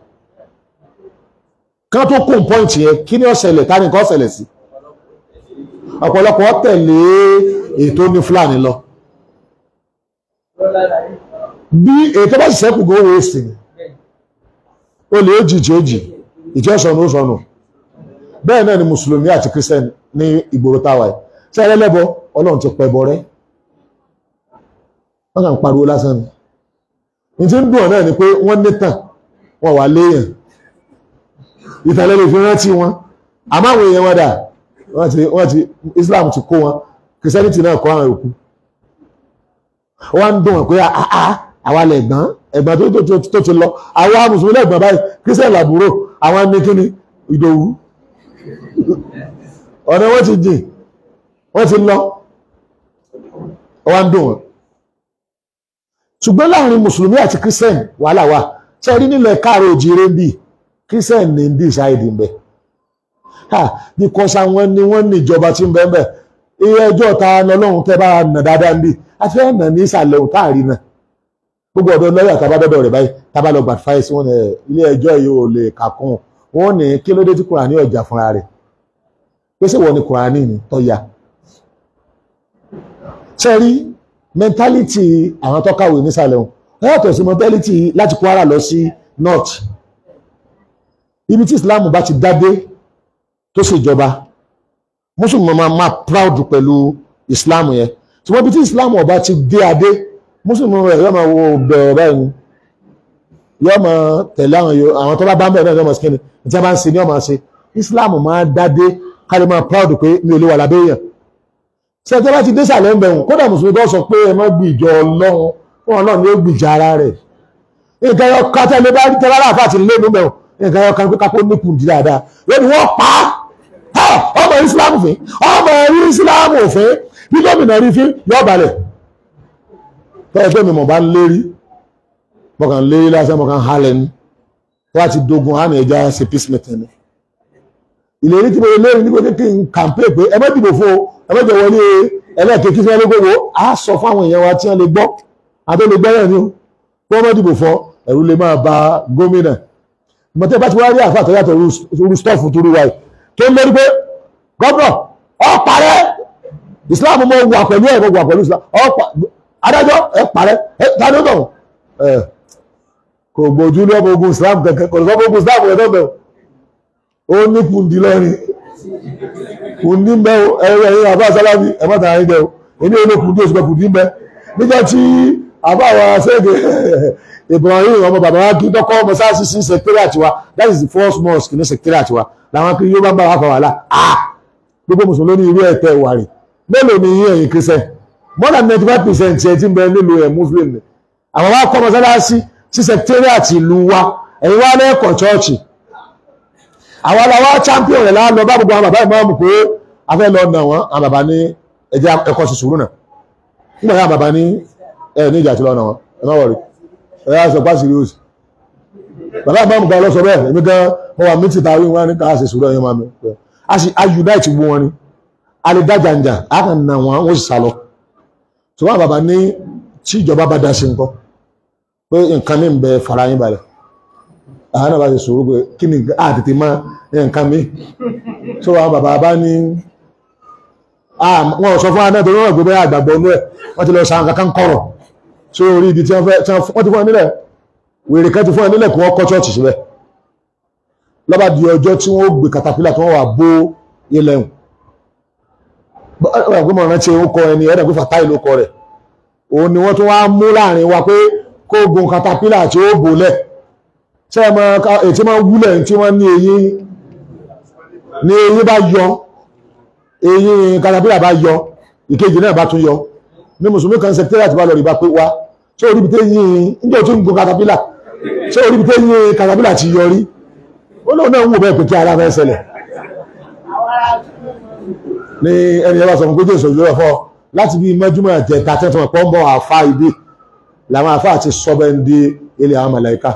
kán tó kún pọ́ǹtì yẹn kí ni ó ṣẹlẹ̀ ta ni nǹkan ó sí ọ̀pọ̀lọpọ̀ tẹ̀lé ètò ní fúlàní lọ bí ètò bá sì sẹ́kù gbówó èsì ni olè ó jìjì jì ìjọ́sọ̀nù ó sọnù bẹ́ẹ̀ náà ni mùsùlùmí àti kírísítẹ́nì ní ìgboro táwa ẹ̀ tí ẹ lẹ́lẹ́bọ ọlọ́run ti pẹ̀bọ rẹ́ wọ́n kàn pariwo lásán ni ní ti ń dùn náà ni pé wọ́n nítàn wọ́n wà léèyàn ìtàlẹ́ lè fi rántí wọn àmọ́ àwọn èèyàn wọn dà wọ́n ti wọ́n ti Islam ti kó wọn kìrìsìtẹ́nìtì náà kọ́ àwọn òkú wọ́n ń dùn wọn pé àá ah, ah, ah, àwa lẹ̀gbọ́n ẹ̀gbọ́n tó ti lọ àwa mùsùlùmí lẹ̀gbọ́n báyìí kìrìsìtẹ́nì làbúrò àwọn ní kíni Ìdòwú ọ̀rẹ́ wọ́n ti jìn wọ́n ti lọ ọwá ń dùn wọn ṣùgbọ́n láàrin mùsùlùmí àti christian wàhálà wà ṣe rí nílẹ̀ káàrọ̀ òjìire ń bì christian ní ń bì ṣáìdì ń bẹ̀ ha because àwọn ni wọ́n ní ìjọba tí ń bẹ́ ń bẹ̀ iye ẹjọ́ ta lọ́lọ́run tẹ́ bá nà dáadáa ń bì àti ẹ̀ nà ní ìsàlẹ̀ òun táàrí náà gbogbo ọ̀dọ́ lọ́yà tá a bá dọ́dọ̀ rẹ̀ báyìí tá a bá lọ gbàdúrà sí wọn ilé ẹjọ́ yìí ò lè kà wọn ní kí ló dé tí kùrà ní ọjà fúnra rẹ̀ pé ṣé wọ́n ní kùránì ni tó yá ṣe rí mẹ́ntálítì àwọn tó kàwé nísàlẹ̀ wọn wọ́n yàtọ̀ sí mọ́tálítì láti Kwara lọ sí north ibi tí Islam bá ti dádé tó ṣèjọba mùsùlùmí máa máa proud pẹ̀lú Islam yẹn ṣùgbọ́n ibi tí Islam ọba ti dé adé mùsùlùmí rẹ̀ yóò máa wo bẹ̀rẹ̀ báyìí yóò máa tẹ̀lé àwọn tó bá bá ń bẹ̀rẹ̀ náà yóò máa ṣe kí ni ìjọba ń ṣe ni yóò máa ṣe Islam máa dádé ká máa proud pé mi ò lè wà lábẹ́ èèyàn sẹ́tẹ́ bá ti dé sàlẹ̀ ń bẹ̀rùn kódà mùsùlùmí tó sọ pé ẹ má gbìjọ ọlọ́run fún ọlọ́run ni ó gbìjà ara rẹ̀ nǹkan yọ ká tẹ́lẹ̀ bá tẹ́lẹ̀ bá fà ti lé nu bẹ̀rùn nǹkan yọ ká pé kápó nípù dì dáadáa lónìí wọ́n pa á ọmọ islam fín ọmọ islam òfin bí gómìnà rí fín yọ balẹ̀ tọ́yọ̀ pé mi ìlérí tí mo lè lérí nígbà kékeré ń kàmpé pé ẹ má dìbò fún o ẹ má jẹ wọlé ẹlẹ́ẹ̀kejì fún ẹlẹ́gbẹ̀wò á sọ fún àwọn èèyàn wa tí wọ́n lè gbọ́ àti olè gbẹ́rẹ̀ ni o kí wọ́n má dìbò fún ẹ̀rù lè máa ba gómìnà mọ̀tẹ́ bá ti wá rí àfa àtọ́yàtọ̀ oru stọ́ọ̀fù tó rúwa yìí tó ń lórí pé gọ́dọ̀ ọ parẹ́ Islam mo wà pẹ̀lú ẹ̀ mo wà pẹ̀lú Islam ọ pa adájọ́ ẹ parẹ́ ẹ tani ó tọ̀ kò gbójú ní ọmọ ogun Islam kankan kò sọ ọmọ ogun Islam kankan bẹ́ẹ̀ o ó ní kùndí lọ́rin kùndí mbẹ́ ẹ̀rọ ẹ̀yìn àbá sálábì ẹ̀mọ́ta ayé jẹ́ o èmi ò ní kùndí oṣù kan kùndí mbẹ́ níjọ́ tí àbá wa ṣẹ́gi <laughs> Ibrahim ọmọ bàbá wa kí dọ́kọ́ ọmọ sáàsì sí secretariat wa that is the first mosque ní secretariat wa làwọn kí yóò bá bá wa fà wàhálà ah gbogbo mùsùlùmí ìwé ẹ̀tẹ́ ìwà rẹ̀ mélòó ni yín ẹ̀yìn kírísẹ́ more than ninety five percent ẹ̀ ti ń bẹ nílùú ẹ̀ muslim ni àwọn wa kọ́ mọ́sálásí sí secretariat ìlú wa ẹ̀yin wa lẹ́kọ̀ọ́ chọ́ọ̀chì àwọn aláwọ̀ champion rẹ̀ láàánú bá gbogbo àwọn bàbá ìmọ̀ọ́mù pé afẹ́ lọ nà wọ́n àwọn bàbá ní ẹjẹ́ ẹ̀kọ́ sí sùúrù náà nígbà yà bàbá ní ẹ̀ ní ìjà tí lọ́nà wọn ẹ má wọ̀rí ẹ̀ yà sọ pa serious bàbá ìmọ̀ọ́mù kan lọ sọ bẹ́ẹ̀ èmi gan mo wà mítì tàwí wọn ní káà sí sùúrù ẹ̀yìn máa mi a sì a unite gbó wọn ni a lè dá jàǹjà a kàn nà wọn wọn sì sá lọ ṣùgbọ́n bàbá ní tí ìjọba bá dá sí nǹkan pé nǹkan ní ń bẹ fara yín balẹ̀ àwọn náà bá ti sòrò pé kí ni a tètè máa nǹkan mi so àwọn bàbá bá ní wọn sọ fún anáà torí wọn gbé bẹ́ẹ̀ àgbàgbọ́ inú ẹ̀ wọ́n ti lọ sàn kankan kọ̀rọ̀ so orí ibi tí wọ́n ti fún ẹ nílẹ̀ wèrè kan ti fún ẹ nílẹ̀ kí wọ́n kọ́ chọ́ọ̀chì síbẹ̀ lọ́ba di ọjọ́ tí wọ́n gbé katapila tí wọ́n wà bó ilẹ̀ hùn ọ̀gbọ́n mọ̀ràn ṣe ń kọ ẹni ẹ̀dá pé fàtáì ló kọ rẹ̀ òun ni wọ́n tún wá mú láàrin wa pé kó gun katapila tí ó bò lẹ̀ ṣe mọ́ ètí máa wúlẹ̀ tí wọ́n ní eyín ní eyín bá yọ eyín katapila bá yọ ìkejì náà bá tún yọ ní mùsùlùmí kan sẹpítẹ́rì àti bá lọ rí bá pé wá ṣé orí bìtẹ́ yín níjọ́ tó ń gun katapila ṣé orí bìtẹ́ yín katapila ti yọ rí ó lóun náà ń wò bẹ́ẹ̀ pé kí ara fẹ́ ṣẹlẹ̀ ní ẹni ẹ bá sọ fún pé jésù òjò rẹ̀ láti bí mẹ́júmọ́ ẹ̀jẹ̀ ta tẹ́tọ̀ àfa ìdí làwọn àfa àti sọ́bẹ̀ ń di ilé àwọn màláíkà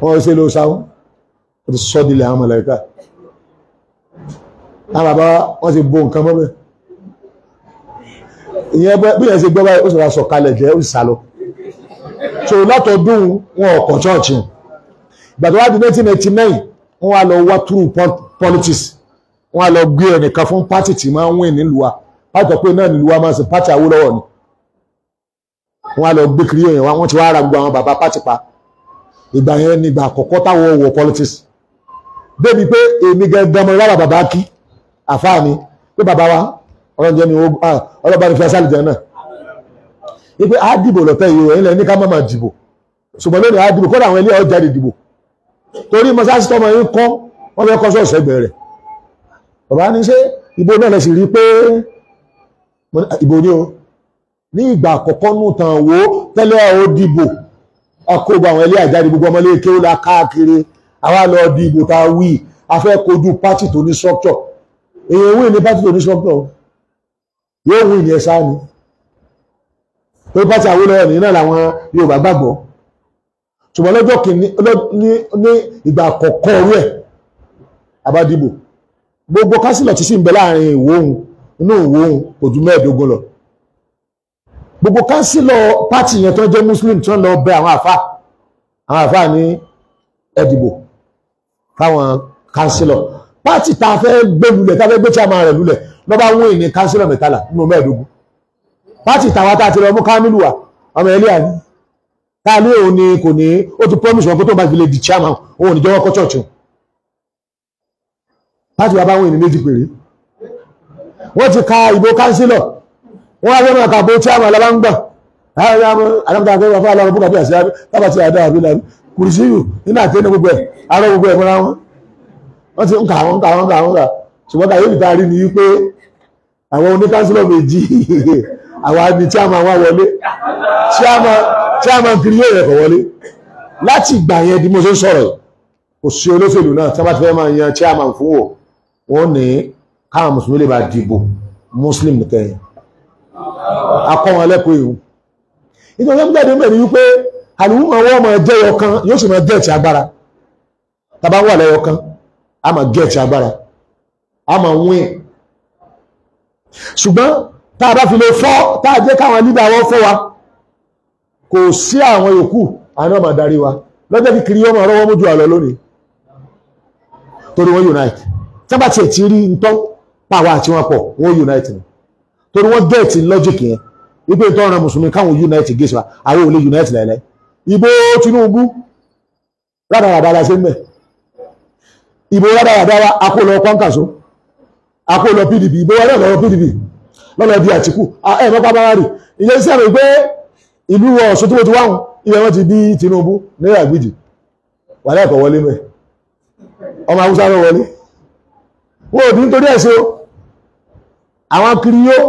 wọ́n ṣe ló sáwọn o ti sọ́ dilẹ̀ àwọn mọ̀lẹ́ká àwọn bàbá wọ́n ti bo nǹkan mọ́bẹ̀ ìyẹn bí yẹn ṣe gbọ́ báyìí ó sì ra sọ̀kalẹ̀ jẹ́ ó sì sá lọ so látọdún wọn ọkọ̀ chọ́ọ̀chì ìgbà tó wá di 1989 wọ́n wá lọ wá through politics wọ́n wá lọ gbé ẹnìkan fún pátì tí máa ń wìn nílùú wa pátì ọ̀pẹ náà nílùú wa máa ń sin pátì Awólọ́wọ̀ ni wọ́n wá lọ gbé kiri èèyàn wọ́n ti wá ra gbogbo àwọn bàbá pátì pa ìgbà yẹn nígbà àkọ́kọ́ táwọn wọ politics débi pé èmi gẹ́gẹ́ ọmọ ìwádà bàbá kí àfáà ni pé bàbá wa ọlọ́njẹ́ mi ah, ọlọ́ba ní fẹ́sàlì jẹ́ náà wípé a dìbò lọ́tẹ̀ yìí ẹ̀yìn lẹ́ni ká má máa dìbò ṣùgbọ́n lónìí a dìbò kọ́dà àwọn ilé ọjà lè dìbò torí mọ́sáàsì tọmọ yín kọ́ wọ́n fẹ́ kọ́ sọ́ọ̀sì ẹgbẹ́ rẹ̀ bàbá ní ṣe ìbò náà lẹ sì rí pé ìbò ni o ní ìgbà àkọ́kọ́ nù tàn wò tẹ́lẹ̀ ó dìbò àkóbọ̀ àwọn ilé àjáde gbogbo ọmọlé kéwò la káàkiri àwa lọ di ìbò tá a wí a fẹ́ kojú pátì tó ní structure èèyàn wí ní pátì tó ní structure yóò wí ní ẹ̀sá ni pé pátì Awólọ́wọ̀ nìyí náà làwọn Yorùbá gbàgbọ́ ṣùgbọ́n lọ́jọ́ kìíní ní ìgbà àkọ́kọ́ rú ẹ̀ àbádìbò gbogbo kásìlọ̀ ti sì ń bẹ láàrin ìwò òun inú ìwò òun kò ju mẹ́ẹ̀ẹ́dógún lọ gbogbo kánsílọ̀ pátì yẹn tó jẹ́ muslim tí wọ́n lọ bẹ àwọn àfà àwọn àfà ní ẹ̀dìbò fáwọn kánsílọ̀ pátì tá a fẹ́ gbé lulẹ̀ tá a fẹ́ gbé chairman rẹ̀ lulẹ̀ lọ́ba wọ́n ìní kánsílọ̀ mẹ́tàlá nínú mẹ́ẹ̀ẹ́dógún pátì tàwa tá a ti lọ mú Kamilu wa ọmọ ẹlẹ́ àní tá a ní òun ni kò ní ó ti promise wọn kó tó bá fi lè di chairman òun ò ní jọwọ́ kọ́ chọ̀ọ̀chù pátì wa bá wọ́n ìní méjì péré wọ́n ti ka ìbò kánsílọ̀ wọ́n wá lọ́nà àtàbó tí a máa lọ́la ń gbà alámọ̀tàkẹ́ wà fún aláwọ̀ bùkà bí àṣírí lábà tí a dá àbí lábí kùrìsíyù nínú àtẹ́nu gbogbo ẹ̀ arọ gbogbo ẹ̀ mọ́ra wọn wọ́n ti ń kà wọ́n kà wọ́n kà wọ́n kà ṣùgbọ́n tàyè ìta rí ni wípé àwọn oní kánsílọ̀ méjì àwọn àbí tí a máa wá wọlé tí a máa kiri yóò rẹ̀ kọ̀ wọlé láti ìgbà yẹn bí mo ṣe ń sọ̀rọ̀ kò sí olóṣèlú náà tí a bá ti fẹ́ máa yan chairman fún wò ní káwọn mùsùlùmí lè bá dìbò muslim kẹyìn akọ́ wọn lẹ́kọ̀ọ́ èwu nítorí ọjọ́ jáde mẹ́rin wípé àlùmọ́ wọn máa jẹ́ ọ̀kan yóò sì máa gẹ̀ẹ́tì agbára tàbá wà lẹ́yọ kan a máa gẹ̀ẹ́tì agbára a máa wín ṣùgbọ́n tá a bá fi lè fọ́ tá a jẹ́ káwọn nígbà wọn fọ́ wa kò sí àwọn yòókù àná máa darí wa lọ́jọ́ kíkiri wọn máa rọ́wọ́ mójú àlọ́ lónìí torí wọn unite tábàtì ẹ̀ ti rí ntọ́ pàwọ́ àti wọn pọ̀ wọn unite ni torí wọ́n gẹ̀ẹ́tì logic yẹn wípé tó ọ̀ràn mùsùlùmí káwọn unite gẹ̀ẹ́sì wa àwọn ò lè unite lẹ́lẹ́ ìbò Tinubu rádaràdára ṣe ń bẹ̀ ìbò rádaràdára akólọ pọ́ńkàṣó akólọ PDP ìbò wa lọ́lọ́ PDP lọ́lọ́ di Àtíkù ẹ̀ mọ́pá bá rì ìyẹn sí àmì pé ìlú Ọ̀ṣun tó ti wáhùn ibẹ̀ wọ́n ti bí Tinubu náírà gbìdì wà lẹ́ẹ̀kọ́ wọlé mẹ́ ọmọ Haúsá lọ wọlé wọn ò dín torí ẹ̀ ṣe o àwọn kiri yóò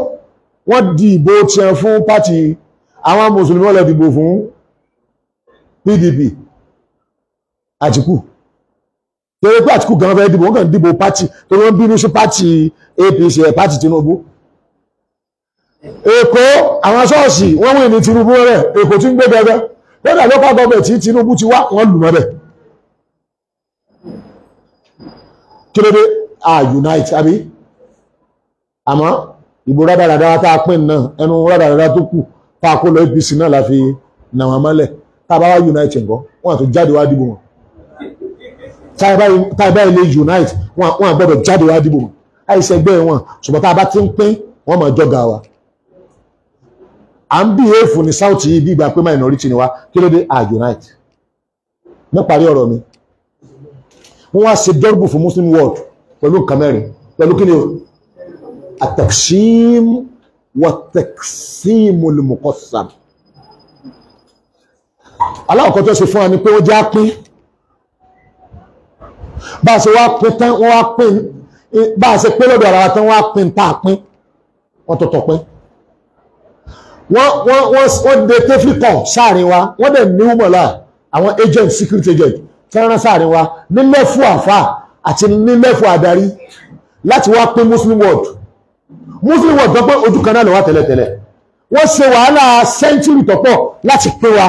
wọ́n di ìbò tiẹ̀ fún pàtì àwọn mùsùlùmí ọ̀lẹ́ dìbò fún PDP Àtìkù torí pé Àtìkù gan fẹ́ dìbò wọ́n kàn dìbò pàtì torí wọ́n bínú sí pàtì APC ẹ̀ pàtì Tinubu Èkó àwọn ṣọ́ọ̀ṣì wọ́n wí ní Tinubu rẹ̀ Èkó tí ń gbé gẹ́gẹ́ lọ́dà lọ́pàá gọ́ọ̀mẹ̀tì Tinubu ti wá wọ́n lù mọ́bẹ̀ kí ló dé ah unite àbí àmọ́ ìbò rádaràdára tá a pín náà ẹnu rádaràdára tó kù tá a APC náà la fi nà wọn mọ́lẹ̀ tá a bá wá unite nǹkan wọn àti jáde wá dìbò wọn tá a bá ilé unite wọn àgbọ̀dọ̀ jáde wá dìbò wọn àìsẹ̀gbẹ́ wọn ṣùgbọ́n tá a bá ti ń pín wọn máa jọga wa à ń bí èèfù ní south yìí bí ìgbà pé minority ni wa kí ló dé a unite mo parí ọ̀rọ̀ mi wọ́n wá ṣe dọ́rùbù fún Muslim world pẹ̀lú nǹkan mẹ́rin pẹ̀lú kí ni o التقسيم والتقسيم المقسم aláwọ̀kọ́ tó ṣe fún wa ni pé ó jẹ́ pín bá a ṣe wá pín tán wọ́n wá pín bá a ṣe pín lọ́dọ̀ ara tán wọ́n wá pín tá a pín wọ́n wọ́n de tẹ́fìkọ̀ sáàrin wa wọ́n dẹ̀ ní àwọn agent secret agent fẹ́ràn sáàrin wa ní mẹ́fù àfà àti ní mẹ́fù àdarí láti wá pín muslim world muslim world gbọ́ pé ojú kan náà lọ wá tẹ́lẹ̀tẹ́lẹ̀ wọ́n ṣe wàhálà sẹ́ńtúrì tọ́pọ̀ láti pín wa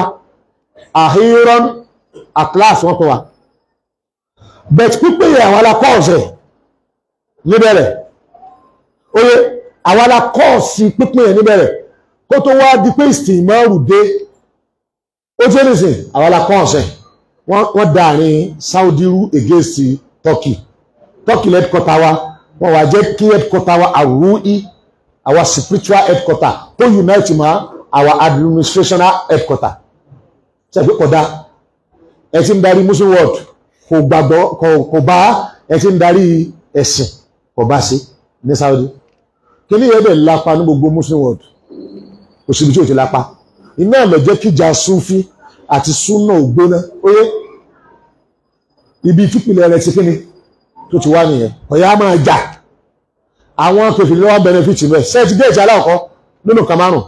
àhírán àkíláàsì wọ́n pín wa bẹ̀t pípé àwọn alákọ́ọ̀sì rẹ̀ níbẹ̀rẹ̀ oye àwọn alákọ́ọ̀sì pípé rẹ̀ níbẹ̀rẹ̀ kó tó wá di pé ìsìnmọ́rù dé ó tún lè sìn àwọn alákọ́ọ̀sì wọ́n dàrin Saudi rú against Turkey Turkey lẹ́díkọ́ta wa wọ́n wá jẹ́ kí headquarter wa àrùí our spiritual headquarter tó unite mọ́ our administrational headquarter ṣàgbé kọ̀dá ẹ ti ń darí muslim world kò gbàgbọ́ kò bá ẹ ti ń darí ẹ̀sìn kò bá sí ní Saudi kí ni ìyẹ́bẹ̀ lápá ní gbogbo muslim world òṣèlú tí ò ti lápá iná ló jẹ́ kíjà súnfí àti súnà ògbóná ó ibi ìtúpìlẹ̀ rẹ̀ ti kí ni tó ti wá nìyẹn ọ̀yá máa jà àwọn kòfin lọ́wọ́ benefit rẹ̀ set gate aláwọ̀kọ́ nínú kan márùn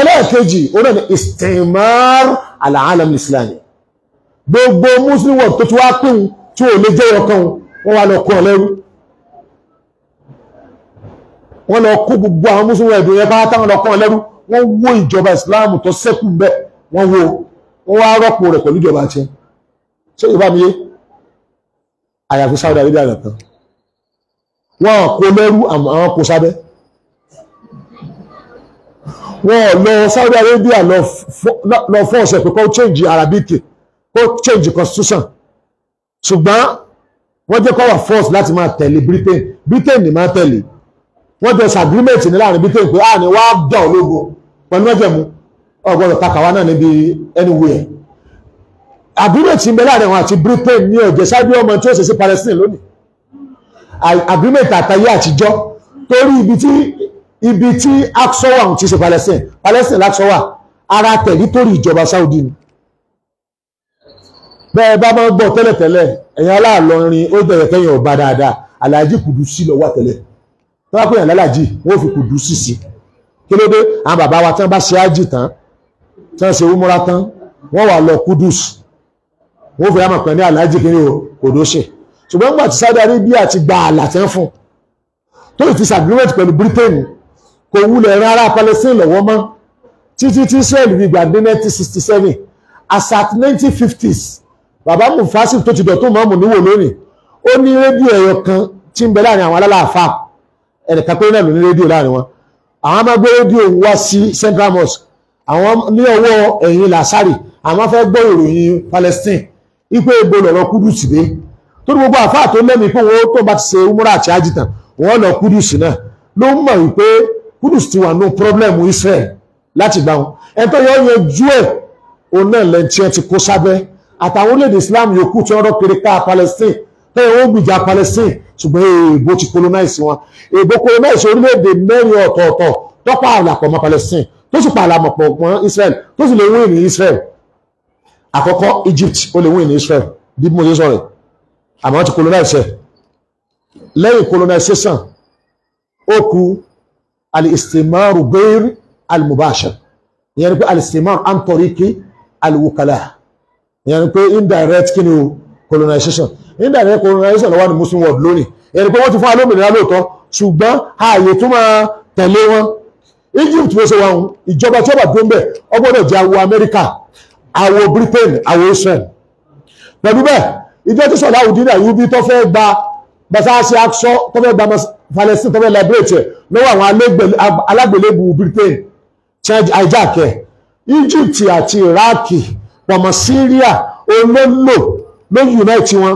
ẹlẹ́ẹ̀kejì oní ẹ̀nà istimar alaalam islami gbogbo muslim world tó ti wá pín tí ò lè jẹ́ ọkàn wọn wá lọ kó ọ lẹ́rú wọ́n lọ kó gbogbo àwọn muslim world yẹn bá táwọn lọ kó ọ lẹ́rú wó ìjọba islam tó sẹ́kù bẹ́ẹ̀ wọ́n wó wọ́n wá rọ́pò rẹ̀ pẹ̀lú ìjọba àti ṣé ìbámu yé àyàfi Saudi Arabia nìkan wọ́n kó lẹ́rú àwọn kó sábẹ́ wọ́n lọ Saudi Arabia lọ fọ́ ọ̀sẹ̀ pé kó change Arabic kó change constitution ṣùgbọ́n wọ́n jẹ́ kó wà force láti máa tẹ̀lé Britain Britain ni máa tẹ̀lé wọ́n jẹ́ agreement ní láàrin Britain pé àní ah, wàá dà ológun pẹ̀lú ọjọ́ mu ọgbọ́dọ̀ takàwá náà níbi anywhere agreement ń bẹ láàrin àwọn àti Britain ní ọ̀jẹ̀ sáájú ọmọ tí ó ṣe sí Palestine lónìí agreement àtayé àtijọ́ torí ibi tí ibi tí akṣọ́wà ń ti ṣe Palestine Palestine lakṣọ́wà ara tẹ̀lítórì ìjọba Saudi ni bẹ́ẹ̀ bá máa ń gbọ́ tẹ́lẹ̀tẹ́lẹ̀ ẹ̀yin aláàlọ́rin ó bẹ̀rẹ̀ kẹ́yìn ọba dáadáa aláàjì Kùdùsí lọ wà tẹ́lẹ̀ tó bá pèèyàn lálàjì wọ́n fi Kùdùsí sí kí ló dé àwọn bàbá wa tán bá ṣe ájì tán tán ṣe wúmúra tán wọ́n wà lọ Kùdùsí wọ́n fi àmọ̀ pẹ̀lú aláàjì kí ní òdóṣè ṣùgbọ́n gbà tí Saudi Arabia ti gba àlà fún tó fi disagreement pẹ̀lú Britain kò wulẹ̀ ran ará Palestine lọ́wọ́ mọ́ títí tí Israel fi gbà dé 1967 as at 1950s bàbá Mufassil tó ti dọ̀tún mọ́mù níwò lónìí ó ní rédíò ẹ̀yọ kan tí ń bẹ láàrin àwọn alálàáfà ẹnìkan pé náà ló ní rédíò láàrin wọn àwọn máa gbé rédíò wá sí Central Mosque àwọn ní ọwọ́ ẹ̀yìn làásàrì àwọn fẹ́ gbọ́ ìròyìn Palestine ipe ibo lọ̀rọ̀ kúdùsì dé torí gbogbo àfáà tó lẹ́mìí pé wọ́n tó bá ti ṣe umura àti ajitan wọ́n lọ kúdùsì náà ló mọ̀ wípé kúdùsì ti wà ní pírọ́blẹ̀mù Israel láti gbà wọn ẹ̀tọ́ yọ yanjú ẹ̀ òun náà lẹ́yìn tí wọ́n ti kó sábẹ́ àtàwọn orílẹ̀-èdè Islam yòókù tí wọ́n rọ́ kiri ká Palestine tẹ́yẹ̀ wọ́n gbìjà Palestine ṣùgbọ́n èèbó ti colonize wọn èèbó colonize orílẹ̀-èdè mẹ́rin ọ̀tọ̀ọ̀tọ̀ tọ́pọ̀ àlàpọ̀ mọ́ Palestine tó sì pa àlàmọ̀pọ̀ mọ́ Israel tó sì lè wí ní Israel àkọ́kọ́ Egypt ó lè win ní Israel bí mo ṣe sọ̀rọ̀ àmọ́ ti colonize lẹ́yìn colonization ó kù al-istimaru ghair al-mubashir ìyẹn ni pé al-istimaru an ìyẹn ni pé indirect kí ni o colonization indirect colonization ló wà ní Muslim world lónìí ìyẹn ni pé wọ́n ti fún alómìnira lóòótọ́ ṣùgbọ́n ààyè tó máa tẹ̀lé wọn Egypt ló ṣe wọn ìjọba tí ó bá dó ń bẹ̀ ọgbọ́dọ̀ jẹ́ àwọn Amẹ́ríkà àwo Britain àwo Israel pẹ̀lú bẹ́ẹ̀ ìjọ tí sọ̀dá òdì náà yúbí tó fẹ́ gba masáàsì àkṣọ tó fẹ́ gba Palestine tó fẹ́ liberate lọ́wọ́ àwọn alágbèlébù Britain charge hijack ẹ̀ Egypt àti Iraq pọ̀mọ́ Syria olóńlò ló unite wọn.